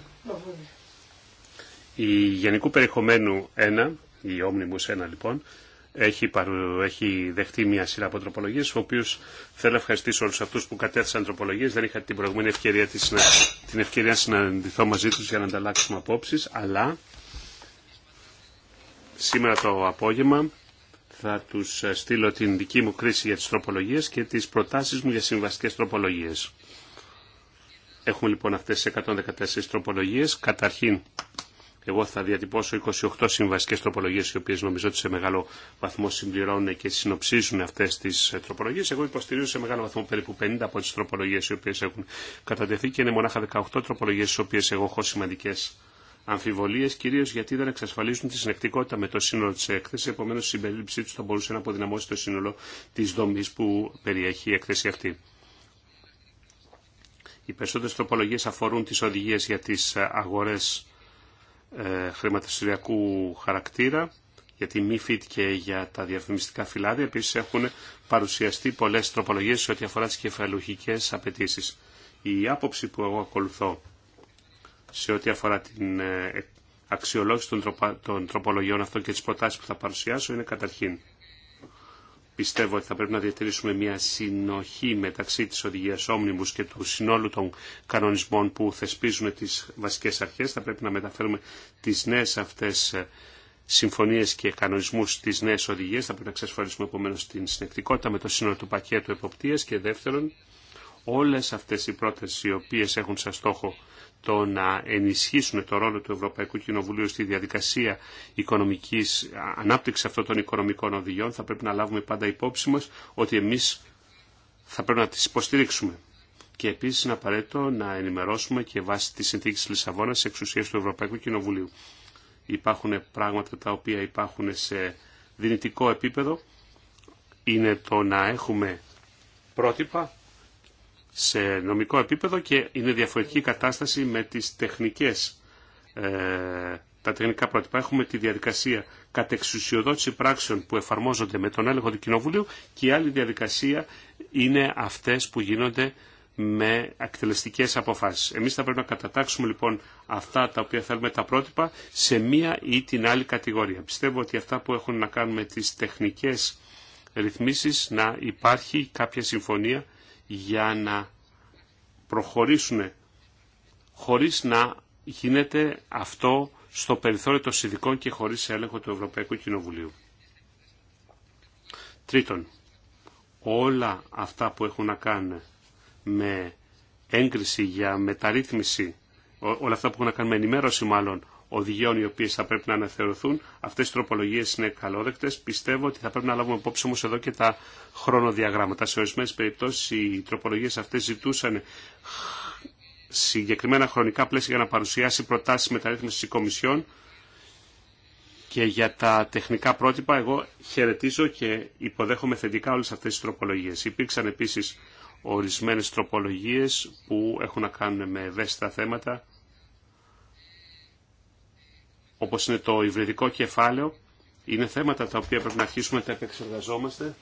S2: Η Γενικού Περιεχομένου 1, η Omnibus 1 λοιπόν, έχει, παρου, έχει δεχτεί μια σειρά από τροπολογίε, ο οποίο θέλω να ευχαριστήσω όλου αυτού που κατέθεσαν τροπολογίε. Δεν είχα την προηγούμενη ευκαιρία της, την ευκαιρία να συναντηθώ μαζί του για να ανταλλάξουμε απόψει, αλλά σήμερα το απόγευμα θα του στείλω την δική μου κρίση για τι τροπολογίε και τι προτάσει μου για συμβαστικέ τροπολογίε. Έχουμε λοιπόν αυτές τις 114 τροπολογίες. Καταρχήν, εγώ θα διατυπώσω 28 συμβασικές τροπολογίες, οι οποίες νομίζω ότι σε μεγάλο βαθμό συμπληρώνουν και συνοψίζουν αυτές τις ε, τροπολογίες. Εγώ υποστηρίζω σε μεγάλο βαθμό περίπου 50 από τις τροπολογίες οι οποίες έχουν κατατεθεί και είναι μονάχα 18 τροπολογίες, τις οποίες εγώ έχω σημαντικές αμφιβολίες, κυρίως γιατί δεν εξασφαλίζουν τη συνεκτικότητα με το σύνολο της έκθεσης, επομένω η συμπερίληψή του θα μπορούσε να αποδυναμώσει το σύνολο τη δομή που περιέχει η έκθεση αυτή. Οι περισσότερες τροπολογίες αφορούν τις οδηγίες για τις ε, αγορές ε, χρηματιστηριακού χαρακτήρα, για τη MIFID και για τα διαφημιστικά φυλάδια. Επίσης έχουν παρουσιαστεί πολλές τροπολογίες σε ό,τι αφορά τις κεφαλουχικές απαιτήσει. Η άποψη που εγώ ακολουθώ σε ό,τι αφορά την ε, αξιολόγηση των, τροπολογιών αυτών και τις προτάσεις που θα παρουσιάσω είναι καταρχήν πιστεύω ότι θα πρέπει να διατηρήσουμε μια συνοχή μεταξύ της οδηγίας όμνιμους και του συνόλου των κανονισμών που θεσπίζουν τις βασικές αρχές. Θα πρέπει να μεταφέρουμε τις νέες αυτές ε, συμφωνίες και κανονισμούς στις νέες οδηγίες. Θα πρέπει να εξασφαλίσουμε επομένω την συνεκτικότητα με το σύνολο του πακέτου εποπτείας και δεύτερον όλες αυτές οι πρότασεις οι οποίες έχουν σαν στόχο το να ενισχύσουμε το ρόλο του Ευρωπαϊκού Κοινοβουλίου στη διαδικασία οικονομικής ανάπτυξης αυτών των οικονομικών οδηγιών, θα πρέπει να λάβουμε πάντα υπόψη μας ότι εμείς θα πρέπει να τις υποστηρίξουμε. Και επίσης είναι απαραίτητο να ενημερώσουμε και βάσει τη συνθήκη της Λισαβόνας εξουσίες του Ευρωπαϊκού Κοινοβουλίου. Υπάρχουν πράγματα τα οποία υπάρχουν σε δυνητικό επίπεδο. Είναι το να έχουμε πρότυπα σε νομικό επίπεδο και είναι διαφορετική κατάσταση με τις τεχνικές, ε, τα τεχνικά πρότυπα. Έχουμε τη διαδικασία κατεξουσιοδότηση πράξεων που εφαρμόζονται με τον έλεγχο του Κοινοβουλίου και η άλλη διαδικασία είναι αυτές που γίνονται με εκτελεστικές αποφάσεις. Εμείς θα πρέπει να κατατάξουμε λοιπόν αυτά τα οποία θέλουμε τα πρότυπα σε μία ή την άλλη κατηγορία. Πιστεύω ότι αυτά που έχουν να κάνουν με τις τεχνικές ρυθμίσεις να υπάρχει κάποια συμφωνία για να προχωρήσουν χωρίς να γίνεται αυτό στο περιθώριο των συνδικών και χωρίς έλεγχο του Ευρωπαϊκού Κοινοβουλίου. Τρίτον, όλα αυτά που έχουν να κάνουν με έγκριση για μεταρρύθμιση, όλα αυτά που έχουν να κάνουν με ενημέρωση μάλλον οδηγιών οι οποίε θα πρέπει να αναθεωρηθούν. Αυτέ οι τροπολογίε είναι καλόδεκτε. Πιστεύω ότι θα πρέπει να λάβουμε υπόψη όμω εδώ και τα χρονοδιαγράμματα. Σε ορισμένε περιπτώσει, οι τροπολογίες αυτέ ζητούσαν συγκεκριμένα χρονικά πλαίσια για να παρουσιάσει προτάσει μεταρρύθμιση τη Κομισιόν και για τα τεχνικά πρότυπα εγώ χαιρετίζω και υποδέχομαι θετικά όλε αυτέ τις τροπολογίε. Υπήρξαν επίση ορισμένες τροπολογίες που έχουν να κάνουν με ευαίσθητα θέματα όπως είναι το υβριδικό κεφάλαιο, είναι θέματα τα οποία πρέπει να αρχίσουμε να τα επεξεργαζόμαστε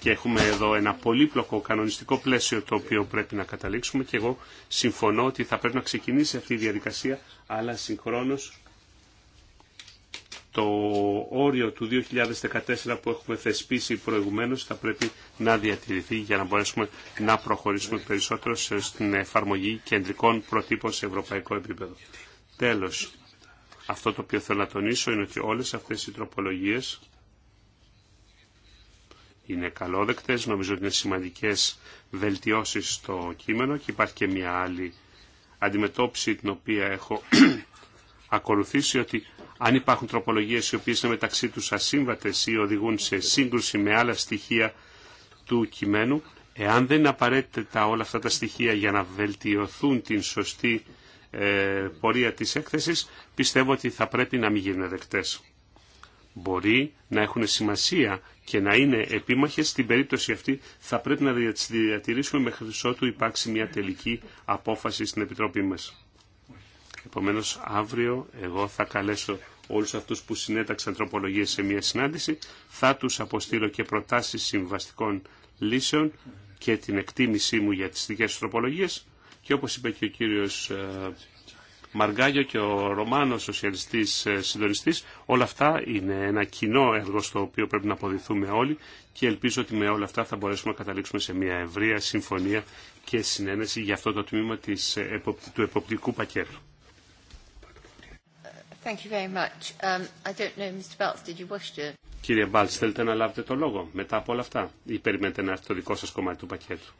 S2: και έχουμε εδώ ένα πολύπλοκο κανονιστικό πλαίσιο το οποίο πρέπει να καταλήξουμε και εγώ συμφωνώ ότι θα πρέπει να ξεκινήσει αυτή η διαδικασία αλλά συγχρόνως το όριο του 2014 που έχουμε θεσπίσει προηγουμένως θα πρέπει να διατηρηθεί για να μπορέσουμε να προχωρήσουμε περισσότερο στην εφαρμογή κεντρικών προτύπων σε ευρωπαϊκό επίπεδο. Τέλος, αυτό το οποίο θέλω να τονίσω είναι ότι όλες αυτές οι τροπολογίες είναι καλόδεκτες, νομίζω ότι είναι σημαντικές βελτιώσεις στο κείμενο και υπάρχει και μια άλλη αντιμετώπιση την οποία έχω [CLEARS THROAT] ακολουθήσει ότι αν υπάρχουν τροπολογίες οι οποίες είναι μεταξύ τους ασύμβατες ή οδηγούν σε σύγκρουση με άλλα στοιχεία του κειμένου, εάν δεν είναι απαραίτητα όλα αυτά τα στοιχεία για να βελτιωθούν την σωστή ε, πορεία της έκθεσης, πιστεύω ότι θα πρέπει να μην γίνουν δεκτές. Μπορεί να έχουν σημασία και να είναι επίμαχες στην περίπτωση αυτή θα πρέπει να διατηρήσουμε μέχρι ότου υπάρξει μια τελική απόφαση στην Επιτροπή μας. Επομένως αύριο εγώ θα καλέσω όλους αυτούς που συνέταξαν τροπολογίες σε μια συνάντηση, θα τους αποστείλω και προτάσεις συμβαστικών λύσεων και την εκτίμησή μου για τις δικές τροπολογίες και όπως είπε και ο κύριος ε, Μαργκάγιο και ο Ρωμάνος σοσιαλιστής ε, συντονιστής, όλα αυτά είναι ένα κοινό έργο στο οποίο πρέπει να αποδειθούμε όλοι και ελπίζω ότι με όλα αυτά θα μπορέσουμε να καταλήξουμε σε μια ευρεία συμφωνία και συνένεση για αυτό το τμήμα της, ε, του εποπτικού πακέτου. Κύριε Μπάλτς, θέλετε να λάβετε το λόγο μετά από όλα αυτά ή περιμένετε να έρθει το δικό σας κομμάτι του πακέτου.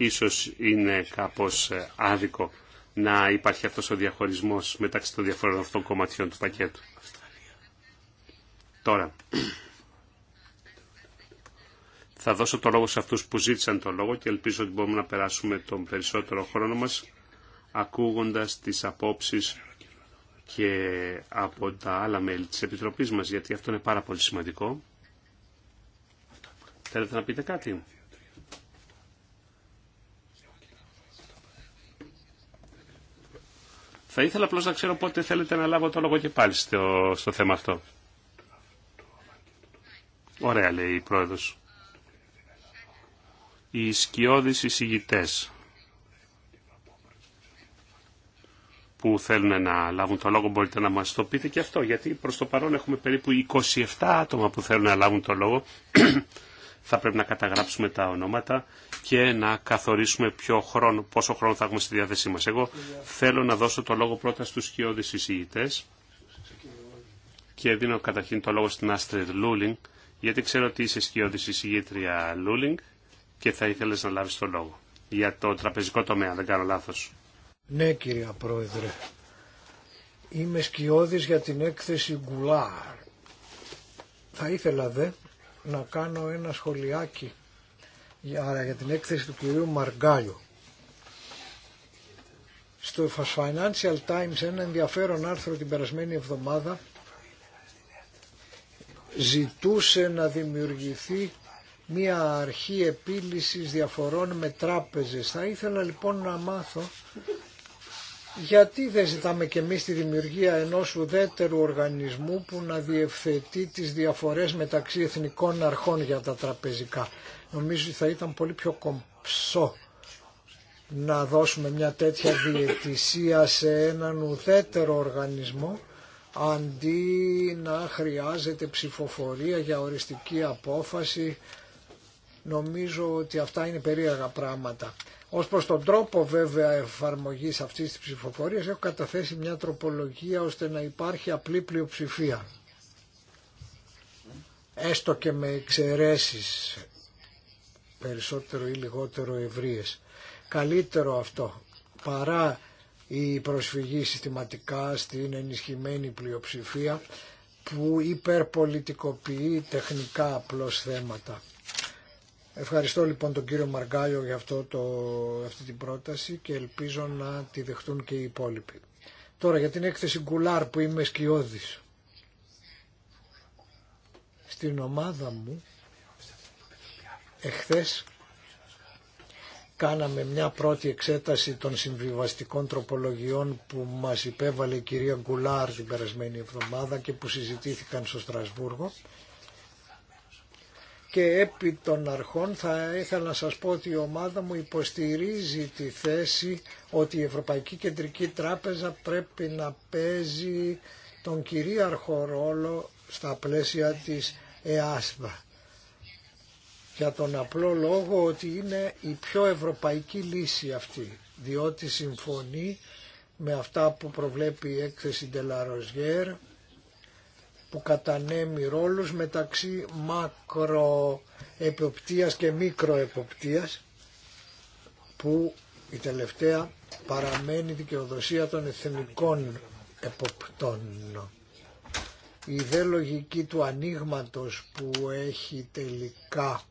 S2: Ίσως είναι κάπως ε, άδικο να υπάρχει αυτός ο διαχωρισμός μεταξύ των διαφορών αυτών κομματιών του πακέτου. Τώρα, θα δώσω το λόγο σε αυτούς που ζήτησαν το λόγο και ελπίζω ότι μπορούμε να περάσουμε τον περισσότερο χρόνο μας ακούγοντας τις απόψεις και από τα άλλα μέλη της Επιτροπής μας, γιατί αυτό είναι πάρα πολύ σημαντικό. Θέλετε να πείτε κάτι. Θα ήθελα απλώ να ξέρω πότε θέλετε να λάβω το λόγο και πάλι στο, θέμα αυτό. Ωραία λέει η πρόεδρος. Οι σκιώδεις εισηγητέ που θέλουν να λάβουν το λόγο μπορείτε να μας το πείτε και αυτό γιατί προς το παρόν έχουμε περίπου 27 άτομα που θέλουν να λάβουν το λόγο θα πρέπει να καταγράψουμε τα ονόματα και να καθορίσουμε ποιο χρόνο, πόσο χρόνο θα έχουμε στη διάθεσή μας. Εγώ θέλω να δώσω το λόγο πρώτα στους σκιώδεις εισηγητές και δίνω καταρχήν το λόγο στην Άστρεν Λούλινγκ γιατί ξέρω ότι είσαι σκιώδης εισηγήτρια Λούλινγκ και θα ήθελες να λάβεις το λόγο για το τραπεζικό τομέα, δεν κάνω λάθος.
S1: Ναι κυρία Πρόεδρε, είμαι σκιώδης για την έκθεση Γκουλάρ. Θα ήθελα δε να κάνω ένα σχολιάκι για, για την έκθεση του κυρίου Μαργκάλιου. Στο Financial Times ένα ενδιαφέρον άρθρο την περασμένη εβδομάδα ζητούσε να δημιουργηθεί μία αρχή επίλυσης διαφορών με τράπεζες. Θα ήθελα λοιπόν να μάθω γιατί δεν ζητάμε και εμείς τη δημιουργία ενός ουδέτερου οργανισμού που να διευθετεί τις διαφορές μεταξύ εθνικών αρχών για τα τραπεζικά. Νομίζω ότι θα ήταν πολύ πιο κομψό να δώσουμε μια τέτοια διαιτησία σε έναν ουδέτερο οργανισμό αντί να χρειάζεται ψηφοφορία για οριστική απόφαση Νομίζω ότι αυτά είναι περίεργα πράγματα. Ως προς τον τρόπο βέβαια εφαρμογής αυτής της ψηφοφορίας έχω καταθέσει μια τροπολογία ώστε να υπάρχει απλή πλειοψηφία. Έστω και με εξαιρέσει περισσότερο ή λιγότερο ευρείες. Καλύτερο αυτό παρά η προσφυγή συστηματικά στην ενισχυμένη πλειοψηφία που υπερπολιτικοποιεί τεχνικά απλώς θέματα. Ευχαριστώ λοιπόν τον κύριο Μαργκάλιο για αυτό το, αυτή την πρόταση και ελπίζω να τη δεχτούν και οι υπόλοιποι. Τώρα για την έκθεση Γκουλάρ που είμαι σκιώδης. Στην ομάδα μου εχθές κάναμε μια πρώτη εξέταση των συμβιβαστικών τροπολογιών που μας υπέβαλε η κυρία Γκουλάρ την περασμένη εβδομάδα και που συζητήθηκαν στο Στρασβούργο και επί των αρχών θα ήθελα να σας πω ότι η ομάδα μου υποστηρίζει τη θέση ότι η Ευρωπαϊκή Κεντρική Τράπεζα πρέπει να παίζει τον κυρίαρχο ρόλο στα πλαίσια της ΕΑΣΒΑ για τον απλό λόγο ότι είναι η πιο ευρωπαϊκή λύση αυτή διότι συμφωνεί με αυτά που προβλέπει η έκθεση Ντελαροζιέρ που κατανέμει ρόλους μεταξύ μακροεποπτείας και μικροεποπτείας που η τελευταία παραμένει δικαιοδοσία των εθνικών εποπτών. Η δε λογική του ανοίγματο που έχει τελικά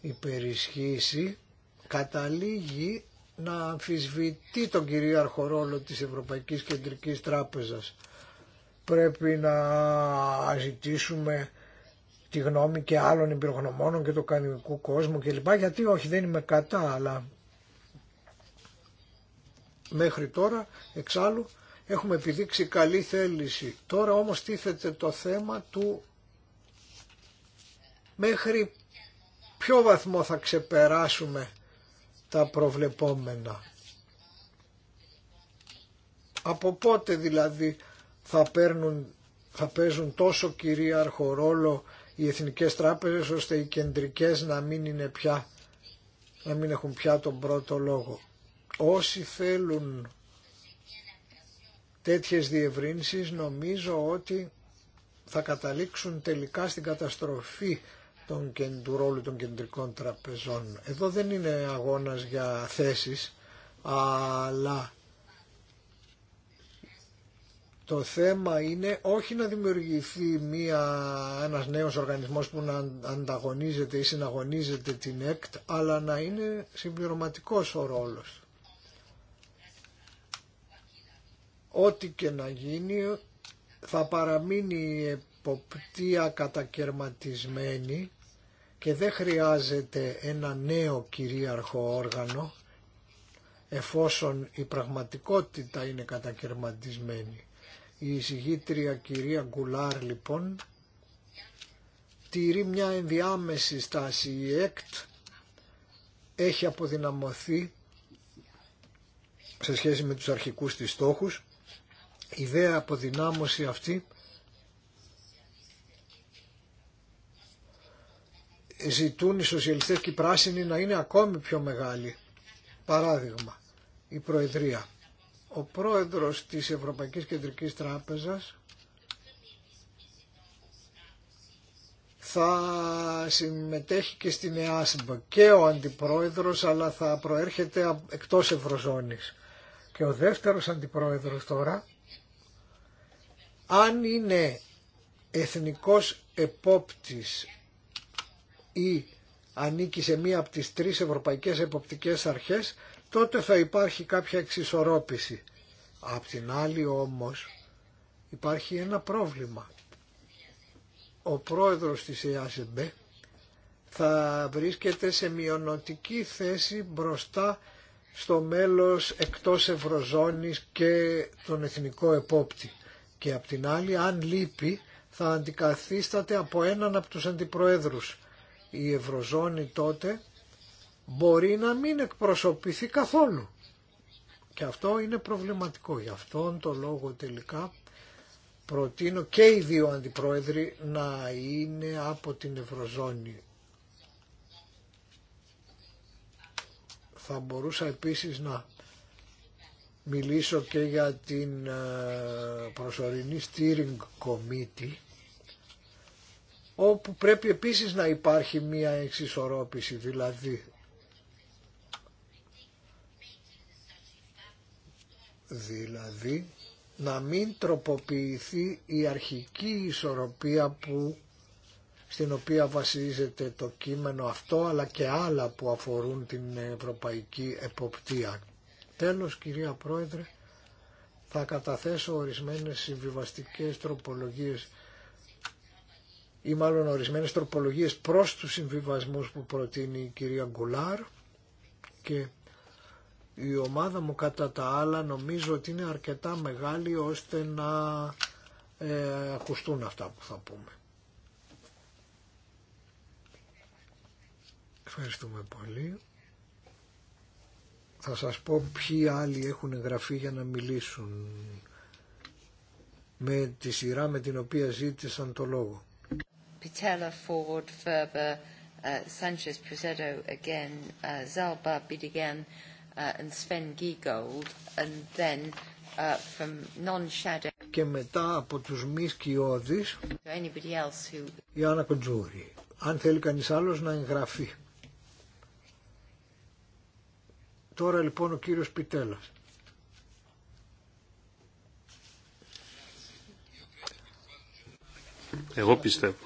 S1: υπερισχύσει καταλήγει να αμφισβητεί τον κυρίαρχο ρόλο της Ευρωπαϊκής Κεντρικής Τράπεζας πρέπει να ζητήσουμε τη γνώμη και άλλων εμπειρογνωμόνων και του κανονικού κόσμου κλπ. Γιατί όχι δεν είμαι κατά αλλά μέχρι τώρα εξάλλου έχουμε επιδείξει καλή θέληση. Τώρα όμως τίθεται το θέμα του μέχρι ποιο βαθμό θα ξεπεράσουμε τα προβλεπόμενα. Από πότε δηλαδή θα, θα παίζουν τόσο κυρίαρχο ρόλο οι εθνικές τράπεζες ώστε οι κεντρικές να μην, είναι πια, να μην έχουν πια τον πρώτο λόγο. Όσοι θέλουν τέτοιες διευρύνσεις νομίζω ότι θα καταλήξουν τελικά στην καταστροφή του ρόλου των κεντρικών τραπεζών. Εδώ δεν είναι αγώνας για θέσεις, αλλά το θέμα είναι όχι να δημιουργηθεί μια, ένας νέος οργανισμός που να ανταγωνίζεται ή συναγωνίζεται την ΕΚΤ, αλλά να είναι συμπληρωματικός ο ρόλος. Ό,τι και να γίνει θα παραμείνει η εποπτεία κατακαιρματισμένη και δεν χρειάζεται ένα νέο κυρίαρχο όργανο εφόσον η πραγματικότητα είναι κατακαιρματισμένη. Η εισηγήτρια κυρία Γκουλάρ λοιπόν τηρεί μια ενδιάμεση στάση. Η ΕΚΤ έχει αποδυναμωθεί σε σχέση με τους αρχικούς της στόχους. Η ιδέα αποδυνάμωση αυτή ζητούν οι σοσιαλιστές και οι πράσινοι να είναι ακόμη πιο μεγάλοι. Παράδειγμα, η Προεδρία ο πρόεδρος της Ευρωπαϊκής Κεντρικής Τράπεζας θα συμμετέχει και στην ΕΑΣΜΠ και ο αντιπρόεδρος αλλά θα προέρχεται εκτός Ευρωζώνης. Και ο δεύτερος αντιπρόεδρος τώρα, αν είναι εθνικός επόπτης ή ανήκει σε μία από τις τρεις ευρωπαϊκές εποπτικές αρχές, τότε θα υπάρχει κάποια εξισορρόπηση. Απ' την άλλη όμως υπάρχει ένα πρόβλημα. Ο πρόεδρος της ΕΑΣΜΠ θα βρίσκεται σε μειονοτική θέση μπροστά στο μέλος εκτός Ευρωζώνης και τον Εθνικό Επόπτη. Και απ' την άλλη αν λείπει θα αντικαθίσταται από έναν από τους αντιπροέδρους. Η Ευρωζώνη τότε μπορεί να μην εκπροσωπηθεί καθόλου. Και αυτό είναι προβληματικό. Γι' αυτόν τον λόγο τελικά προτείνω και οι δύο αντιπρόεδροι να είναι από την Ευρωζώνη. Θα μπορούσα επίσης να μιλήσω και για την ε, προσωρινή steering committee όπου πρέπει επίσης να υπάρχει μία εξισορρόπηση, δηλαδή δηλαδή να μην τροποποιηθεί η αρχική ισορροπία που, στην οποία βασίζεται το κείμενο αυτό αλλά και άλλα που αφορούν την ευρωπαϊκή εποπτεία. Τέλος κυρία Πρόεδρε θα καταθέσω ορισμένες συμβιβαστικές τροπολογίες ή μάλλον ορισμένες τροπολογίες προς τους συμβιβασμούς που προτείνει η κυρία Γκουλάρ και η ομάδα μου κατά τα άλλα νομίζω ότι είναι αρκετά μεγάλη ώστε να ε, ακουστούν αυτά που θα πούμε. Ευχαριστούμε πολύ. Θα σας πω ποιοι άλλοι έχουν εγγραφεί για να μιλήσουν με τη σειρά με την οποία ζήτησαν το λόγο.
S3: Uh, Uh, and Sven Giegold, and then uh, from non-shadow.
S1: Και μετά από τους μη σκιώδεις, who... η Άννα Κοντζούρη. Αν θέλει κανείς άλλος να εγγραφεί. Τώρα λοιπόν ο κύριος Πιτέλας.
S2: Εγώ πιστεύω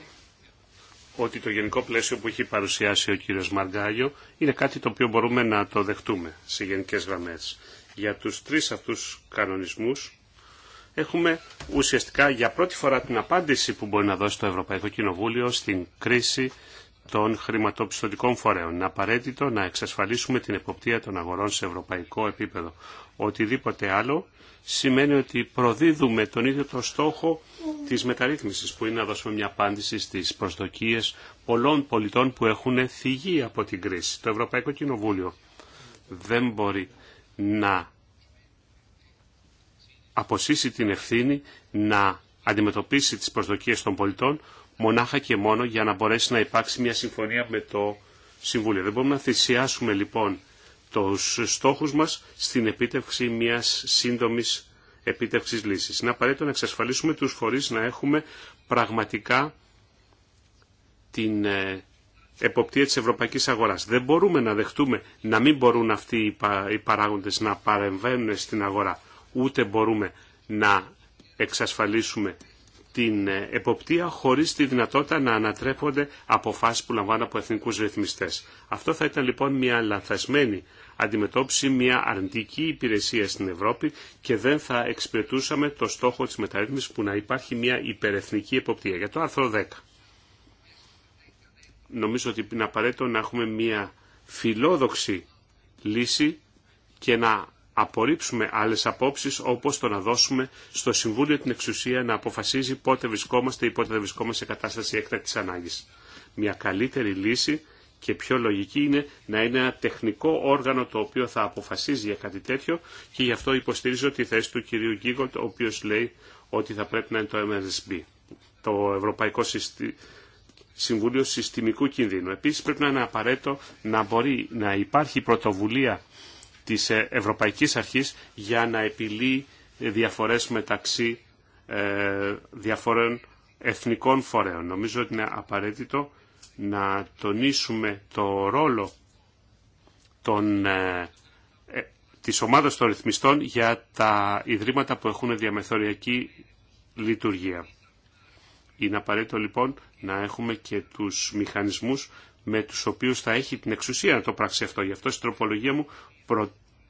S2: ότι το γενικό πλαίσιο που έχει παρουσιάσει ο κύριος Μαργκάγιο είναι κάτι το οποίο μπορούμε να το δεχτούμε σε γενικές γραμμές. Για τους τρεις αυτούς κανονισμούς έχουμε ουσιαστικά για πρώτη φορά την απάντηση που μπορεί να δώσει το Ευρωπαϊκό Κοινοβούλιο στην κρίση των χρηματοπιστωτικών φορέων. Είναι απαραίτητο να εξασφαλίσουμε την εποπτεία των αγορών σε ευρωπαϊκό επίπεδο. Οτιδήποτε άλλο σημαίνει ότι προδίδουμε τον ίδιο το στόχο της μεταρρύθμισης που είναι να δώσουμε μια απάντηση στις προσδοκίες πολλών πολιτών που έχουν θυγεί από την κρίση. Το Ευρωπαϊκό Κοινοβούλιο δεν μπορεί να αποσύσει την ευθύνη να αντιμετωπίσει τις προσδοκίες των πολιτών μονάχα και μόνο για να μπορέσει να υπάρξει μια συμφωνία με το Συμβούλιο. Δεν μπορούμε να θυσιάσουμε λοιπόν τους στόχους μας στην επίτευξη μιας σύντομης επίτευξης λύσης. Είναι απαραίτητο να εξασφαλίσουμε τους φορείς να έχουμε πραγματικά την ε, εποπτεία της ευρωπαϊκής αγοράς. Δεν μπορούμε να δεχτούμε να μην μπορούν αυτοί οι παράγοντες να παρεμβαίνουν στην αγορά. Ούτε μπορούμε να εξασφαλίσουμε την ε, εποπτεία χωρίς τη δυνατότητα να ανατρέπονται αποφάσεις που λαμβάνουν από εθνικούς ρυθμιστές. Αυτό θα ήταν λοιπόν μια λανθασμένη αντιμετώπιση μια αρνητική υπηρεσία στην Ευρώπη και δεν θα εξυπηρετούσαμε το στόχο της μεταρρύθμισης που να υπάρχει μια υπερεθνική εποπτεία. Για το άρθρο 10. Νομίζω ότι είναι απαραίτητο να έχουμε μια φιλόδοξη λύση και να απορρίψουμε άλλες απόψεις όπως το να δώσουμε στο Συμβούλιο την εξουσία να αποφασίζει πότε βρισκόμαστε ή πότε δεν βρισκόμαστε σε κατάσταση έκτακτης ανάγκης. Μια καλύτερη λύση και πιο λογική είναι να είναι ένα τεχνικό όργανο το οποίο θα αποφασίζει για κάτι τέτοιο και γι' αυτό υποστηρίζω τη θέση του κυρίου Γκίγκολτ, ο οποίο λέει ότι θα πρέπει να είναι το MSB, το Ευρωπαϊκό Συστη... Συμβούλιο Συστημικού Κινδύνου. Επίση πρέπει να είναι απαραίτητο να μπορεί να υπάρχει πρωτοβουλία της ε, Ευρωπαϊκής Αρχής για να επιλύει διαφορές μεταξύ ε, διαφορών εθνικών φορέων. Νομίζω ότι είναι απαραίτητο να τονίσουμε το ρόλο των, ε, ε, της ομάδας των ρυθμιστών για τα ιδρύματα που έχουν διαμεθοριακή λειτουργία. Είναι απαραίτητο λοιπόν να έχουμε και τους μηχανισμούς με τους οποίους θα έχει την εξουσία να το πράξει αυτό. Γι' αυτό στην τροπολογία μου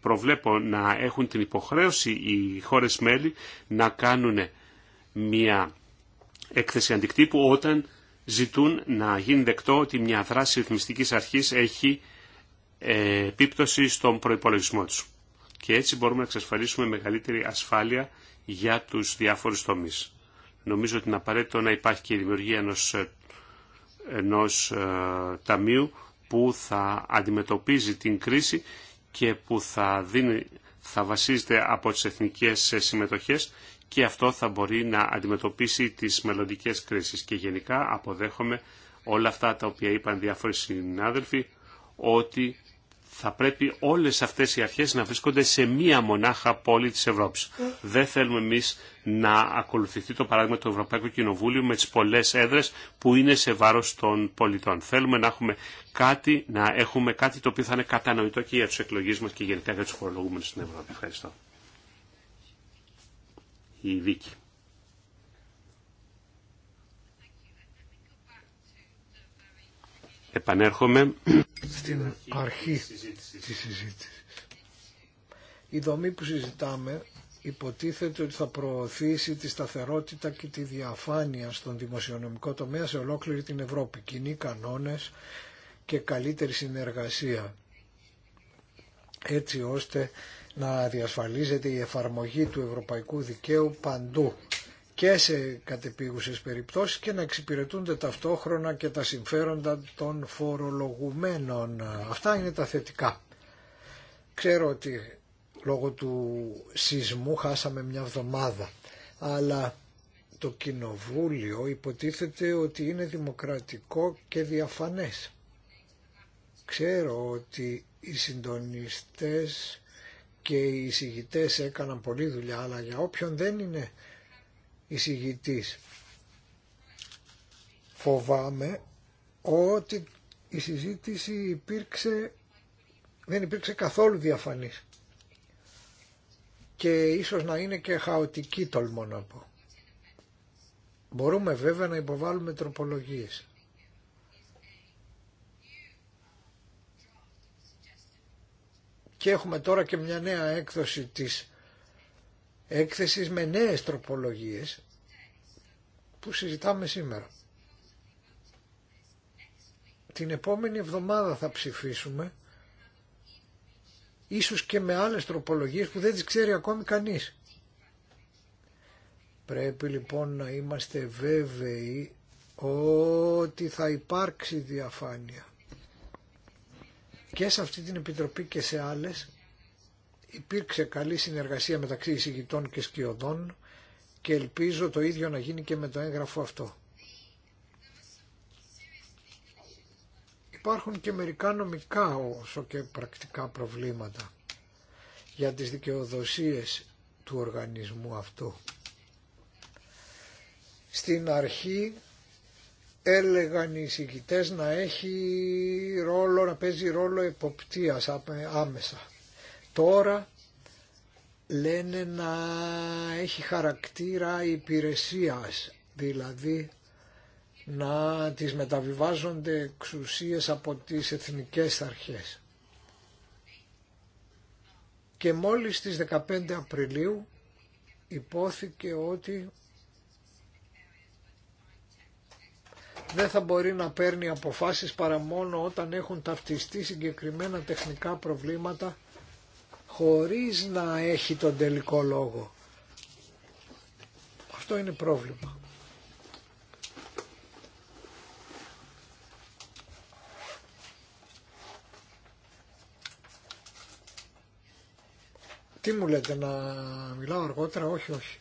S2: προβλέπω να έχουν την υποχρέωση οι χώρες μέλη να κάνουν μια έκθεση αντικτύπου όταν ζητούν να γίνει δεκτό ότι μια δράση ρυθμιστικής αρχής έχει ε, επίπτωση στον προϋπολογισμό τους. Και έτσι μπορούμε να εξασφαλίσουμε μεγαλύτερη ασφάλεια για τους διάφορους τομείς. Νομίζω ότι είναι απαραίτητο να υπάρχει και η δημιουργία ενός, ενός ε, ταμείου που θα αντιμετωπίζει την κρίση και που θα, δίνει, θα βασίζεται από τις εθνικές ε, συμμετοχές και αυτό θα μπορεί να αντιμετωπίσει τις μελλοντικέ κρίσεις. Και γενικά αποδέχομαι όλα αυτά τα οποία είπαν διάφοροι συνάδελφοι ότι θα πρέπει όλες αυτές οι αρχές να βρίσκονται σε μία μονάχα πόλη της Ευρώπης. Δεν θέλουμε εμείς να ακολουθηθεί το παράδειγμα του Ευρωπαϊκού Κοινοβούλιου με τις πολλές έδρες που είναι σε βάρος των πολιτών. Θέλουμε να έχουμε κάτι, να έχουμε κάτι το οποίο θα είναι κατανοητό και για τους εκλογείς μας και γενικά για τους φορολογούμενους στην Ευρώπη. Ευχαριστώ η Επανέρχομαι
S1: στην αρχή τη συζήτηση. Η δομή που συζητάμε υποτίθεται ότι θα προωθήσει τη σταθερότητα και τη διαφάνεια στον δημοσιονομικό τομέα σε ολόκληρη την Ευρώπη. Κοινοί κανόνες και καλύτερη συνεργασία έτσι ώστε να διασφαλίζεται η εφαρμογή του ευρωπαϊκού δικαίου παντού και σε κατεπίγουσες περιπτώσεις και να εξυπηρετούνται ταυτόχρονα και τα συμφέροντα των φορολογουμένων. Αυτά είναι τα θετικά. Ξέρω ότι λόγω του σεισμού χάσαμε μια εβδομάδα, αλλά το κοινοβούλιο υποτίθεται ότι είναι δημοκρατικό και διαφανές. Ξέρω ότι οι συντονιστές και οι εισηγητές έκαναν πολλή δουλειά, αλλά για όποιον δεν είναι εισηγητής φοβάμαι ότι η συζήτηση υπήρξε, δεν υπήρξε καθόλου διαφανής και ίσως να είναι και χαοτική τολμώ να πω. Μπορούμε βέβαια να υποβάλουμε τροπολογίες. Και έχουμε τώρα και μια νέα έκδοση της έκθεσης με νέες τροπολογίες που συζητάμε σήμερα. Την επόμενη εβδομάδα θα ψηφίσουμε ίσως και με άλλες τροπολογίες που δεν τις ξέρει ακόμη κανείς. Πρέπει λοιπόν να είμαστε βέβαιοι ότι θα υπάρξει διαφάνεια και σε αυτή την επιτροπή και σε άλλες υπήρξε καλή συνεργασία μεταξύ εισηγητών και σκιωδών και ελπίζω το ίδιο να γίνει και με το έγγραφο αυτό. Υπάρχουν και μερικά νομικά όσο και πρακτικά προβλήματα για τις δικαιοδοσίες του οργανισμού αυτού. Στην αρχή έλεγαν οι να έχει ρόλο, να παίζει ρόλο εποπτείας άμεσα. Τώρα λένε να έχει χαρακτήρα υπηρεσίας, δηλαδή να τις μεταβιβάζονται εξουσίες από τις εθνικές αρχές. Και μόλις στις 15 Απριλίου υπόθηκε ότι δεν θα μπορεί να παίρνει αποφάσεις παρά μόνο όταν έχουν ταυτιστεί συγκεκριμένα τεχνικά προβλήματα χωρίς να έχει τον τελικό λόγο. Αυτό είναι πρόβλημα. Τι μου λέτε να μιλάω αργότερα, όχι, όχι.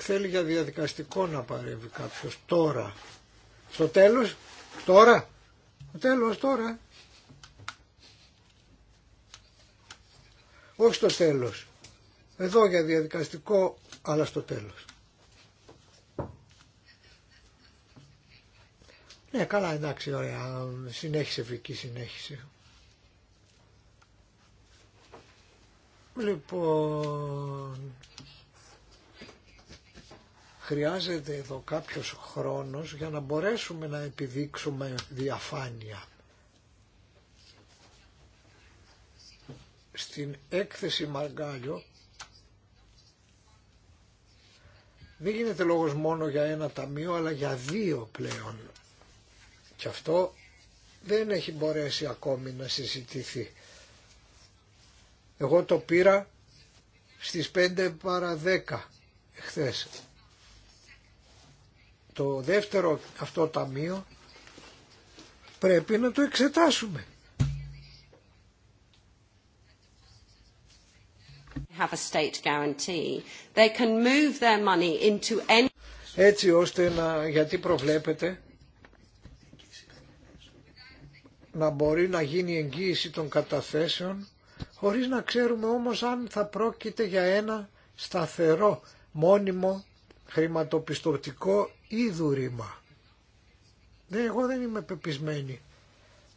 S1: θέλει για διαδικαστικό να παρεύει κάποιος τώρα. Στο τέλος, τώρα, στο τέλος τώρα. Όχι στο τέλος. Εδώ για διαδικαστικό, αλλά στο τέλος. Ναι, καλά, εντάξει, ωραία. Συνέχισε, Βική, συνέχισε. Λοιπόν, χρειάζεται εδώ κάποιος χρόνος για να μπορέσουμε να επιδείξουμε διαφάνεια. Στην έκθεση Μαργκάλιο δεν γίνεται λόγος μόνο για ένα ταμείο αλλά για δύο πλέον. Και αυτό δεν έχει μπορέσει ακόμη να συζητηθεί. Εγώ το πήρα στις 5 παρα 10 χθες το δεύτερο αυτό ταμείο πρέπει να το εξετάσουμε. Έτσι ώστε να, γιατί προβλέπετε, να μπορεί να γίνει εγγύηση των καταθέσεων, χωρίς να ξέρουμε όμως αν θα πρόκειται για ένα σταθερό, μόνιμο, χρηματοπιστωτικό ίδουρημα. Ναι, εγώ δεν είμαι πεπισμένη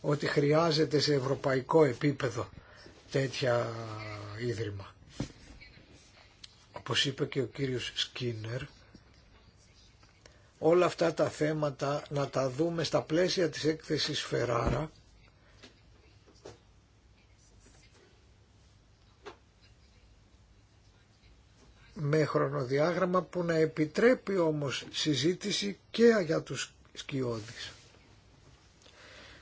S1: ότι χρειάζεται σε ευρωπαϊκό επίπεδο τέτοια ίδρυμα. Όπως είπε και ο κύριος Σκίνερ, όλα αυτά τα θέματα να τα δούμε στα πλαίσια της έκθεσης Φεράρα με χρονοδιάγραμμα που να επιτρέπει όμως συζήτηση και για τους σκιώδεις.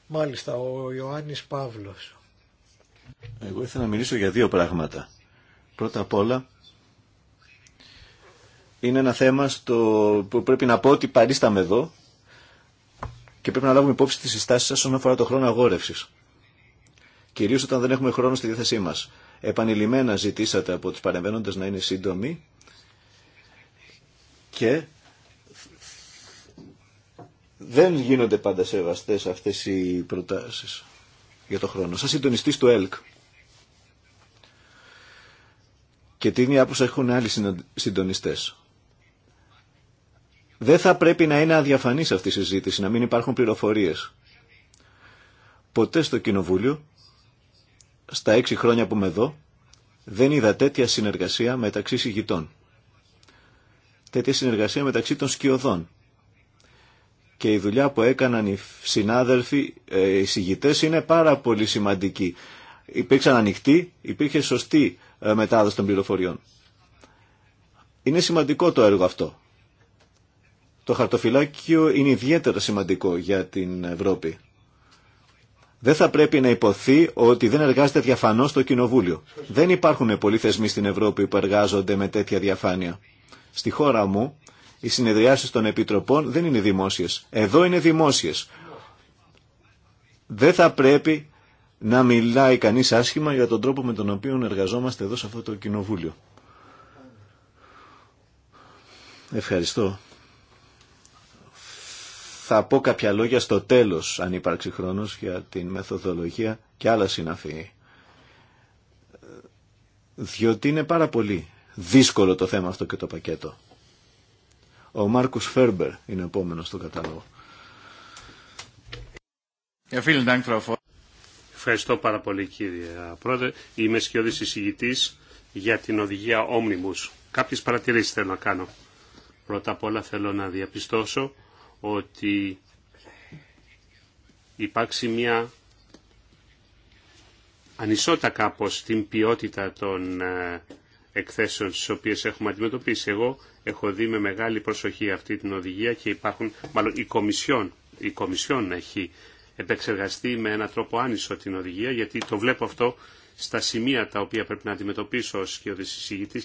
S1: Μάλιστα, ο Ιωάννης Παύλος.
S4: Εγώ ήθελα να μιλήσω για δύο πράγματα. Πρώτα απ' όλα, είναι ένα θέμα στο που πρέπει να πω ότι παρίσταμε εδώ και πρέπει να λάβουμε υπόψη τις συστάσεις σας όσον αφορά το χρόνο αγόρευσης κυρίως όταν δεν έχουμε χρόνο στη διάθεσή μας. Επανειλημμένα ζητήσατε από τους παρεμβαίνοντες να είναι σύντομοι και δεν γίνονται πάντα σεβαστές αυτές οι προτάσεις για το χρόνο. Σας συντονιστής του ΕΛΚ και είναι ίδια άποψη έχουν άλλοι συντονιστές. Δεν θα πρέπει να είναι αδιαφανής αυτή η συζήτηση, να μην υπάρχουν πληροφορίες. Ποτέ στο Κοινοβούλιο στα έξι χρόνια που είμαι εδώ δεν είδα τέτοια συνεργασία μεταξύ συγγητών. Τέτοια συνεργασία μεταξύ των σκιωδών. Και η δουλειά που έκαναν οι συνάδελφοι, ε, οι συγγητές είναι πάρα πολύ σημαντική. Υπήρξαν ανοιχτοί, υπήρχε σωστή ε, μετάδοση των πληροφοριών. Είναι σημαντικό το έργο αυτό. Το χαρτοφυλάκιο είναι ιδιαίτερα σημαντικό για την Ευρώπη δεν θα πρέπει να υποθεί ότι δεν εργάζεται διαφανώ το Κοινοβούλιο. Δεν υπάρχουν πολλοί θεσμοί στην Ευρώπη που εργάζονται με τέτοια διαφάνεια. Στη χώρα μου, οι συνεδριάσει των επιτροπών δεν είναι δημόσιε. Εδώ είναι δημόσιε. Δεν θα πρέπει να μιλάει κανεί άσχημα για τον τρόπο με τον οποίο εργαζόμαστε εδώ σε αυτό το Κοινοβούλιο. Ευχαριστώ. Θα πω κάποια λόγια στο τέλος, αν υπάρξει χρόνος, για την μεθοδολογία και άλλα συναφή. Διότι είναι πάρα πολύ δύσκολο το θέμα αυτό και το πακέτο. Ο Μάρκους Φέρμπερ είναι επόμενος στο κατάλογο.
S2: Ε, Ευχαριστώ πάρα πολύ κύριε Πρόεδρε. Είμαι σκιώδης εισηγητής για την οδηγία όμνιμους. Κάποιες παρατηρήσεις θέλω να κάνω. Πρώτα απ' όλα θέλω να διαπιστώσω ότι υπάρξει μια ανισότητα κάπως στην ποιότητα των ε, εκθέσεων στις οποίες έχουμε αντιμετωπίσει. Εγώ έχω δει με μεγάλη προσοχή αυτή την οδηγία και υπάρχουν, μάλλον η Κομισιόν, η Κομισιόν έχει επεξεργαστεί με έναν τρόπο άνισο την οδηγία γιατί το βλέπω αυτό στα σημεία τα οποία πρέπει να αντιμετωπίσω ως και ο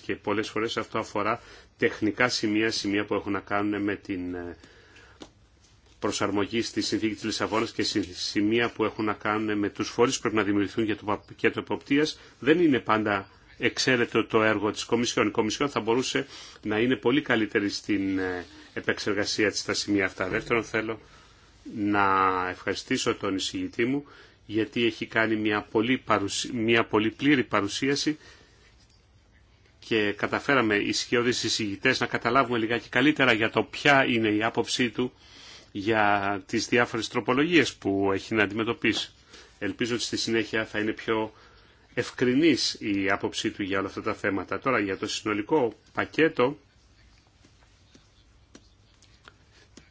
S2: και πολλές φορές αυτό αφορά τεχνικά σημεία, σημεία που έχουν να κάνουν με την ε, προσαρμογή στη συνθήκη της Λισαβόνας και σημεία που έχουν να κάνουν με τους φόρους που πρέπει να δημιουργηθούν για το πακέτο εποπτείας δεν είναι πάντα εξαίρετο το έργο της Κομισιόν. Η Κομισιόν θα μπορούσε να είναι πολύ καλύτερη στην ε, επεξεργασία της στα σημεία αυτά. Δεύτερον θέλω να ευχαριστήσω τον εισηγητή μου γιατί έχει κάνει μια πολύ, μια πολύ πλήρη παρουσίαση και καταφέραμε οι σχεδόν εισηγητές να καταλάβουμε λιγάκι καλύτερα για το ποια είναι η άποψή του για τις διάφορες τροπολογίες που έχει να αντιμετωπίσει. Ελπίζω ότι στη συνέχεια θα είναι πιο ευκρινής η άποψή του για όλα αυτά τα θέματα. Τώρα για το συνολικό πακέτο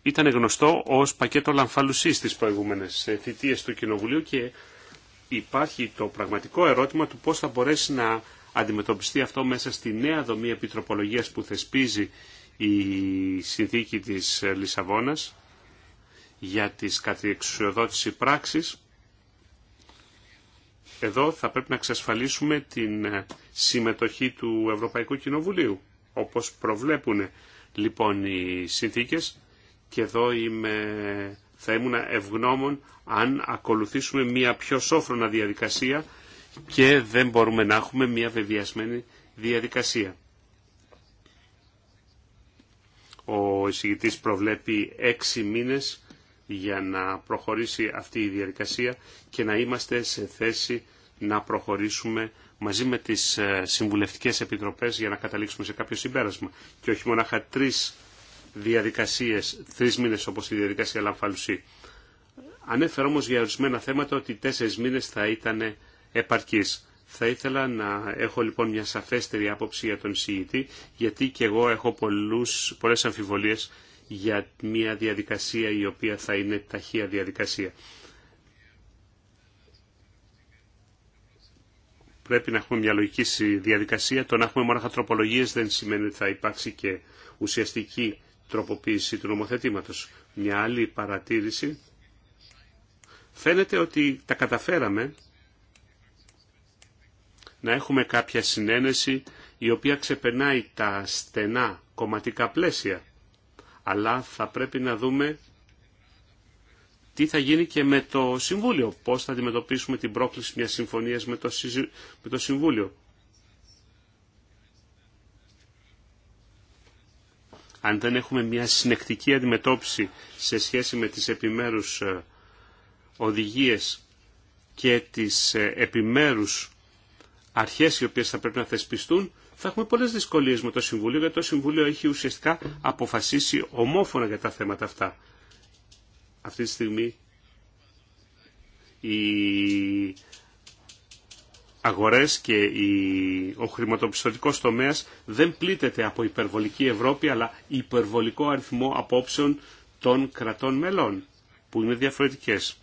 S2: ήταν γνωστό ως πακέτο λαμφαλουσής στις προηγούμενες θητείες του Κοινοβουλίου και υπάρχει το πραγματικό ερώτημα του πώς θα μπορέσει να αντιμετωπιστεί αυτό μέσα στη νέα δομή επιτροπολογίας που θεσπίζει η συνθήκη της Λισαβόνας για τις καθεξιοδότηση πράξεις Εδώ θα πρέπει να εξασφαλίσουμε την ε, συμμετοχή του Ευρωπαϊκού Κοινοβουλίου, όπως προβλέπουν λοιπόν οι συνθήκες και εδώ θα ήμουν ευγνώμων αν ακολουθήσουμε μια πιο σόφρονα διαδικασία και δεν μπορούμε να έχουμε μια βεβαιασμένη διαδικασία. Ο εισηγητής προβλέπει έξι μήνες για να προχωρήσει αυτή η διαδικασία και να είμαστε σε θέση να προχωρήσουμε μαζί με τις ε, συμβουλευτικές επιτροπές για να καταλήξουμε σε κάποιο συμπέρασμα. Και όχι μονάχα τρεις διαδικασίες, τρεις μήνες όπως η διαδικασία Λαμφαλουσί. Ανέφερα όμως για ορισμένα θέματα ότι τέσσερις μήνες θα ήταν επαρκής. Θα ήθελα να έχω λοιπόν μια σαφέστερη άποψη για τον συγητή γιατί και εγώ έχω πολλούς, πολλές αμφιβολίες για μια διαδικασία η οποία θα είναι ταχεία διαδικασία. Πρέπει να έχουμε μια λογική διαδικασία. Το να έχουμε μόνο τροπολογίες δεν σημαίνει ότι θα υπάρξει και ουσιαστική τροποποίηση του νομοθετήματος. Μια άλλη παρατήρηση. Φαίνεται ότι τα καταφέραμε να έχουμε κάποια συνένεση η οποία ξεπερνάει τα στενά κομματικά πλαίσια αλλά θα πρέπει να δούμε τι θα γίνει και με το Συμβούλιο, πώς θα αντιμετωπίσουμε την πρόκληση μιας συμφωνίας με το, με Συμβούλιο. Αν δεν έχουμε μια συνεκτική αντιμετώπιση σε σχέση με τις επιμέρους ε, οδηγίες και τις ε, επιμέρους αρχές οι οποίες θα πρέπει να θεσπιστούν, θα έχουμε πολλές δυσκολίες με το Συμβούλιο, γιατί το Συμβούλιο έχει ουσιαστικά αποφασίσει ομόφωνα για τα θέματα αυτά. Αυτή τη στιγμή οι αγορές και ο χρηματοπιστωτικός τομέας δεν πλήττεται από υπερβολική Ευρώπη, αλλά υπερβολικό αριθμό απόψεων των κρατών μελών, που είναι διαφορετικές.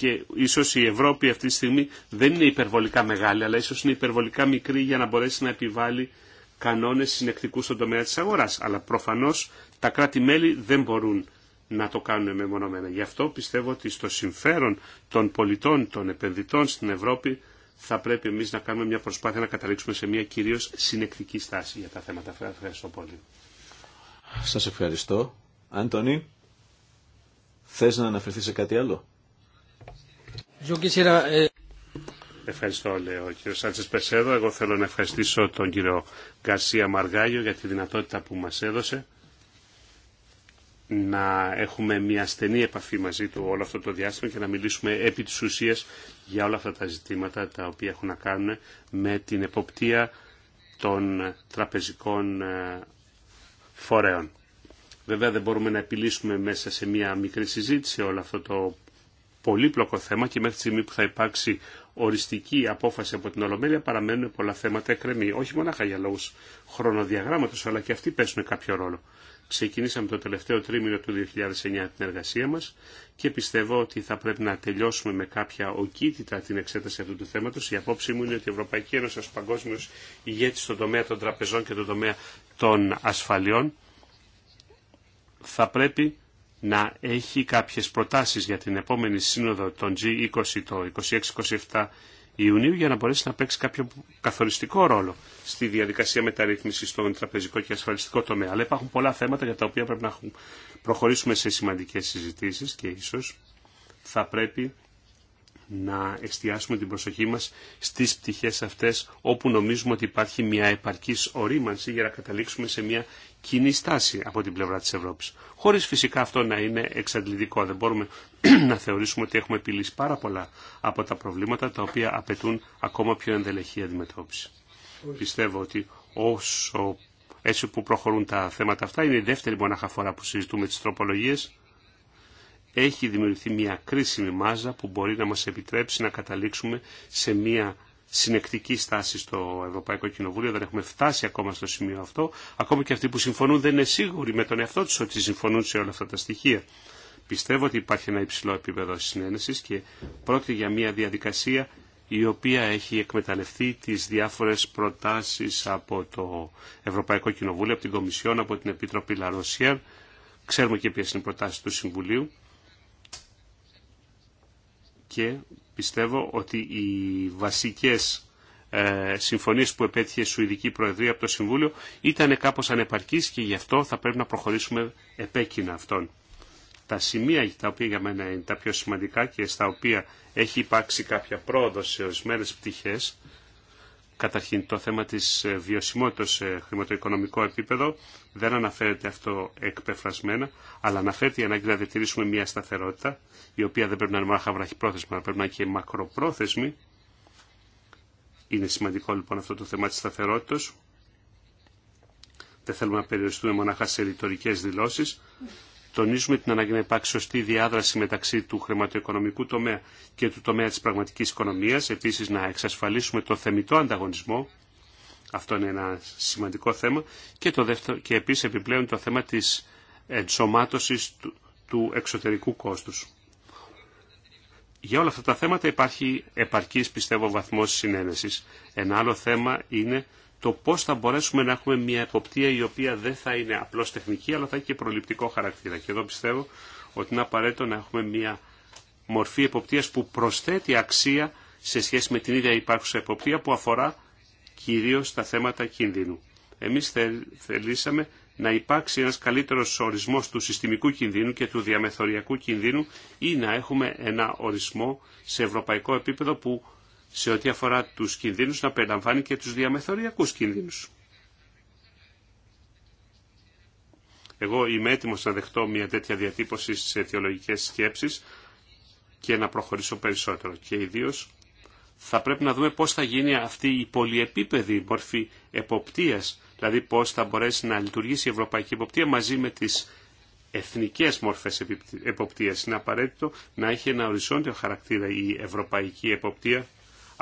S2: και ίσω η Ευρώπη αυτή τη στιγμή δεν είναι υπερβολικά μεγάλη, αλλά ίσω είναι υπερβολικά μικρή για να μπορέσει να επιβάλλει κανόνε συνεκτικού στον τομέα τη αγορά. Αλλά προφανώ τα κράτη-μέλη δεν μπορούν να το κάνουν μεμονωμένα. Γι' αυτό πιστεύω ότι στο συμφέρον των πολιτών, των επενδυτών στην Ευρώπη, θα πρέπει εμεί να κάνουμε μια προσπάθεια να καταλήξουμε σε μια κυρίω συνεκτική στάση για τα θέματα αυτά. Ευχαριστώ πολύ.
S4: Σα ευχαριστώ. Άντωνη, θε να αναφερθεί σε κάτι άλλο.
S2: Eh, Ευχαριστώ, λέει ο κύριο Σάντσε Πεσέδο. Εγώ θέλω να ευχαριστήσω τον κύριο Γκαρσία Μαργάγιο για τη δυνατότητα που μα έδωσε να έχουμε μια στενή επαφή μαζί του όλο αυτό το διάστημα και να μιλήσουμε επί της ουσίας για όλα αυτά τα ζητήματα τα οποία έχουν να κάνουν με την εποπτεία των τραπεζικών ε, φορέων. Βέβαια δεν μπορούμε να επιλύσουμε μέσα σε μια μικρή συζήτηση όλο αυτό το πολύπλοκο θέμα και μέχρι τη στιγμή που θα υπάρξει οριστική απόφαση από την Ολομέλεια παραμένουν πολλά θέματα εκκρεμή. Όχι μονάχα για λόγου χρονοδιαγράμματο, αλλά και αυτοί παίζουν κάποιο ρόλο. Ξεκινήσαμε το τελευταίο τρίμηνο του 2009 την εργασία μα και πιστεύω ότι θα πρέπει να τελειώσουμε με κάποια οκίτητα την εξέταση αυτού του θέματο. Η απόψη μου είναι ότι η Ευρωπαϊκή Ένωση ω παγκόσμιο ηγέτη στον τομέα των τραπεζών και τον τομέα των ασφαλιών θα πρέπει να έχει κάποιες προτάσεις για την επόμενη σύνοδο των G20 το 26-27 Ιουνίου για να μπορέσει να παίξει κάποιο καθοριστικό ρόλο στη διαδικασία μεταρρύθμισης στον τραπεζικό και ασφαλιστικό τομέα. Αλλά υπάρχουν πολλά θέματα για τα οποία πρέπει να προχωρήσουμε σε σημαντικές συζητήσεις και ίσως θα πρέπει να εστιάσουμε την προσοχή μας στις πτυχές αυτές όπου νομίζουμε ότι υπάρχει μια επαρκής ορίμανση για να καταλήξουμε σε μια κοινή στάση από την πλευρά της Ευρώπης. Χωρίς φυσικά αυτό να είναι εξαντλητικό. Δεν μπορούμε [CLEARS THROAT] να θεωρήσουμε ότι έχουμε επιλύσει πάρα πολλά από τα προβλήματα τα οποία απαιτούν ακόμα πιο ενδελεχή αντιμετώπιση. Πιστεύω ότι όσο έτσι που προχωρούν τα θέματα αυτά είναι η δεύτερη μονάχα φορά που συζητούμε τις τροπολογίες έχει δημιουργηθεί μια κρίσιμη μάζα που μπορεί να μας επιτρέψει να καταλήξουμε σε μια συνεκτική στάση στο Ευρωπαϊκό Κοινοβούλιο. Δεν έχουμε φτάσει ακόμα στο σημείο αυτό. Ακόμα και αυτοί που συμφωνούν δεν είναι σίγουροι με τον εαυτό τους ότι συμφωνούν σε όλα αυτά τα στοιχεία. Πιστεύω ότι υπάρχει ένα υψηλό επίπεδο συνένεση και πρόκειται για μια διαδικασία η οποία έχει εκμεταλλευτεί τις διάφορες προτάσεις από το Ευρωπαϊκό Κοινοβούλιο, από την Κομισιόν, από την Επιτροπή Λαρόσια. Ξέρουμε και ποιε είναι οι του Συμβουλίου και πιστεύω ότι οι βασικές ε, συμφωνίες που επέτυχε η Σουηδική Προεδρία από το Συμβούλιο ήταν κάπως ανεπαρκής και γι' αυτό θα πρέπει να προχωρήσουμε επέκεινα αυτών. Τα σημεία τα οποία για μένα είναι τα πιο σημαντικά και στα οποία έχει υπάρξει κάποια πρόοδο σε ορισμένε πτυχές Καταρχήν το θέμα της ε, βιωσιμότητας σε χρηματοοικονομικό επίπεδο δεν αναφέρεται αυτό εκπεφρασμένα, αλλά αναφέρεται η ανάγκη να διατηρήσουμε μια σταθερότητα, η οποία δεν πρέπει να είναι μόνο βραχυπρόθεσμη, αλλά πρέπει να είναι και μακροπρόθεσμη. Είναι σημαντικό λοιπόν αυτό το θέμα της σταθερότητας. Δεν θέλουμε να περιοριστούμε μονάχα σε ρητορικέ δηλώσεις. Τονίζουμε την ανάγκη να υπάρξει σωστή διάδραση μεταξύ του χρηματοοικονομικού τομέα και του τομέα της πραγματικής οικονομίας. Επίσης να εξασφαλίσουμε το θεμητό ανταγωνισμό. Αυτό είναι ένα σημαντικό θέμα. Και, το δεύτερο, και επίσης επιπλέον το θέμα της ενσωμάτωσης του, του εξωτερικού κόστους. Για όλα αυτά τα θέματα υπάρχει επαρκής πιστεύω βαθμός συνένεσης. Ένα άλλο θέμα είναι το πώς θα μπορέσουμε να έχουμε μια εποπτεία η οποία δεν θα είναι απλώς τεχνική αλλά θα έχει και προληπτικό χαρακτήρα. Και εδώ πιστεύω ότι είναι απαραίτητο να έχουμε μια μορφή εποπτείας που προσθέτει αξία σε σχέση με την ίδια υπάρχουσα εποπτεία που αφορά κυρίως τα θέματα κίνδυνου. Εμείς θελήσαμε να υπάρξει ένας καλύτερος ορισμός του συστημικού κινδύνου και του διαμεθοριακού κινδύνου ή να έχουμε ένα ορισμό σε ευρωπαϊκό επίπεδο που σε ό,τι αφορά τους κινδύνους να περιλαμβάνει και τους διαμεθοριακούς κινδύνους. Εγώ είμαι έτοιμο να δεχτώ μια τέτοια διατύπωση σε θεολογικές σκέψεις και να προχωρήσω περισσότερο. Και ιδίω θα πρέπει να δούμε πώς θα γίνει αυτή η πολυεπίπεδη μορφή εποπτείας, δηλαδή πώς θα μπορέσει να λειτουργήσει η ευρωπαϊκή εποπτεία μαζί με τις εθνικές μορφές εποπτείας. Είναι απαραίτητο να έχει ένα οριζόντιο χαρακτήρα η ευρωπαϊκή εποπτεία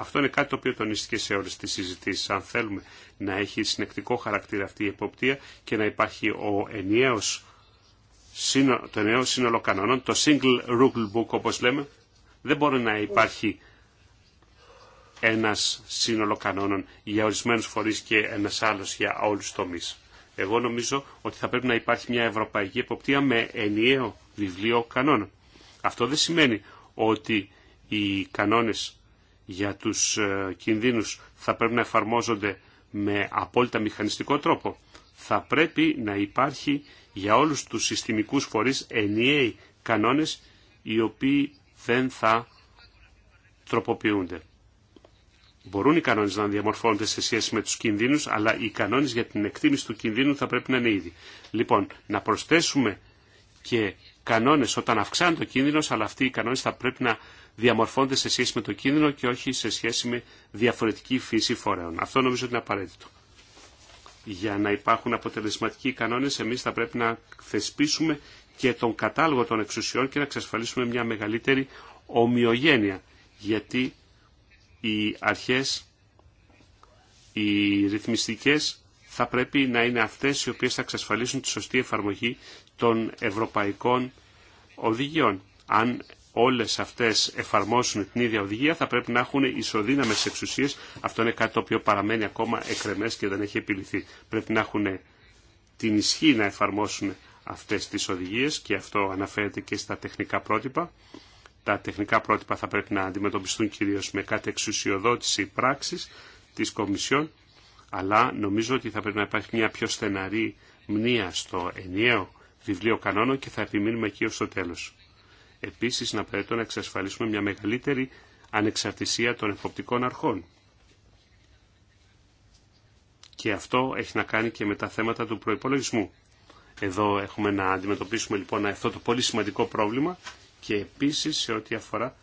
S2: αυτό είναι κάτι το οποίο τονίστηκε σε όλε τι συζητήσει, Αν θέλουμε να έχει συνεκτικό χαρακτήρα αυτή η εποπτεία και να υπάρχει ο ενιαίος, το ενιαίο σύνολο κανόνων, το single rule book όπω λέμε, δεν μπορεί να υπάρχει ένας σύνολο κανόνων για ορισμένου φορεί και ένας άλλος για όλου του τομείς. Εγώ νομίζω ότι θα πρέπει να υπάρχει μια ευρωπαϊκή εποπτεία με ενιαίο βιβλίο κανόνων. Αυτό δεν σημαίνει ότι οι κανόνες για τους ε, κινδύνους θα πρέπει να εφαρμόζονται με απόλυτα μηχανιστικό τρόπο. Θα πρέπει να υπάρχει για όλους τους συστημικούς φορείς ενιαίοι κανόνες οι οποίοι δεν θα τροποποιούνται. Μπορούν οι κανόνες να διαμορφώνονται σε σχέση με τους κινδύνους, αλλά οι κανόνες για την εκτίμηση του κινδύνου θα πρέπει να είναι ήδη. Λοιπόν, να προσθέσουμε και κανόνες όταν αυξάνεται ο κίνδυνος, αλλά αυτοί οι κανόνες θα πρέπει να διαμορφώνεται σε σχέση με το κίνδυνο και όχι σε σχέση με διαφορετική φύση φορέων. Αυτό νομίζω ότι είναι απαραίτητο. Για να υπάρχουν αποτελεσματικοί κανόνες, εμείς θα πρέπει να θεσπίσουμε και τον κατάλογο των εξουσιών και να εξασφαλίσουμε μια μεγαλύτερη ομοιογένεια. Γιατί οι αρχές, οι ρυθμιστικές θα πρέπει να είναι αυτές οι οποίες θα εξασφαλίσουν τη σωστή εφαρμογή των ευρωπαϊκών οδηγιών. Αν όλες αυτές εφαρμόσουν την ίδια οδηγία θα πρέπει να έχουν ισοδύναμες εξουσίες. Αυτό είναι κάτι το οποίο παραμένει ακόμα εκρεμές και δεν έχει επιληθεί. Πρέπει να έχουν την ισχύ να εφαρμόσουν αυτές τις οδηγίες και αυτό αναφέρεται και στα τεχνικά πρότυπα. Τα τεχνικά πρότυπα θα πρέπει να αντιμετωπιστούν κυρίως με κάτι εξουσιοδότηση πράξης της Κομισιόν, αλλά νομίζω ότι θα πρέπει να υπάρχει μια πιο στεναρή μνήα στο ενιαίο βιβλίο κανόνων και θα επιμείνουμε εκεί ως το τέλος. Επίσης, να πρέπει να εξασφαλίσουμε μια μεγαλύτερη ανεξαρτησία των εποπτικών αρχών. Και αυτό έχει να κάνει και με τα θέματα του προϋπολογισμού. Εδώ έχουμε να αντιμετωπίσουμε λοιπόν αυτό το πολύ σημαντικό πρόβλημα και επίσης σε ό,τι αφορά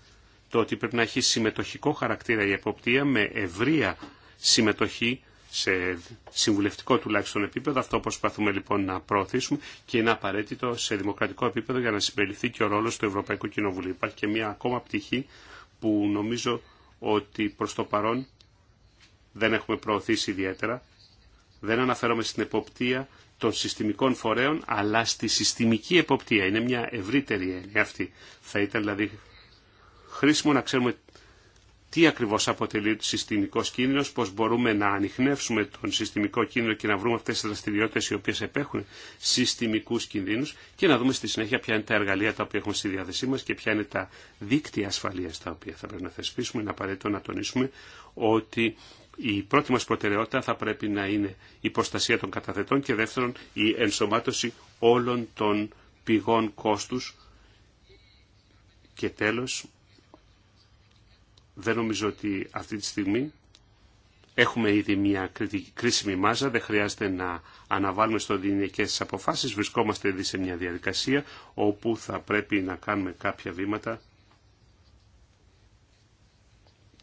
S2: το ότι πρέπει να έχει συμμετοχικό χαρακτήρα η εποπτεία με ευρεία συμμετοχή σε συμβουλευτικό τουλάχιστον επίπεδο. Αυτό προσπαθούμε λοιπόν να προωθήσουμε και είναι απαραίτητο σε δημοκρατικό επίπεδο για να συμπεριληφθεί και ο ρόλος του Ευρωπαϊκού Κοινοβουλίου. Υπάρχει και μια ακόμα πτυχή που νομίζω ότι προς το παρόν δεν έχουμε προωθήσει ιδιαίτερα. Δεν αναφέρομαι στην εποπτεία των συστημικών φορέων, αλλά στη συστημική εποπτεία. Είναι μια ευρύτερη έννοια αυτή. Θα ήταν δηλαδή χρήσιμο να ξέρουμε τι ακριβώς αποτελεί το συστημικός κίνδυνος, πώς μπορούμε να ανοιχνεύσουμε τον συστημικό κίνδυνο και να βρούμε αυτές τις δραστηριότητες οι οποίες επέχουν συστημικούς κινδύνους και να δούμε στη συνέχεια ποια είναι τα εργαλεία τα οποία έχουμε στη διάθεσή μας και ποια είναι τα δίκτυα ασφαλείας τα οποία θα πρέπει να θεσπίσουμε. Είναι απαραίτητο να τονίσουμε ότι η πρώτη μας προτεραιότητα θα πρέπει να είναι η προστασία των καταθετών και δεύτερον η ενσωμάτωση όλων των πηγών κόστους και τέλος δεν νομίζω ότι αυτή τη στιγμή έχουμε ήδη μια κρίσιμη μάζα, δεν χρειάζεται να αναβάλουμε στο δυναμικές τις αποφάσεις. Βρισκόμαστε ήδη σε μια διαδικασία όπου θα πρέπει να κάνουμε κάποια βήματα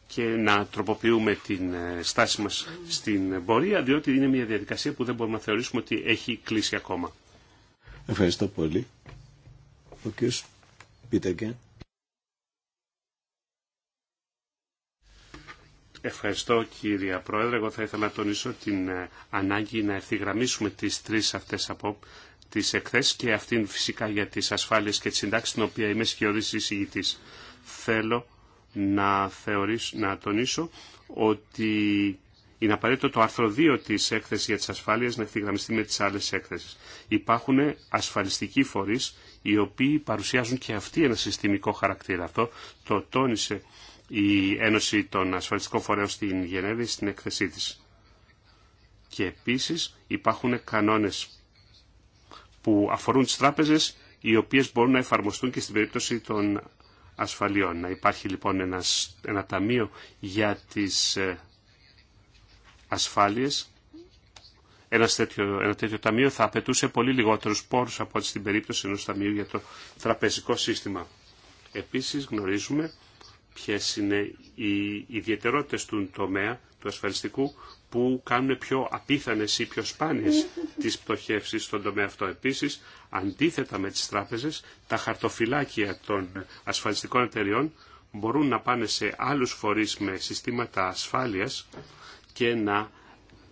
S2: και να τροποποιούμε την ε, στάση μας στην πορεία, διότι είναι μια διαδικασία που δεν μπορούμε να θεωρήσουμε ότι έχει κλείσει ακόμα.
S4: Ευχαριστώ πολύ.
S2: Ευχαριστώ κύριε Πρόεδρε. Εγώ θα ήθελα να τονίσω την ε, ανάγκη να ευθυγραμμίσουμε τις τρεις αυτές από τις εκθέσεις και αυτήν φυσικά για τις ασφάλειες και τις συντάξεις την οποία είμαι σχεδόν εισηγητής. Θέλω να, θεωρήσω, να τονίσω ότι είναι απαραίτητο το άρθρο 2 της έκθεσης για τις ασφάλειες να ευθυγραμμιστεί με τις άλλες έκθεσεις. Υπάρχουν ασφαλιστικοί φορείς οι οποίοι παρουσιάζουν και αυτοί ένα συστημικό χαρακτήρα. Αυτό το τόνισε η Ένωση των Ασφαλιστικών Φορέων στην Γενέβη στην έκθεσή της. Και επίσης υπάρχουν κανόνες που αφορούν τις τράπεζες οι οποίες μπορούν να εφαρμοστούν και στην περίπτωση των ασφαλιών. Να υπάρχει λοιπόν ένας, ένα ταμείο για τις ε, ασφάλειες. ένα τέτοιο, ένα τέτοιο ταμείο θα απαιτούσε πολύ λιγότερους πόρους από ό,τι στην περίπτωση ενός ταμείου για το τραπεζικό σύστημα. Επίσης γνωρίζουμε Ποιε είναι οι ιδιαιτερότητε του τομέα του ασφαλιστικού που κάνουν πιο απίθανες ή πιο σπάνιες τις πτωχεύσει στον τομέα αυτό. Επίσης, αντίθετα με τις τράπεζε, τα χαρτοφυλάκια των ασφαλιστικών εταιριών μπορούν να πάνε σε άλλους φορείς με συστήματα ασφάλεια και να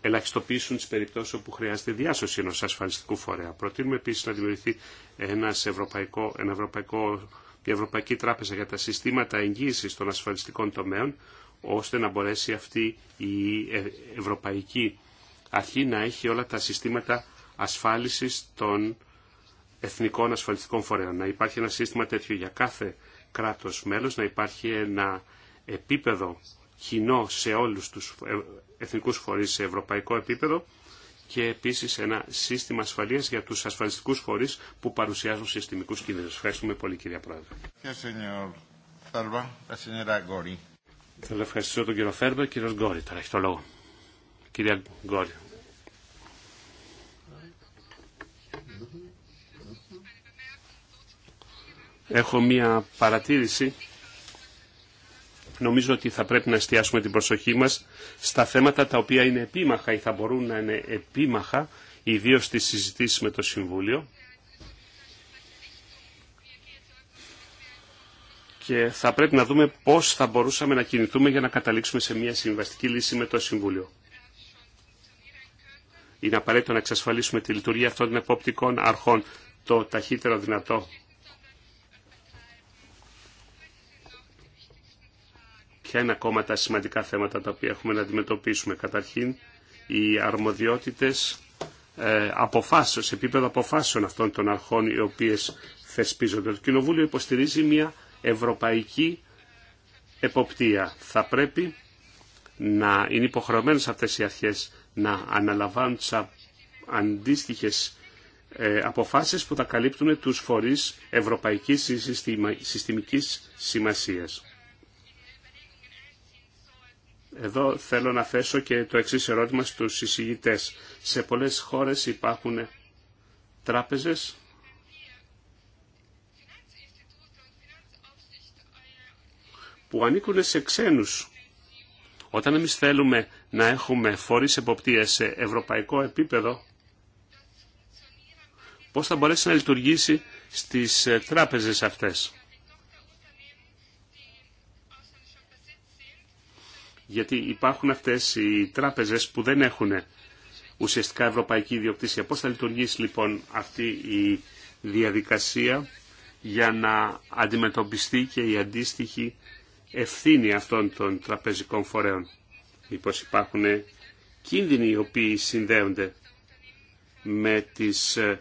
S2: ελαχιστοποιήσουν τις περιπτώσεις όπου χρειάζεται διάσωση ενό ασφαλιστικού φορέα. Προτείνουμε επίση να δημιουργηθεί ένας ευρωπαϊκό, ένα ευρωπαϊκό η Ευρωπαϊκή Τράπεζα για τα συστήματα εγγύησης των ασφαλιστικών τομέων, ώστε να μπορέσει αυτή η Ευρωπαϊκή Αρχή να έχει όλα τα συστήματα ασφάλισης των εθνικών ασφαλιστικών φορέων. Να υπάρχει ένα σύστημα τέτοιο για κάθε κράτος μέλος, να υπάρχει ένα επίπεδο κοινό σε όλους τους ε, εθνικούς φορείς σε ευρωπαϊκό επίπεδο και επίσης ένα σύστημα ασφαλείας για τους ασφαλιστικούς φορείς που παρουσιάζουν συστημικούς κίνδυνους. Ευχαριστούμε πολύ κυρία Πρόεδρε. Θέλω να ευχαριστήσω τον κύριο Φέρμπερ. Κύριος Γκόρι τώρα έχει το λόγο. Κυρία Γκόρι. Έχω μία παρατήρηση νομίζω ότι θα πρέπει να εστιάσουμε την προσοχή μας στα θέματα τα οποία είναι επίμαχα ή θα μπορούν να είναι επίμαχα, ιδίως στις συζητήσεις με το Συμβούλιο. και θα πρέπει να δούμε πώς θα μπορούσαμε να κινηθούμε για να καταλήξουμε σε μια συμβαστική λύση με το Συμβούλιο. Είναι απαραίτητο να εξασφαλίσουμε τη λειτουργία αυτών των εποπτικών αρχών το ταχύτερο δυνατό Ποια είναι ακόμα τα σημαντικά θέματα τα οποία έχουμε να αντιμετωπίσουμε. Καταρχήν, οι αρμοδιότητες ε, σε επίπεδο αποφάσεων αυτών των αρχών οι οποίες θεσπίζονται. Το Κοινοβούλιο υποστηρίζει μια ευρωπαϊκή εποπτεία. Θα πρέπει να είναι υποχρεωμένες αυτές οι αρχές να αναλαμβάνουν τις αντίστοιχες ε, αποφάσεις που θα καλύπτουν τους φορείς ευρωπαϊκής συστημικής σημασίας. Εδώ θέλω να θέσω και το εξή ερώτημα στους εισηγητές. Σε πολλές χώρες υπάρχουν τράπεζες που ανήκουν σε ξένους. Όταν εμείς θέλουμε να έχουμε φορείς εποπτείες σε ευρωπαϊκό επίπεδο, πώς θα μπορέσει να λειτουργήσει στις τράπεζες αυτές. γιατί υπάρχουν αυτές οι τράπεζες που δεν έχουν ουσιαστικά ευρωπαϊκή ιδιοκτησία. Πώς θα λειτουργήσει λοιπόν αυτή η διαδικασία για να αντιμετωπιστεί και η αντίστοιχη ευθύνη αυτών των τραπεζικών φορέων. Μήπως υπάρχουν κίνδυνοι οι οποίοι συνδέονται με τις ε,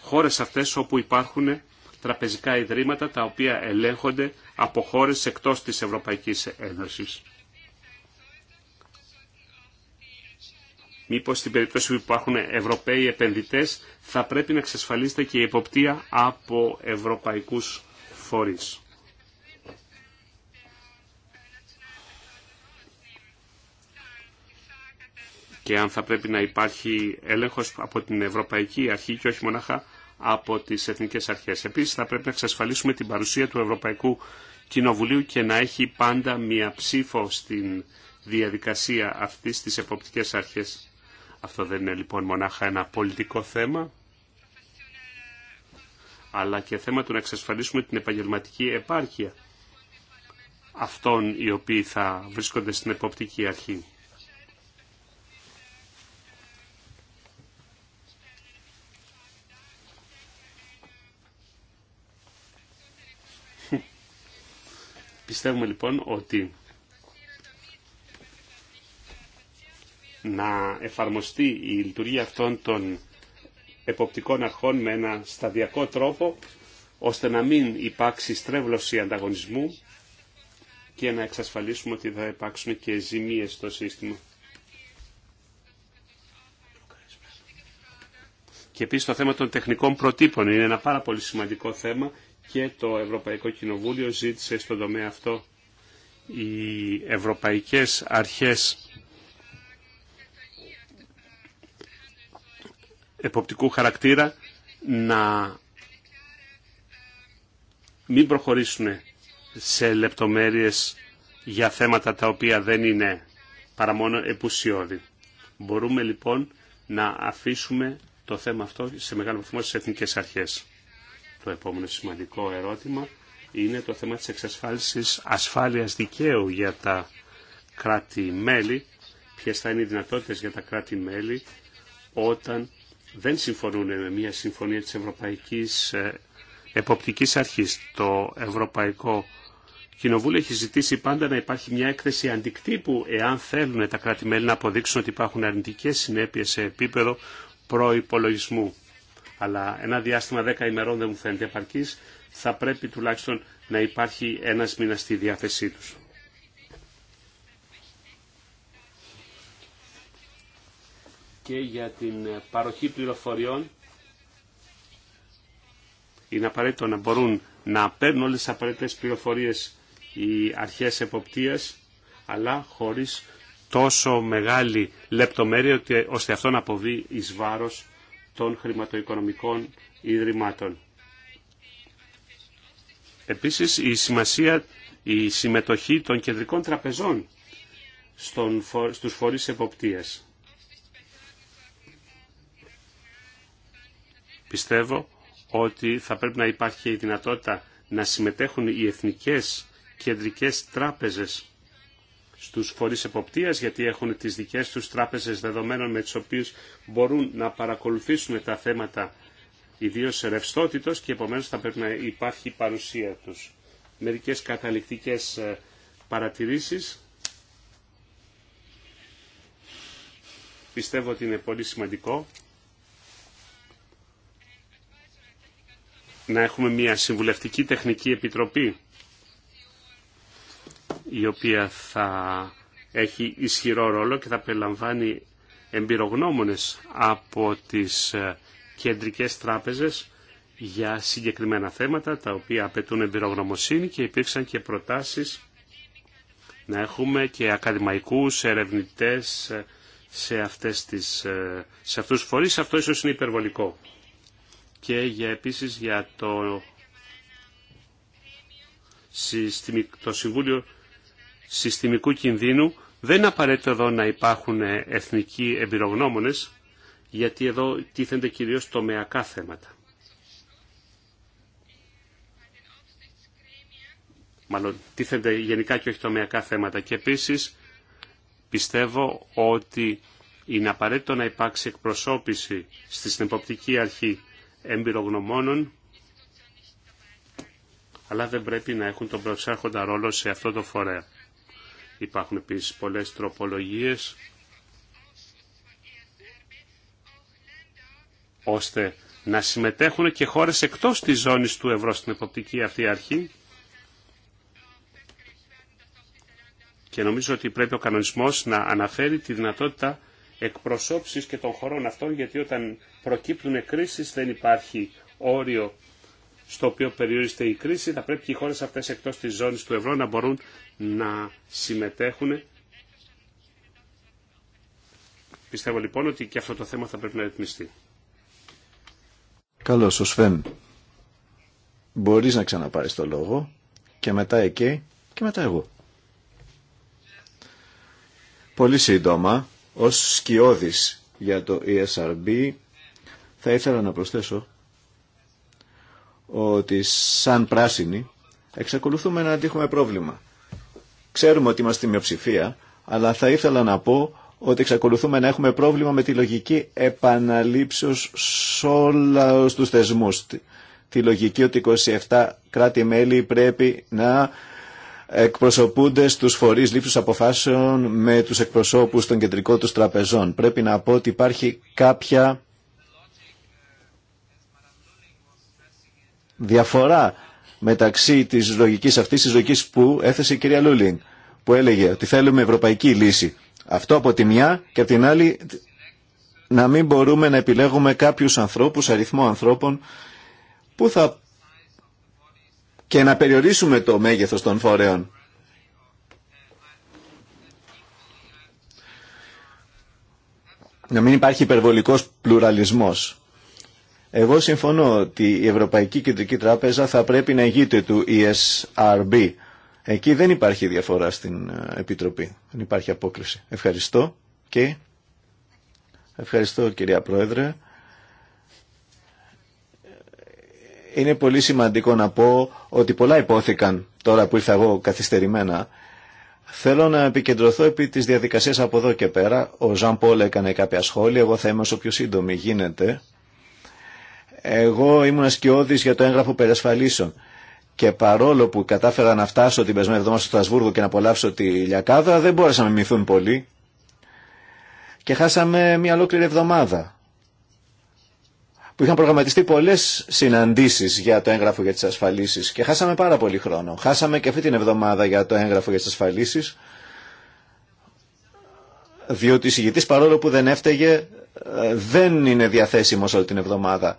S2: χώρες αυτές όπου υπάρχουν τραπεζικά ιδρύματα τα οποία ελέγχονται από χώρες εκτός της Ευρωπαϊκής Ένωσης. Μήπω στην περίπτωση που υπάρχουν Ευρωπαίοι επενδυτέ, θα πρέπει να εξασφαλίζεται και η εποπτεία από ευρωπαϊκούς φορεί. Και αν θα πρέπει να υπάρχει έλεγχος από την Ευρωπαϊκή Αρχή και όχι μονάχα από τις Εθνικές Αρχές. Επίσης θα πρέπει να εξασφαλίσουμε την παρουσία του Ευρωπαϊκού Κοινοβουλίου και να έχει πάντα μία ψήφο στην διαδικασία αυτή της εποπτικές αρχές. Αυτό δεν είναι λοιπόν μονάχα ένα πολιτικό θέμα, αλλά και θέμα του να εξασφαλίσουμε την επαγγελματική επάρκεια αυτών οι οποίοι θα βρίσκονται στην εποπτική αρχή. Πιστεύουμε λοιπόν ότι να εφαρμοστεί η λειτουργία αυτών των εποπτικών αρχών με ένα σταδιακό τρόπο, ώστε να μην υπάρξει στρέβλωση ανταγωνισμού και να εξασφαλίσουμε ότι θα υπάρξουν και ζημίες στο σύστημα. Και επίσης το θέμα των τεχνικών προτύπων είναι ένα πάρα πολύ σημαντικό θέμα και το Ευρωπαϊκό Κοινοβούλιο ζήτησε στον τομέα αυτό οι ευρωπαϊκές αρχές εποπτικού χαρακτήρα να μην προχωρήσουν σε λεπτομέρειες για θέματα τα οποία δεν είναι παρά μόνο επουσιώδη. Μπορούμε λοιπόν να αφήσουμε το θέμα αυτό σε μεγάλο βαθμό στις εθνικές αρχές. Το επόμενο σημαντικό ερώτημα είναι το θέμα της εξασφάλισης ασφάλειας δικαίου για τα κράτη-μέλη. Ποιες θα είναι οι δυνατότητες για τα κράτη-μέλη όταν δεν συμφωνούν με μια συμφωνία της Ευρωπαϊκής ε, Εποπτικής Αρχής. Το Ευρωπαϊκό Κοινοβούλιο έχει ζητήσει πάντα να υπάρχει μια έκθεση αντικτύπου εάν θέλουν τα κράτη-μέλη να αποδείξουν ότι υπάρχουν αρνητικές συνέπειες σε επίπεδο προϋπολογισμού. Αλλά ένα διάστημα 10 ημερών δεν μου φαίνεται επαρκής. Θα πρέπει τουλάχιστον να υπάρχει ένας μήνας στη διάθεσή τους. και για την ε, παροχή πληροφοριών. Είναι απαραίτητο να μπορούν να παίρνουν όλες τις απαραίτητες πληροφορίες οι αρχές εποπτείας, αλλά χωρίς τόσο μεγάλη λεπτομέρεια ώστε αυτό να αποβεί εις βάρος των χρηματοοικονομικών ιδρυμάτων. Επίσης η σημασία, η συμμετοχή των κεντρικών τραπεζών στον, στους φορείς εποπτείας. Πιστεύω ότι θα πρέπει να υπάρχει η δυνατότητα να συμμετέχουν οι εθνικές κεντρικές τράπεζες στους φορείς εποπτείας γιατί έχουν τις δικές τους τράπεζες δεδομένων με τις οποίες μπορούν να παρακολουθήσουν τα θέματα ιδίως ρευστότητα και επομένως θα πρέπει να υπάρχει παρουσία τους. Μερικές καταληκτικές ε, παρατηρήσεις. Πιστεύω ότι είναι πολύ σημαντικό να έχουμε μια συμβουλευτική τεχνική επιτροπή η οποία θα έχει ισχυρό ρόλο και θα περιλαμβάνει εμπειρογνώμονες από τις ε, κεντρικές τράπεζες για συγκεκριμένα θέματα τα οποία απαιτούν εμπειρογνωμοσύνη και υπήρξαν και προτάσεις να έχουμε και ακαδημαϊκούς ερευνητές ε, σε, αυτές τις, ε, σε αυτούς τους φορείς. Αυτό ίσως είναι υπερβολικό και για, επίσης για το, το Συμβούλιο Συστημικού Κινδύνου δεν είναι απαραίτητο εδώ να υπάρχουν εθνικοί εμπειρογνώμονες γιατί εδώ τίθενται κυρίως τομεακά θέματα. Μάλλον τίθενται γενικά και όχι τομεακά θέματα. Και επίσης πιστεύω ότι είναι απαραίτητο να υπάρξει εκπροσώπηση στη εποπτική αρχή εμπειρογνωμόνων αλλά δεν πρέπει να έχουν τον προσέρχοντα ρόλο σε αυτό το φορέα. Υπάρχουν επίσης πολλές τροπολογίες ώστε να συμμετέχουν και χώρες εκτός της ζώνης του ευρώ στην εποπτική αυτή αρχή και νομίζω ότι πρέπει ο κανονισμός να αναφέρει τη δυνατότητα εκπροσώψεις και των χωρών αυτών, γιατί όταν προκύπτουν κρίσεις δεν υπάρχει όριο στο οποίο περιορίζεται η κρίση, θα πρέπει και οι χώρες αυτές εκτός της ζώνης του ευρώ να μπορούν να συμμετέχουν. Πιστεύω λοιπόν ότι και αυτό το θέμα θα πρέπει να ρυθμιστεί.
S4: Καλώς, ο Σφέν. Μπορείς να ξαναπάρεις το λόγο και μετά εκεί και μετά εγώ. Πολύ σύντομα ως σκιώδης για το ESRB θα ήθελα να προσθέσω ότι σαν πράσινοι εξακολουθούμε να αντίχουμε πρόβλημα. Ξέρουμε ότι είμαστε μειοψηφία, αλλά θα ήθελα να πω ότι εξακολουθούμε να έχουμε πρόβλημα με τη λογική επαναλήψεως σε όλα τους θεσμούς. Τη λογική ότι 27 κράτη-μέλη πρέπει να εκπροσωπούνται στου φορεί λήψη αποφάσεων με του εκπροσώπου των κεντρικών του τραπεζών. Πρέπει να πω ότι υπάρχει κάποια διαφορά μεταξύ τη λογική αυτής τη λογικής που έθεσε η κυρία Λούλινγκ που έλεγε ότι θέλουμε ευρωπαϊκή λύση. Αυτό από τη μια και από την άλλη να μην μπορούμε να επιλέγουμε κάποιους ανθρώπους, αριθμό ανθρώπων που θα και να περιορίσουμε το μέγεθος των φορέων. Να μην υπάρχει υπερβολικός πλουραλισμός. Εγώ συμφωνώ ότι η Ευρωπαϊκή Κεντρική Τράπεζα θα πρέπει να ηγείται του ESRB. Εκεί δεν υπάρχει διαφορά στην ε, Επιτροπή. Δεν υπάρχει απόκριση. Ευχαριστώ και... Ευχαριστώ κυρία Πρόεδρε. Είναι πολύ σημαντικό να πω ότι πολλά υπόθηκαν τώρα που ήρθα εγώ καθυστερημένα. Θέλω να επικεντρωθώ επί της διαδικασίας από εδώ και πέρα. Ο Ζαν Πολ έκανε κάποια σχόλια, εγώ θα είμαι όσο πιο σύντομη γίνεται. Εγώ ήμουν ασκιώδης για το έγγραφο περιασφαλίσεων και παρόλο που κατάφερα να φτάσω την πεσμένη εβδομάδα στο Στρασβούργο και να απολαύσω τη λιακάδα, δεν μπόρεσα να μιμηθούν πολύ και χάσαμε μια ολόκληρη εβδομάδα που είχαν προγραμματιστεί πολλέ συναντήσει για το έγγραφο για τι ασφαλίσεις και χάσαμε πάρα πολύ χρόνο. Χάσαμε και αυτή την εβδομάδα για το έγγραφο για τι ασφαλίσει, διότι η παρόλο που δεν έφταιγε δεν είναι διαθέσιμο όλη την εβδομάδα.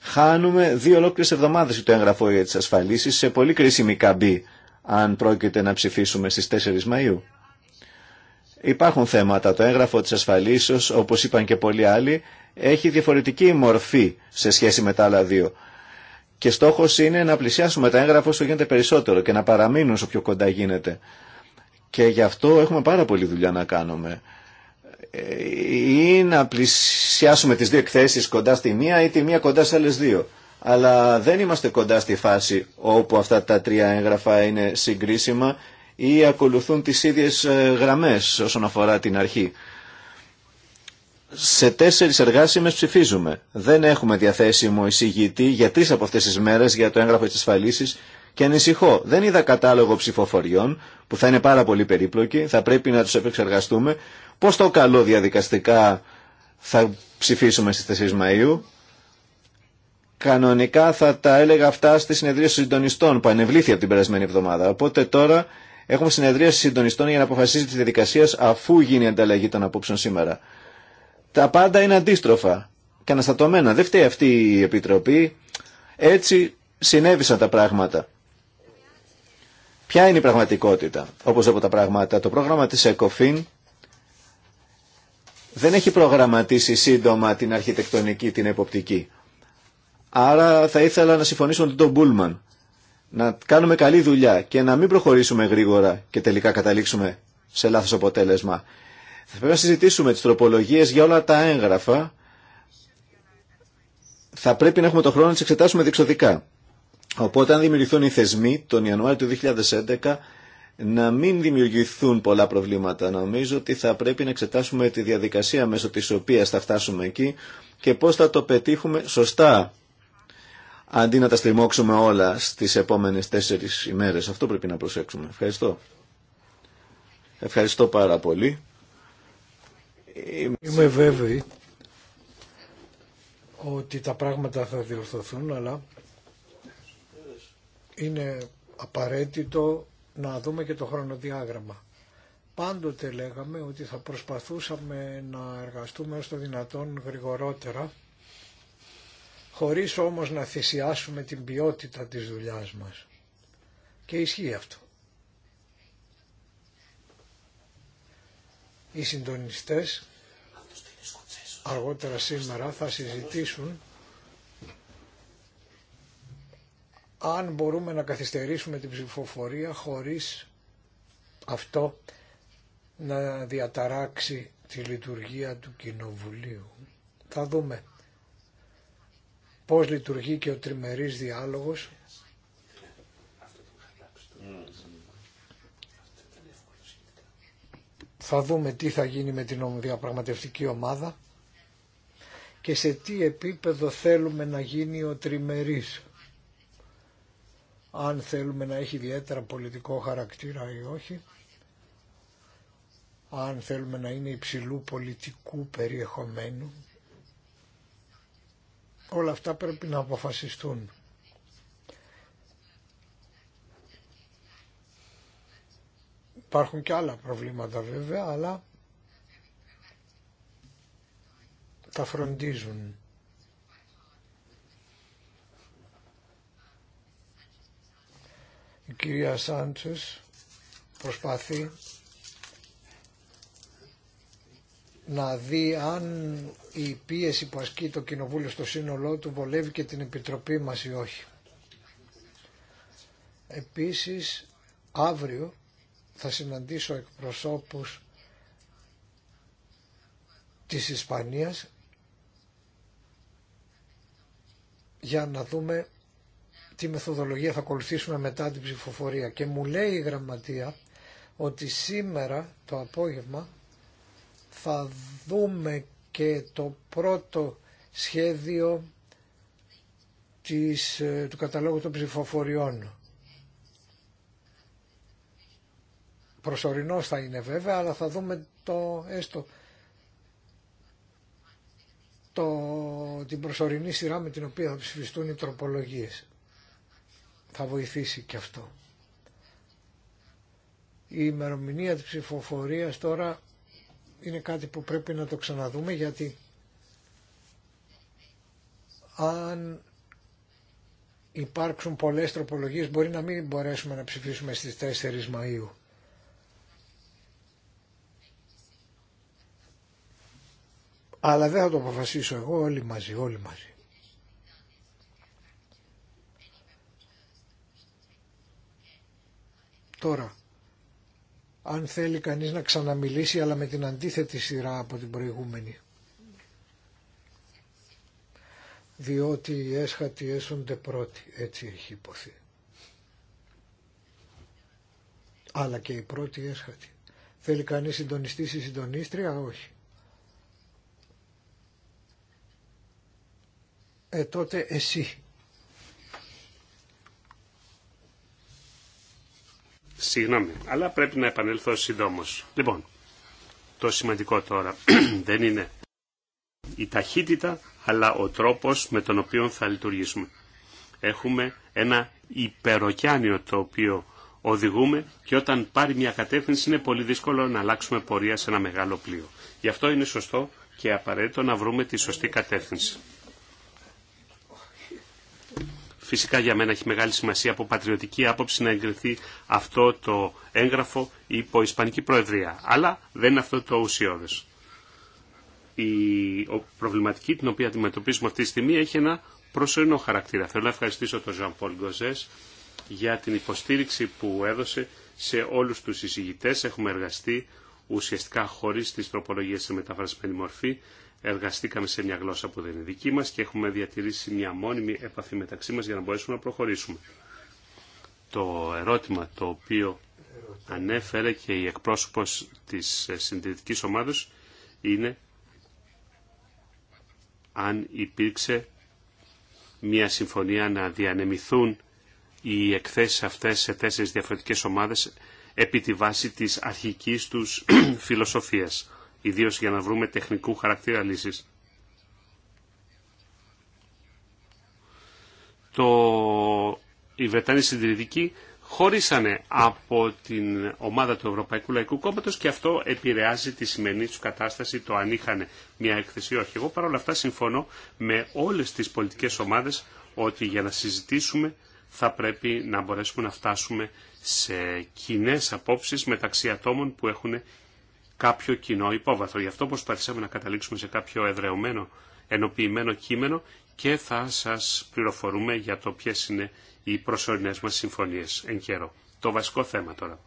S4: Χάνουμε δύο ολόκληρε εβδομάδε για το έγγραφο για τι ασφαλίσει σε πολύ κρίσιμη καμπή αν πρόκειται να ψηφίσουμε στις 4 Μαΐου. Υπάρχουν θέματα. Το έγγραφο τη ασφαλίσεως, όπως είπαν και πολλοί άλλοι, έχει διαφορετική μορφή σε σχέση με τα άλλα δύο. Και στόχος είναι να πλησιάσουμε τα έγγραφα όσο γίνεται περισσότερο και να παραμείνουν όσο πιο κοντά γίνεται. Και γι' αυτό έχουμε πάρα πολλή δουλειά να κάνουμε. Ε, ή να πλησιάσουμε τις δύο εκθέσεις κοντά στη μία ή τη μία κοντά στις άλλες δύο. Αλλά δεν είμαστε κοντά στη φάση όπου αυτά τα τρία έγγραφα είναι συγκρίσιμα ή ακολουθούν τις ίδιες ε, γραμμές όσον αφορά την αρχή σε τέσσερις εργάσιμες ψηφίζουμε. Δεν έχουμε διαθέσιμο εισηγητή για τρει από αυτέ τι μέρε για το έγγραφο τη ασφαλίση και ανησυχώ. Δεν είδα κατάλογο ψηφοφοριών που θα είναι πάρα πολύ περίπλοκοι, θα πρέπει να του επεξεργαστούμε. Πώ το καλό διαδικαστικά θα ψηφίσουμε στις 4 Μαΐου. Κανονικά θα τα έλεγα αυτά στη συνεδρία των συντονιστών που ανεβλήθη από την περασμένη εβδομάδα. Οπότε τώρα έχουμε συνεδρία συντονιστών για να αποφασίσει τη διαδικασία αφού γίνει η ανταλλαγή των απόψεων σήμερα τα πάντα είναι αντίστροφα και αναστατωμένα. Δεν φταίει αυτή η Επιτροπή. Έτσι συνέβησαν τα πράγματα. Ποια είναι η πραγματικότητα, όπως από τα πράγματα. Το πρόγραμμα της ΕΚΟΦΗΝ δεν έχει προγραμματίσει σύντομα την αρχιτεκτονική, την εποπτική. Άρα θα ήθελα να συμφωνήσω με τον Μπούλμαν. Να κάνουμε καλή δουλειά και να μην προχωρήσουμε γρήγορα και τελικά καταλήξουμε σε λάθος αποτέλεσμα. Θα πρέπει να συζητήσουμε τις τροπολογίες για όλα τα έγγραφα. Θα πρέπει να έχουμε το χρόνο να τις εξετάσουμε διεξοδικά. Οπότε αν δημιουργηθούν οι θεσμοί τον Ιανουάριο του 2011 να μην δημιουργηθούν πολλά προβλήματα. Νομίζω ότι θα πρέπει να εξετάσουμε τη διαδικασία μέσω της οποίας θα φτάσουμε εκεί και πώς θα το πετύχουμε σωστά αντί να τα στριμώξουμε όλα στις επόμενες τέσσερις ημέρες. Αυτό πρέπει να προσέξουμε. Ευχαριστώ. Ευχαριστώ πάρα πολύ. Είμαι βέβαιη
S1: ότι τα πράγματα θα διορθωθούν, αλλά είναι απαραίτητο να δούμε και το χρονοδιάγραμμα. Πάντοτε λέγαμε ότι θα προσπαθούσαμε να εργαστούμε το δυνατόν γρηγορότερα, χωρίς όμως να θυσιάσουμε την ποιότητα της δουλειάς μας. Και ισχύει αυτό. οι συντονιστές αργότερα σήμερα θα συζητήσουν αν μπορούμε να καθυστερήσουμε την ψηφοφορία χωρίς αυτό να διαταράξει τη λειτουργία του Κοινοβουλίου. Θα δούμε πώς λειτουργεί και ο τριμερής διάλογος Θα δούμε τι θα γίνει με την διαπραγματευτική ομάδα και σε τι επίπεδο θέλουμε να γίνει ο τριμερής. Αν θέλουμε να έχει ιδιαίτερα πολιτικό χαρακτήρα ή όχι. Αν θέλουμε να είναι υψηλού πολιτικού περιεχομένου. Όλα αυτά πρέπει να αποφασιστούν. Υπάρχουν και άλλα προβλήματα βέβαια, αλλά τα φροντίζουν. Η κυρία Σάντσες προσπαθεί να δει αν η πίεση που ασκεί το Κοινοβούλιο στο σύνολό του βολεύει και την Επιτροπή μας ή όχι. Επίσης, αύριο θα συναντήσω εκπροσώπους της Ισπανίας για να δούμε τι μεθοδολογία θα ακολουθήσουμε μετά την ψηφοφορία. Και μου λέει η γραμματεία ότι σήμερα το απόγευμα θα δούμε και το πρώτο σχέδιο της, ε, του καταλόγου των ψηφοφοριών. προσωρινός θα είναι βέβαια, αλλά θα δούμε το έστω το, την προσωρινή σειρά με την οποία θα ψηφιστούν οι τροπολογίες. Θα βοηθήσει και αυτό. Η ημερομηνία της ψηφοφορίας τώρα είναι κάτι που πρέπει να το ξαναδούμε γιατί αν υπάρξουν πολλές τροπολογίες μπορεί να μην μπορέσουμε να ψηφίσουμε στις 4 Μαΐου. Αλλά δεν θα το αποφασίσω εγώ όλοι μαζί, όλοι μαζί. Τώρα, αν θέλει κανείς να ξαναμιλήσει αλλά με την αντίθετη σειρά από την προηγούμενη. Διότι οι έσχατοι έσονται πρώτοι, έτσι έχει υποθεί. Αλλά και οι πρώτοι έσχατοι. Θέλει κανείς συντονιστή ή συντονίστρια, όχι. Ε, τότε εσύ.
S2: Συγγνώμη, αλλά πρέπει να επανέλθω συντόμως. Λοιπόν, το σημαντικό τώρα [CLEARS THROAT] δεν είναι η ταχύτητα, αλλά ο τρόπος με τον οποίο θα λειτουργήσουμε. Έχουμε ένα υπεροκιάνιο το οποίο οδηγούμε και όταν πάρει μια κατεύθυνση είναι πολύ δύσκολο να αλλάξουμε πορεία σε ένα μεγάλο πλοίο. Γι' αυτό είναι σωστό και απαραίτητο να βρούμε τη σωστή κατεύθυνση. Φυσικά για μένα έχει μεγάλη σημασία από πατριωτική άποψη να εγκριθεί αυτό το έγγραφο υπό Ισπανική Προεδρία. Αλλά δεν είναι αυτό το ουσιώδες. Η προβληματική την οποία αντιμετωπίζουμε αυτή τη στιγμή έχει ένα προσωρινό χαρακτήρα. Θέλω να ευχαριστήσω τον Ζωάν Πολ Γκοζές για την υποστήριξη που έδωσε σε όλους τους εισηγητές. Έχουμε εργαστεί ουσιαστικά χωρίς τις τροπολογίες σε μεταφρασμένη μορφή εργαστήκαμε σε μια γλώσσα που δεν είναι δική μας και έχουμε διατηρήσει μια μόνιμη επαφή μεταξύ μας για να μπορέσουμε να προχωρήσουμε. Το ερώτημα το οποίο ανέφερε και η εκπρόσωπος της συντηρητικής ομάδας είναι αν υπήρξε μια συμφωνία να διανεμηθούν οι εκθέσεις αυτές σε τέσσερις διαφορετικές ομάδες επί τη βάση της αρχικής τους [CLEARS THROAT] φιλοσοφίας. Ιδίω για να βρούμε τεχνικού χαρακτήρα λύσεις. Το... Οι Βρετανοί συντηρητικοί χωρίσανε από την ομάδα του Ευρωπαϊκού Λαϊκού Κόμματο και αυτό επηρεάζει τη σημερινή του κατάσταση, το αν είχαν μια έκθεση ή όχι. Εγώ παρόλα αυτά συμφωνώ με όλε τι πολιτικέ ομάδε ότι για να συζητήσουμε θα πρέπει να μπορέσουμε να φτάσουμε σε κοινέ απόψει μεταξύ ατόμων που έχουν κάποιο κοινό υπόβαθρο. Γι' αυτό προσπαθήσαμε να καταλήξουμε σε κάποιο εδρεωμένο, ενοποιημένο κείμενο και θα σας πληροφορούμε για το ποιε είναι οι προσωρινές μας συμφωνίες εν καιρό. Το βασικό θέμα τώρα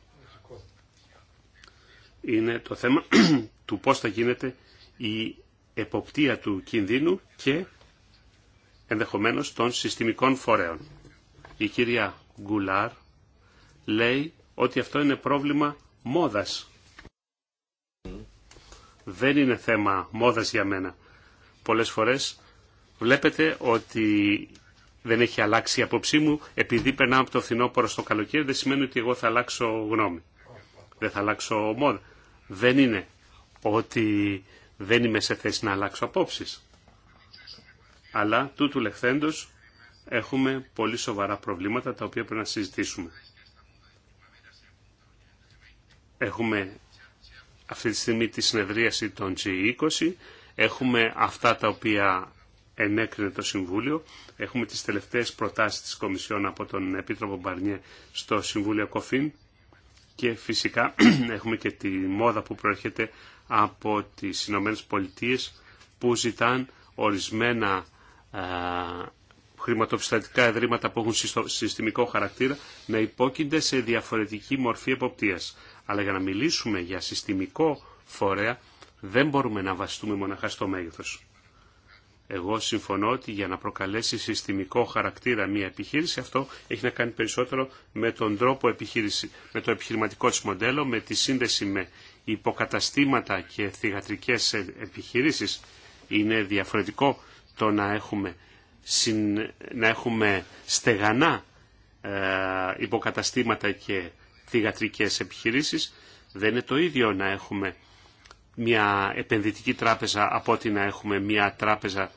S2: είναι το θέμα [CLEARS THROAT] του πώς θα γίνεται η εποπτεία του κινδύνου και ενδεχομένως των συστημικών φορέων. Η κυρία Γκουλάρ λέει ότι αυτό είναι πρόβλημα μόδας δεν είναι θέμα μόδας για μένα. Πολλές φορές βλέπετε ότι δεν έχει αλλάξει η απόψή μου επειδή περνάω από το φθινόπωρο στο καλοκαίρι δεν σημαίνει ότι εγώ θα αλλάξω γνώμη. Δεν θα αλλάξω μόδα. Δεν είναι ότι δεν είμαι σε θέση να αλλάξω απόψεις. Αλλά τούτου λεχθέντος έχουμε πολύ σοβαρά προβλήματα τα οποία πρέπει να συζητήσουμε. Έχουμε αυτή τη στιγμή τη συνεδρίαση των G20. Έχουμε αυτά τα οποία ενέκρινε το Συμβούλιο. Έχουμε τις τελευταίες προτάσεις της Κομισιόν από τον Επίτροπο Μπαρνιέ στο Συμβούλιο Κοφίν. Και φυσικά [CLEARS THROAT] έχουμε και τη μόδα που προέρχεται από τις Ηνωμένες Πολιτείες που ζητάν ορισμένα α, χρηματοπιστωτικά εδρήματα που έχουν συστημικό χαρακτήρα να υπόκεινται σε διαφορετική μορφή εποπτείας. Αλλά για να μιλήσουμε για συστημικό φορέα δεν μπορούμε να βαστούμε μοναχά στο μέγεθος. Εγώ συμφωνώ ότι για να προκαλέσει συστημικό χαρακτήρα μια επιχείρηση αυτό έχει να κάνει περισσότερο με τον τρόπο επιχείρηση, με το επιχειρηματικό της μοντέλο, με τη σύνδεση με υποκαταστήματα και θηγατρικές ε, επιχειρήσεις. Είναι διαφορετικό το να έχουμε, να έχουμε στεγανά ε, υποκαταστήματα και θηγατρικές επιχειρήσεις. Δεν είναι το ίδιο να έχουμε μια επενδυτική τράπεζα από ότι να έχουμε μια τράπεζα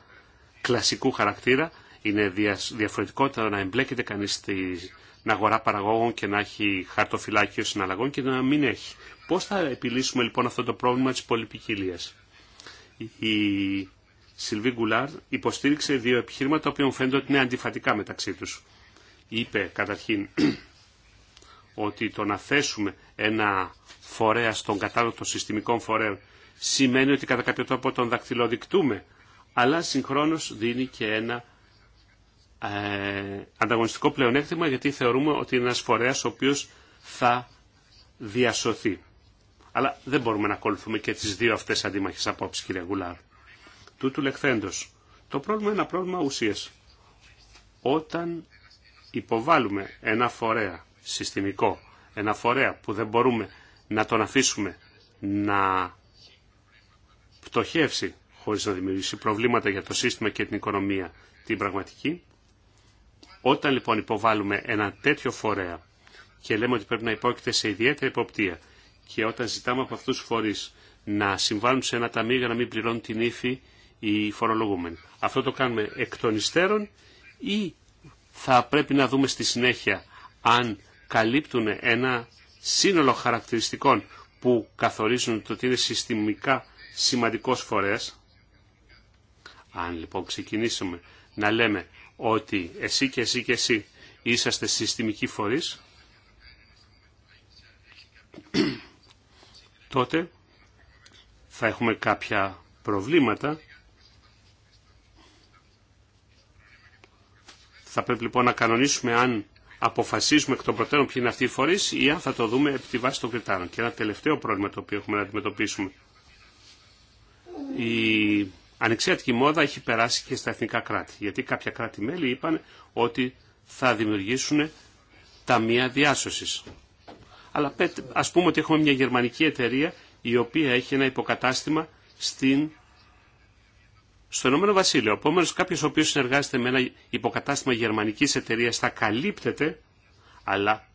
S2: κλασικού χαρακτήρα. Είναι διαφορετικό να εμπλέκεται κανείς στην αγορά παραγόγων και να έχει χαρτοφυλάκιο συναλλαγών και να μην έχει. Πώς θα επιλύσουμε λοιπόν αυτό το πρόβλημα της πολυπικιλίας. Η Σιλβί Γκουλάρ υποστήριξε δύο επιχείρηματα, τα οποία φαίνεται ότι είναι αντιφατικά μεταξύ τους. Είπε καταρχήν ότι το να θέσουμε ένα φορέα στον κατάλογο των συστημικών φορέων σημαίνει ότι κατά κάποιο τρόπο τον δακτυλοδεικτούμε, αλλά συγχρόνως δίνει και ένα ε, ανταγωνιστικό πλεονέκτημα γιατί θεωρούμε ότι είναι ένας φορέας ο οποίος θα διασωθεί. Αλλά δεν μπορούμε να ακολουθούμε και τις δύο αυτές αντίμαχες απόψεις, κύριε Γουλάρ. Τούτου λεχθέντος. Το πρόβλημα είναι ένα πρόβλημα ουσίας. Όταν υποβάλλουμε ένα φορέα συστημικό, ένα φορέα που δεν μπορούμε να τον αφήσουμε να πτωχεύσει χωρίς να δημιουργήσει προβλήματα για το σύστημα και την οικονομία την πραγματική. Όταν λοιπόν υποβάλλουμε ένα τέτοιο φορέα και λέμε ότι πρέπει να υπόκειται σε ιδιαίτερη υποπτία και όταν ζητάμε από αυτούς τους φορείς να συμβάλλουν σε ένα ταμείο για να μην πληρώνουν την ύφη οι φορολογούμενοι. Αυτό το κάνουμε εκ των υστέρων ή θα πρέπει να δούμε στη συνέχεια αν καλύπτουν ένα σύνολο χαρακτηριστικών που καθορίζουν το ότι είναι συστημικά σημαντικός φορέας. Αν λοιπόν ξεκινήσουμε να λέμε ότι εσύ και εσύ και εσύ είσαστε συστημικοί φορείς, τότε θα έχουμε κάποια προβλήματα. Θα πρέπει λοιπόν να κανονίσουμε αν Αποφασίσουμε εκ των προτέρων ποιοι είναι αυτοί οι φορεί ή αν θα το δούμε επί τη βάση των κριτάρων. Και ένα τελευταίο πρόβλημα το οποίο έχουμε να αντιμετωπίσουμε. Η ανοιξιατική μόδα έχει περάσει και στα εθνικά κράτη. Γιατί κάποια κράτη-μέλη είπαν ότι θα δημιουργήσουν ταμεία διάσωση. Αλλά α πούμε ότι έχουμε μια γερμανική εταιρεία η οποία έχει ένα υποκατάστημα στην στο Ηνωμένο Βασίλειο, επομένω κάποιο ο οποίο συνεργάζεται με ένα υποκατάστημα γερμανική εταιρεία θα καλύπτεται, αλλά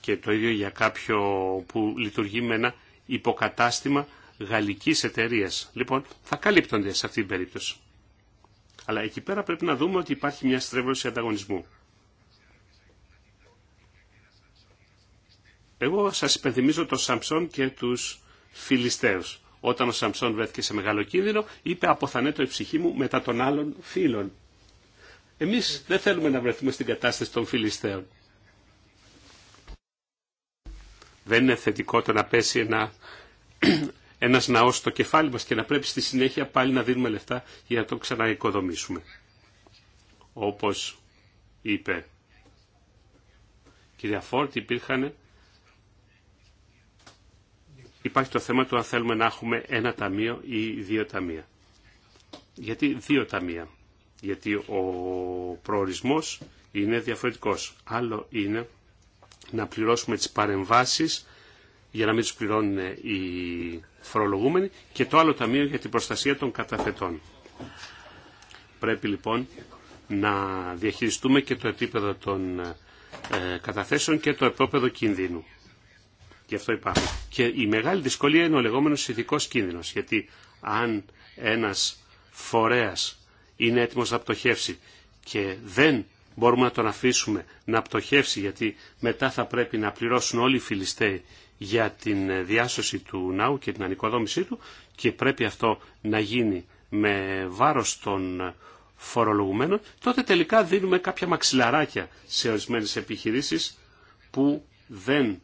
S2: και το ίδιο για κάποιο που λειτουργεί με ένα υποκατάστημα γαλλική εταιρεία. Λοιπόν, θα καλύπτονται σε αυτή την περίπτωση. Αλλά εκεί πέρα πρέπει να δούμε ότι υπάρχει μια στρέβλωση ανταγωνισμού. Εγώ σας υπενθυμίζω το Σαμψόν και τους Φιλιστέους. Όταν ο Σαμψόν βρέθηκε σε μεγάλο κίνδυνο, είπε αποθανέτω η ψυχή μου μετά των άλλων φίλων. Εμείς δεν θέλουμε να βρεθούμε στην κατάσταση των φιλιστέων. Δεν είναι θετικό το να πέσει ένα, [CLEARS THROAT] ένας ναός στο κεφάλι μας και να πρέπει στη συνέχεια πάλι να δίνουμε λεφτά για να τον ξαναοικοδομήσουμε. Όπως είπε κυρία Φόρτ, υπήρχαν υπάρχει το θέμα του αν θέλουμε να έχουμε ένα ταμείο ή δύο ταμεία. Γιατί δύο ταμεία. Γιατί ο προορισμός είναι διαφορετικός. Άλλο είναι να πληρώσουμε τις παρεμβάσεις για να μην τις πληρώνουν οι φορολογούμενοι και το άλλο ταμείο για την προστασία των καταθετών. Πρέπει λοιπόν να διαχειριστούμε και το επίπεδο των ε, καταθέσεων και το επίπεδο κινδύνου. Γι' αυτό Και η μεγάλη δυσκολία είναι ο λεγόμενος ηθικό κίνδυνος. Γιατί αν ένας φορέας είναι έτοιμος να πτωχεύσει και δεν μπορούμε να τον αφήσουμε να πτωχεύσει γιατί μετά θα πρέπει να πληρώσουν όλοι οι Φιλιστέοι για την διάσωση του ναού και την ανοικοδόμησή του και πρέπει αυτό να γίνει με βάρος των φορολογουμένων, τότε τελικά δίνουμε κάποια μαξιλαράκια σε ορισμένες επιχειρήσεις που δεν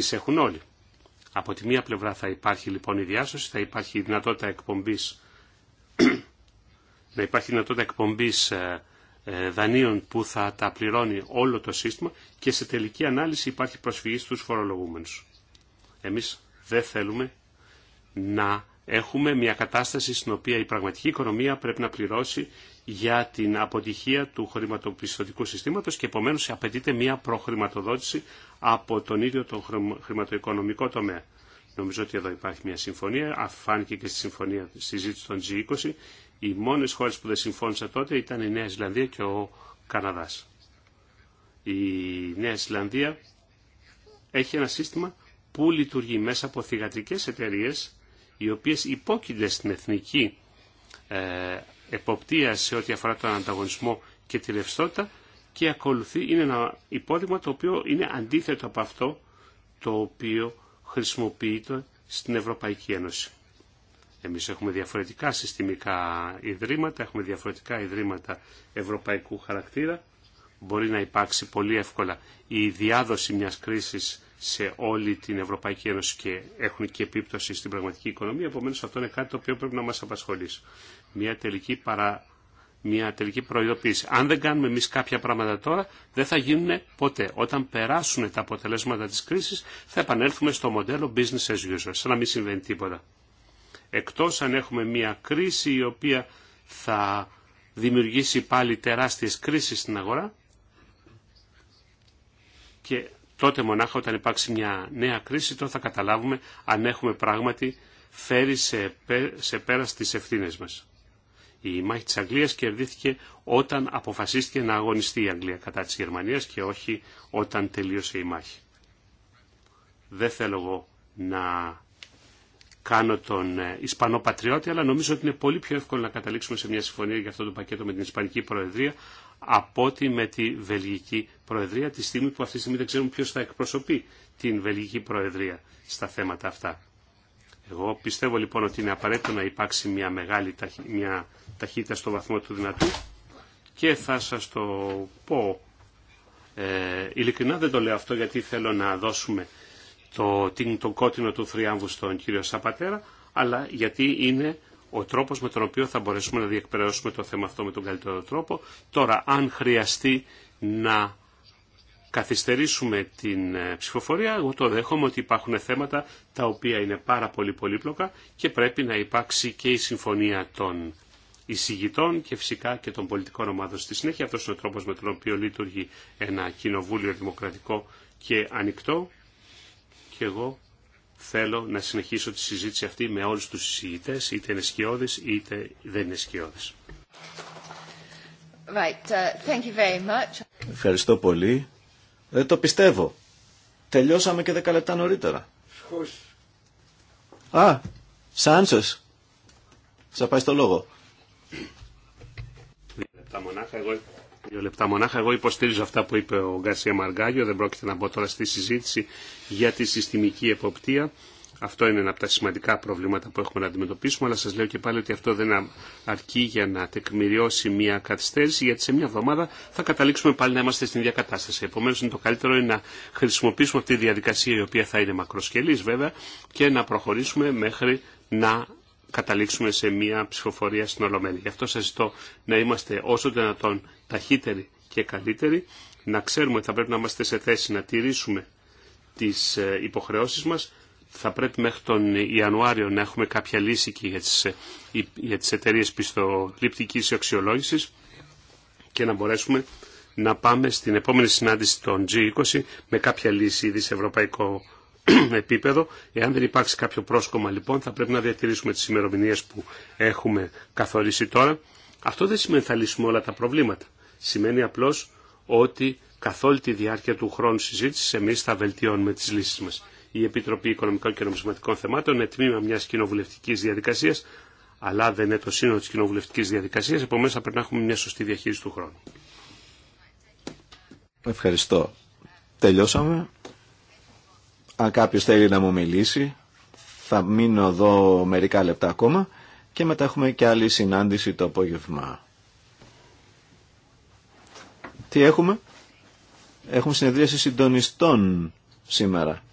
S2: τις έχουν όλοι. Από τη μία πλευρά θα υπάρχει λοιπόν η διάσωση, θα υπάρχει η δυνατότητα εκπομπής, [CLEARS THROAT] να υπάρχει δυνατότητα εκπομπής ε, ε, δανείων που θα τα πληρώνει όλο το σύστημα και σε τελική ανάλυση υπάρχει προσφυγή στους φορολογούμενους. Εμείς δεν θέλουμε να έχουμε μια κατάσταση στην οποία η πραγματική οικονομία πρέπει να πληρώσει για την αποτυχία του χρηματοπιστωτικού συστήματος και επομένως απαιτείται μια προχρηματοδότηση από τον ίδιο τον χρηματοοικονομικό τομέα. Νομίζω ότι εδώ υπάρχει μια συμφωνία, αφάνηκε και στη συμφωνία στη συζήτηση των G20. Οι μόνες χώρες που δεν συμφώνησαν τότε ήταν η Νέα Ισλανδία και ο Καναδάς. Η Νέα Ισλανδία έχει ένα σύστημα που λειτουργεί μέσα από θηγατρικές εταιρείε, οι οποίες υπόκεινται στην εθνική ε, εποπτεία σε ό,τι αφορά τον ανταγωνισμό και τη ρευστότητα και ακολουθεί είναι ένα υπόδειγμα το οποίο είναι αντίθετο από αυτό το οποίο χρησιμοποιείται στην Ευρωπαϊκή Ένωση. Εμείς έχουμε διαφορετικά συστημικά ιδρύματα, έχουμε διαφορετικά ιδρύματα ευρωπαϊκού χαρακτήρα. Μπορεί να υπάρξει πολύ εύκολα η διάδοση μιας κρίσης σε όλη την Ευρωπαϊκή Ένωση και έχουν και επίπτωση στην πραγματική οικονομία. Επομένω, αυτό είναι κάτι το οποίο πρέπει να μας απασχολήσει. Μια τελική παρα μια τελική προειδοποίηση. Αν δεν κάνουμε εμεί κάποια πράγματα τώρα, δεν θα γίνουν ποτέ. Όταν περάσουν τα αποτελέσματα τη κρίση, θα επανέλθουμε στο μοντέλο business as usual, σαν να μην συμβαίνει τίποτα. Εκτό αν έχουμε μια κρίση η οποία θα δημιουργήσει πάλι τεράστιες κρίσεις στην αγορά και τότε μονάχα όταν υπάρξει μια νέα κρίση τότε θα καταλάβουμε αν έχουμε πράγματι φέρει σε, πέρα στις ευθύνες μας. Η μάχη της Αγγλίας κερδίθηκε όταν αποφασίστηκε να αγωνιστεί η Αγγλία κατά της Γερμανίας και όχι όταν τελείωσε η μάχη. Δεν θέλω εγώ να κάνω τον ε, Ισπανό πατριώτη, αλλά νομίζω ότι είναι πολύ πιο εύκολο να καταλήξουμε σε μια συμφωνία για αυτό το πακέτο με την Ισπανική Προεδρία από ότι με τη Βελγική Προεδρία, τη στιγμή που αυτή τη στιγμή δεν ξέρουμε ποιο θα εκπροσωπεί την Βελγική Προεδρία στα θέματα αυτά. Εγώ πιστεύω λοιπόν ότι είναι απαραίτητο να υπάρξει μια μεγάλη μια ταχύτητα στο βαθμό του δυνατού και θα σας το πω ε, ειλικρινά δεν το λέω αυτό γιατί θέλω να δώσουμε το, την, τον κότεινο του θριάμβου στον κύριο Σαπατέρα αλλά γιατί είναι ο τρόπος με τον οποίο θα μπορέσουμε να διεκπαιρεώσουμε το θέμα αυτό με τον καλύτερο τρόπο. Τώρα αν χρειαστεί να καθυστερήσουμε την ε, ψηφοφορία, εγώ το δέχομαι ότι υπάρχουν θέματα τα οποία είναι πάρα πολύ πολύπλοκα και πρέπει να υπάρξει και η συμφωνία των εισηγητών και φυσικά και των πολιτικών ομάδων στη συνέχεια. Αυτός είναι ο τρόπος με τον οποίο λειτουργεί ένα κοινοβούλιο δημοκρατικό και ανοιχτό. Και εγώ θέλω να συνεχίσω τη συζήτηση αυτή με όλους τους εισηγητές είτε είναι σκιώδες είτε δεν είναι σκιώδες.
S3: Uh, thank you very much.
S4: Ευχαριστώ πολύ. Δεν το πιστεύω. Τελειώσαμε και δέκα λεπτά νωρίτερα. Α, σανσός. Θα πάει στο
S2: λόγο. Δύο λεπτά μονάχα εγώ. Δύο λεπτά μονάχα. Εγώ υποστήριζω αυτά που είπε ο Γκαρσία Μαργκάγιο. Δεν πρόκειται να μπω τώρα στη συζήτηση για τη συστημική εποπτεία. Αυτό είναι ένα από τα σημαντικά προβλήματα που έχουμε να αντιμετωπίσουμε, αλλά σας λέω και πάλι ότι αυτό δεν αρκεί για να τεκμηριώσει μια καθυστέρηση, γιατί σε μια εβδομάδα θα καταλήξουμε πάλι να είμαστε στην ίδια κατάσταση. Επομένως, είναι το καλύτερο είναι να χρησιμοποιήσουμε αυτή τη διαδικασία, η οποία θα είναι μακροσκελής βέβαια, και να προχωρήσουμε μέχρι να καταλήξουμε σε μια ψηφοφορία στην Γι' αυτό σας ζητώ να είμαστε όσο δυνατόν ταχύτεροι και καλύτεροι, να ξέρουμε ότι θα πρέπει να είμαστε σε θέση να τηρήσουμε τις ε, υποχρεώσεις μας θα πρέπει μέχρι τον Ιανουάριο να έχουμε κάποια λύση και για τις, για τις εταιρείες πιστοληπτικής αξιολόγησης και να μπορέσουμε να πάμε στην επόμενη συνάντηση των G20 με κάποια λύση ήδη σε ευρωπαϊκό [CLEARS THROAT] επίπεδο. Εάν δεν υπάρξει κάποιο πρόσκομα λοιπόν θα πρέπει να διατηρήσουμε τις ημερομηνίε που έχουμε καθορίσει τώρα. Αυτό δεν σημαίνει θα λύσουμε όλα τα προβλήματα. Σημαίνει απλώς ότι καθ' όλη τη διάρκεια του χρόνου συζήτησης εμείς θα βελτιώνουμε τις λύσεις μας η Επιτροπή Οικονομικών και Νομισματικών Θεμάτων είναι τμήμα μια κοινοβουλευτική διαδικασία, αλλά δεν είναι το σύνολο τη κοινοβουλευτική διαδικασία επομένω θα πρέπει να έχουμε μια σωστή διαχείριση του χρόνου.
S4: Ευχαριστώ. Τελειώσαμε. Αν κάποιο θέλει να μου μιλήσει, θα μείνω εδώ μερικά λεπτά ακόμα και μετά έχουμε και άλλη συνάντηση το απόγευμα. Τι έχουμε? Έχουμε συνεδρίαση συντονιστών σήμερα.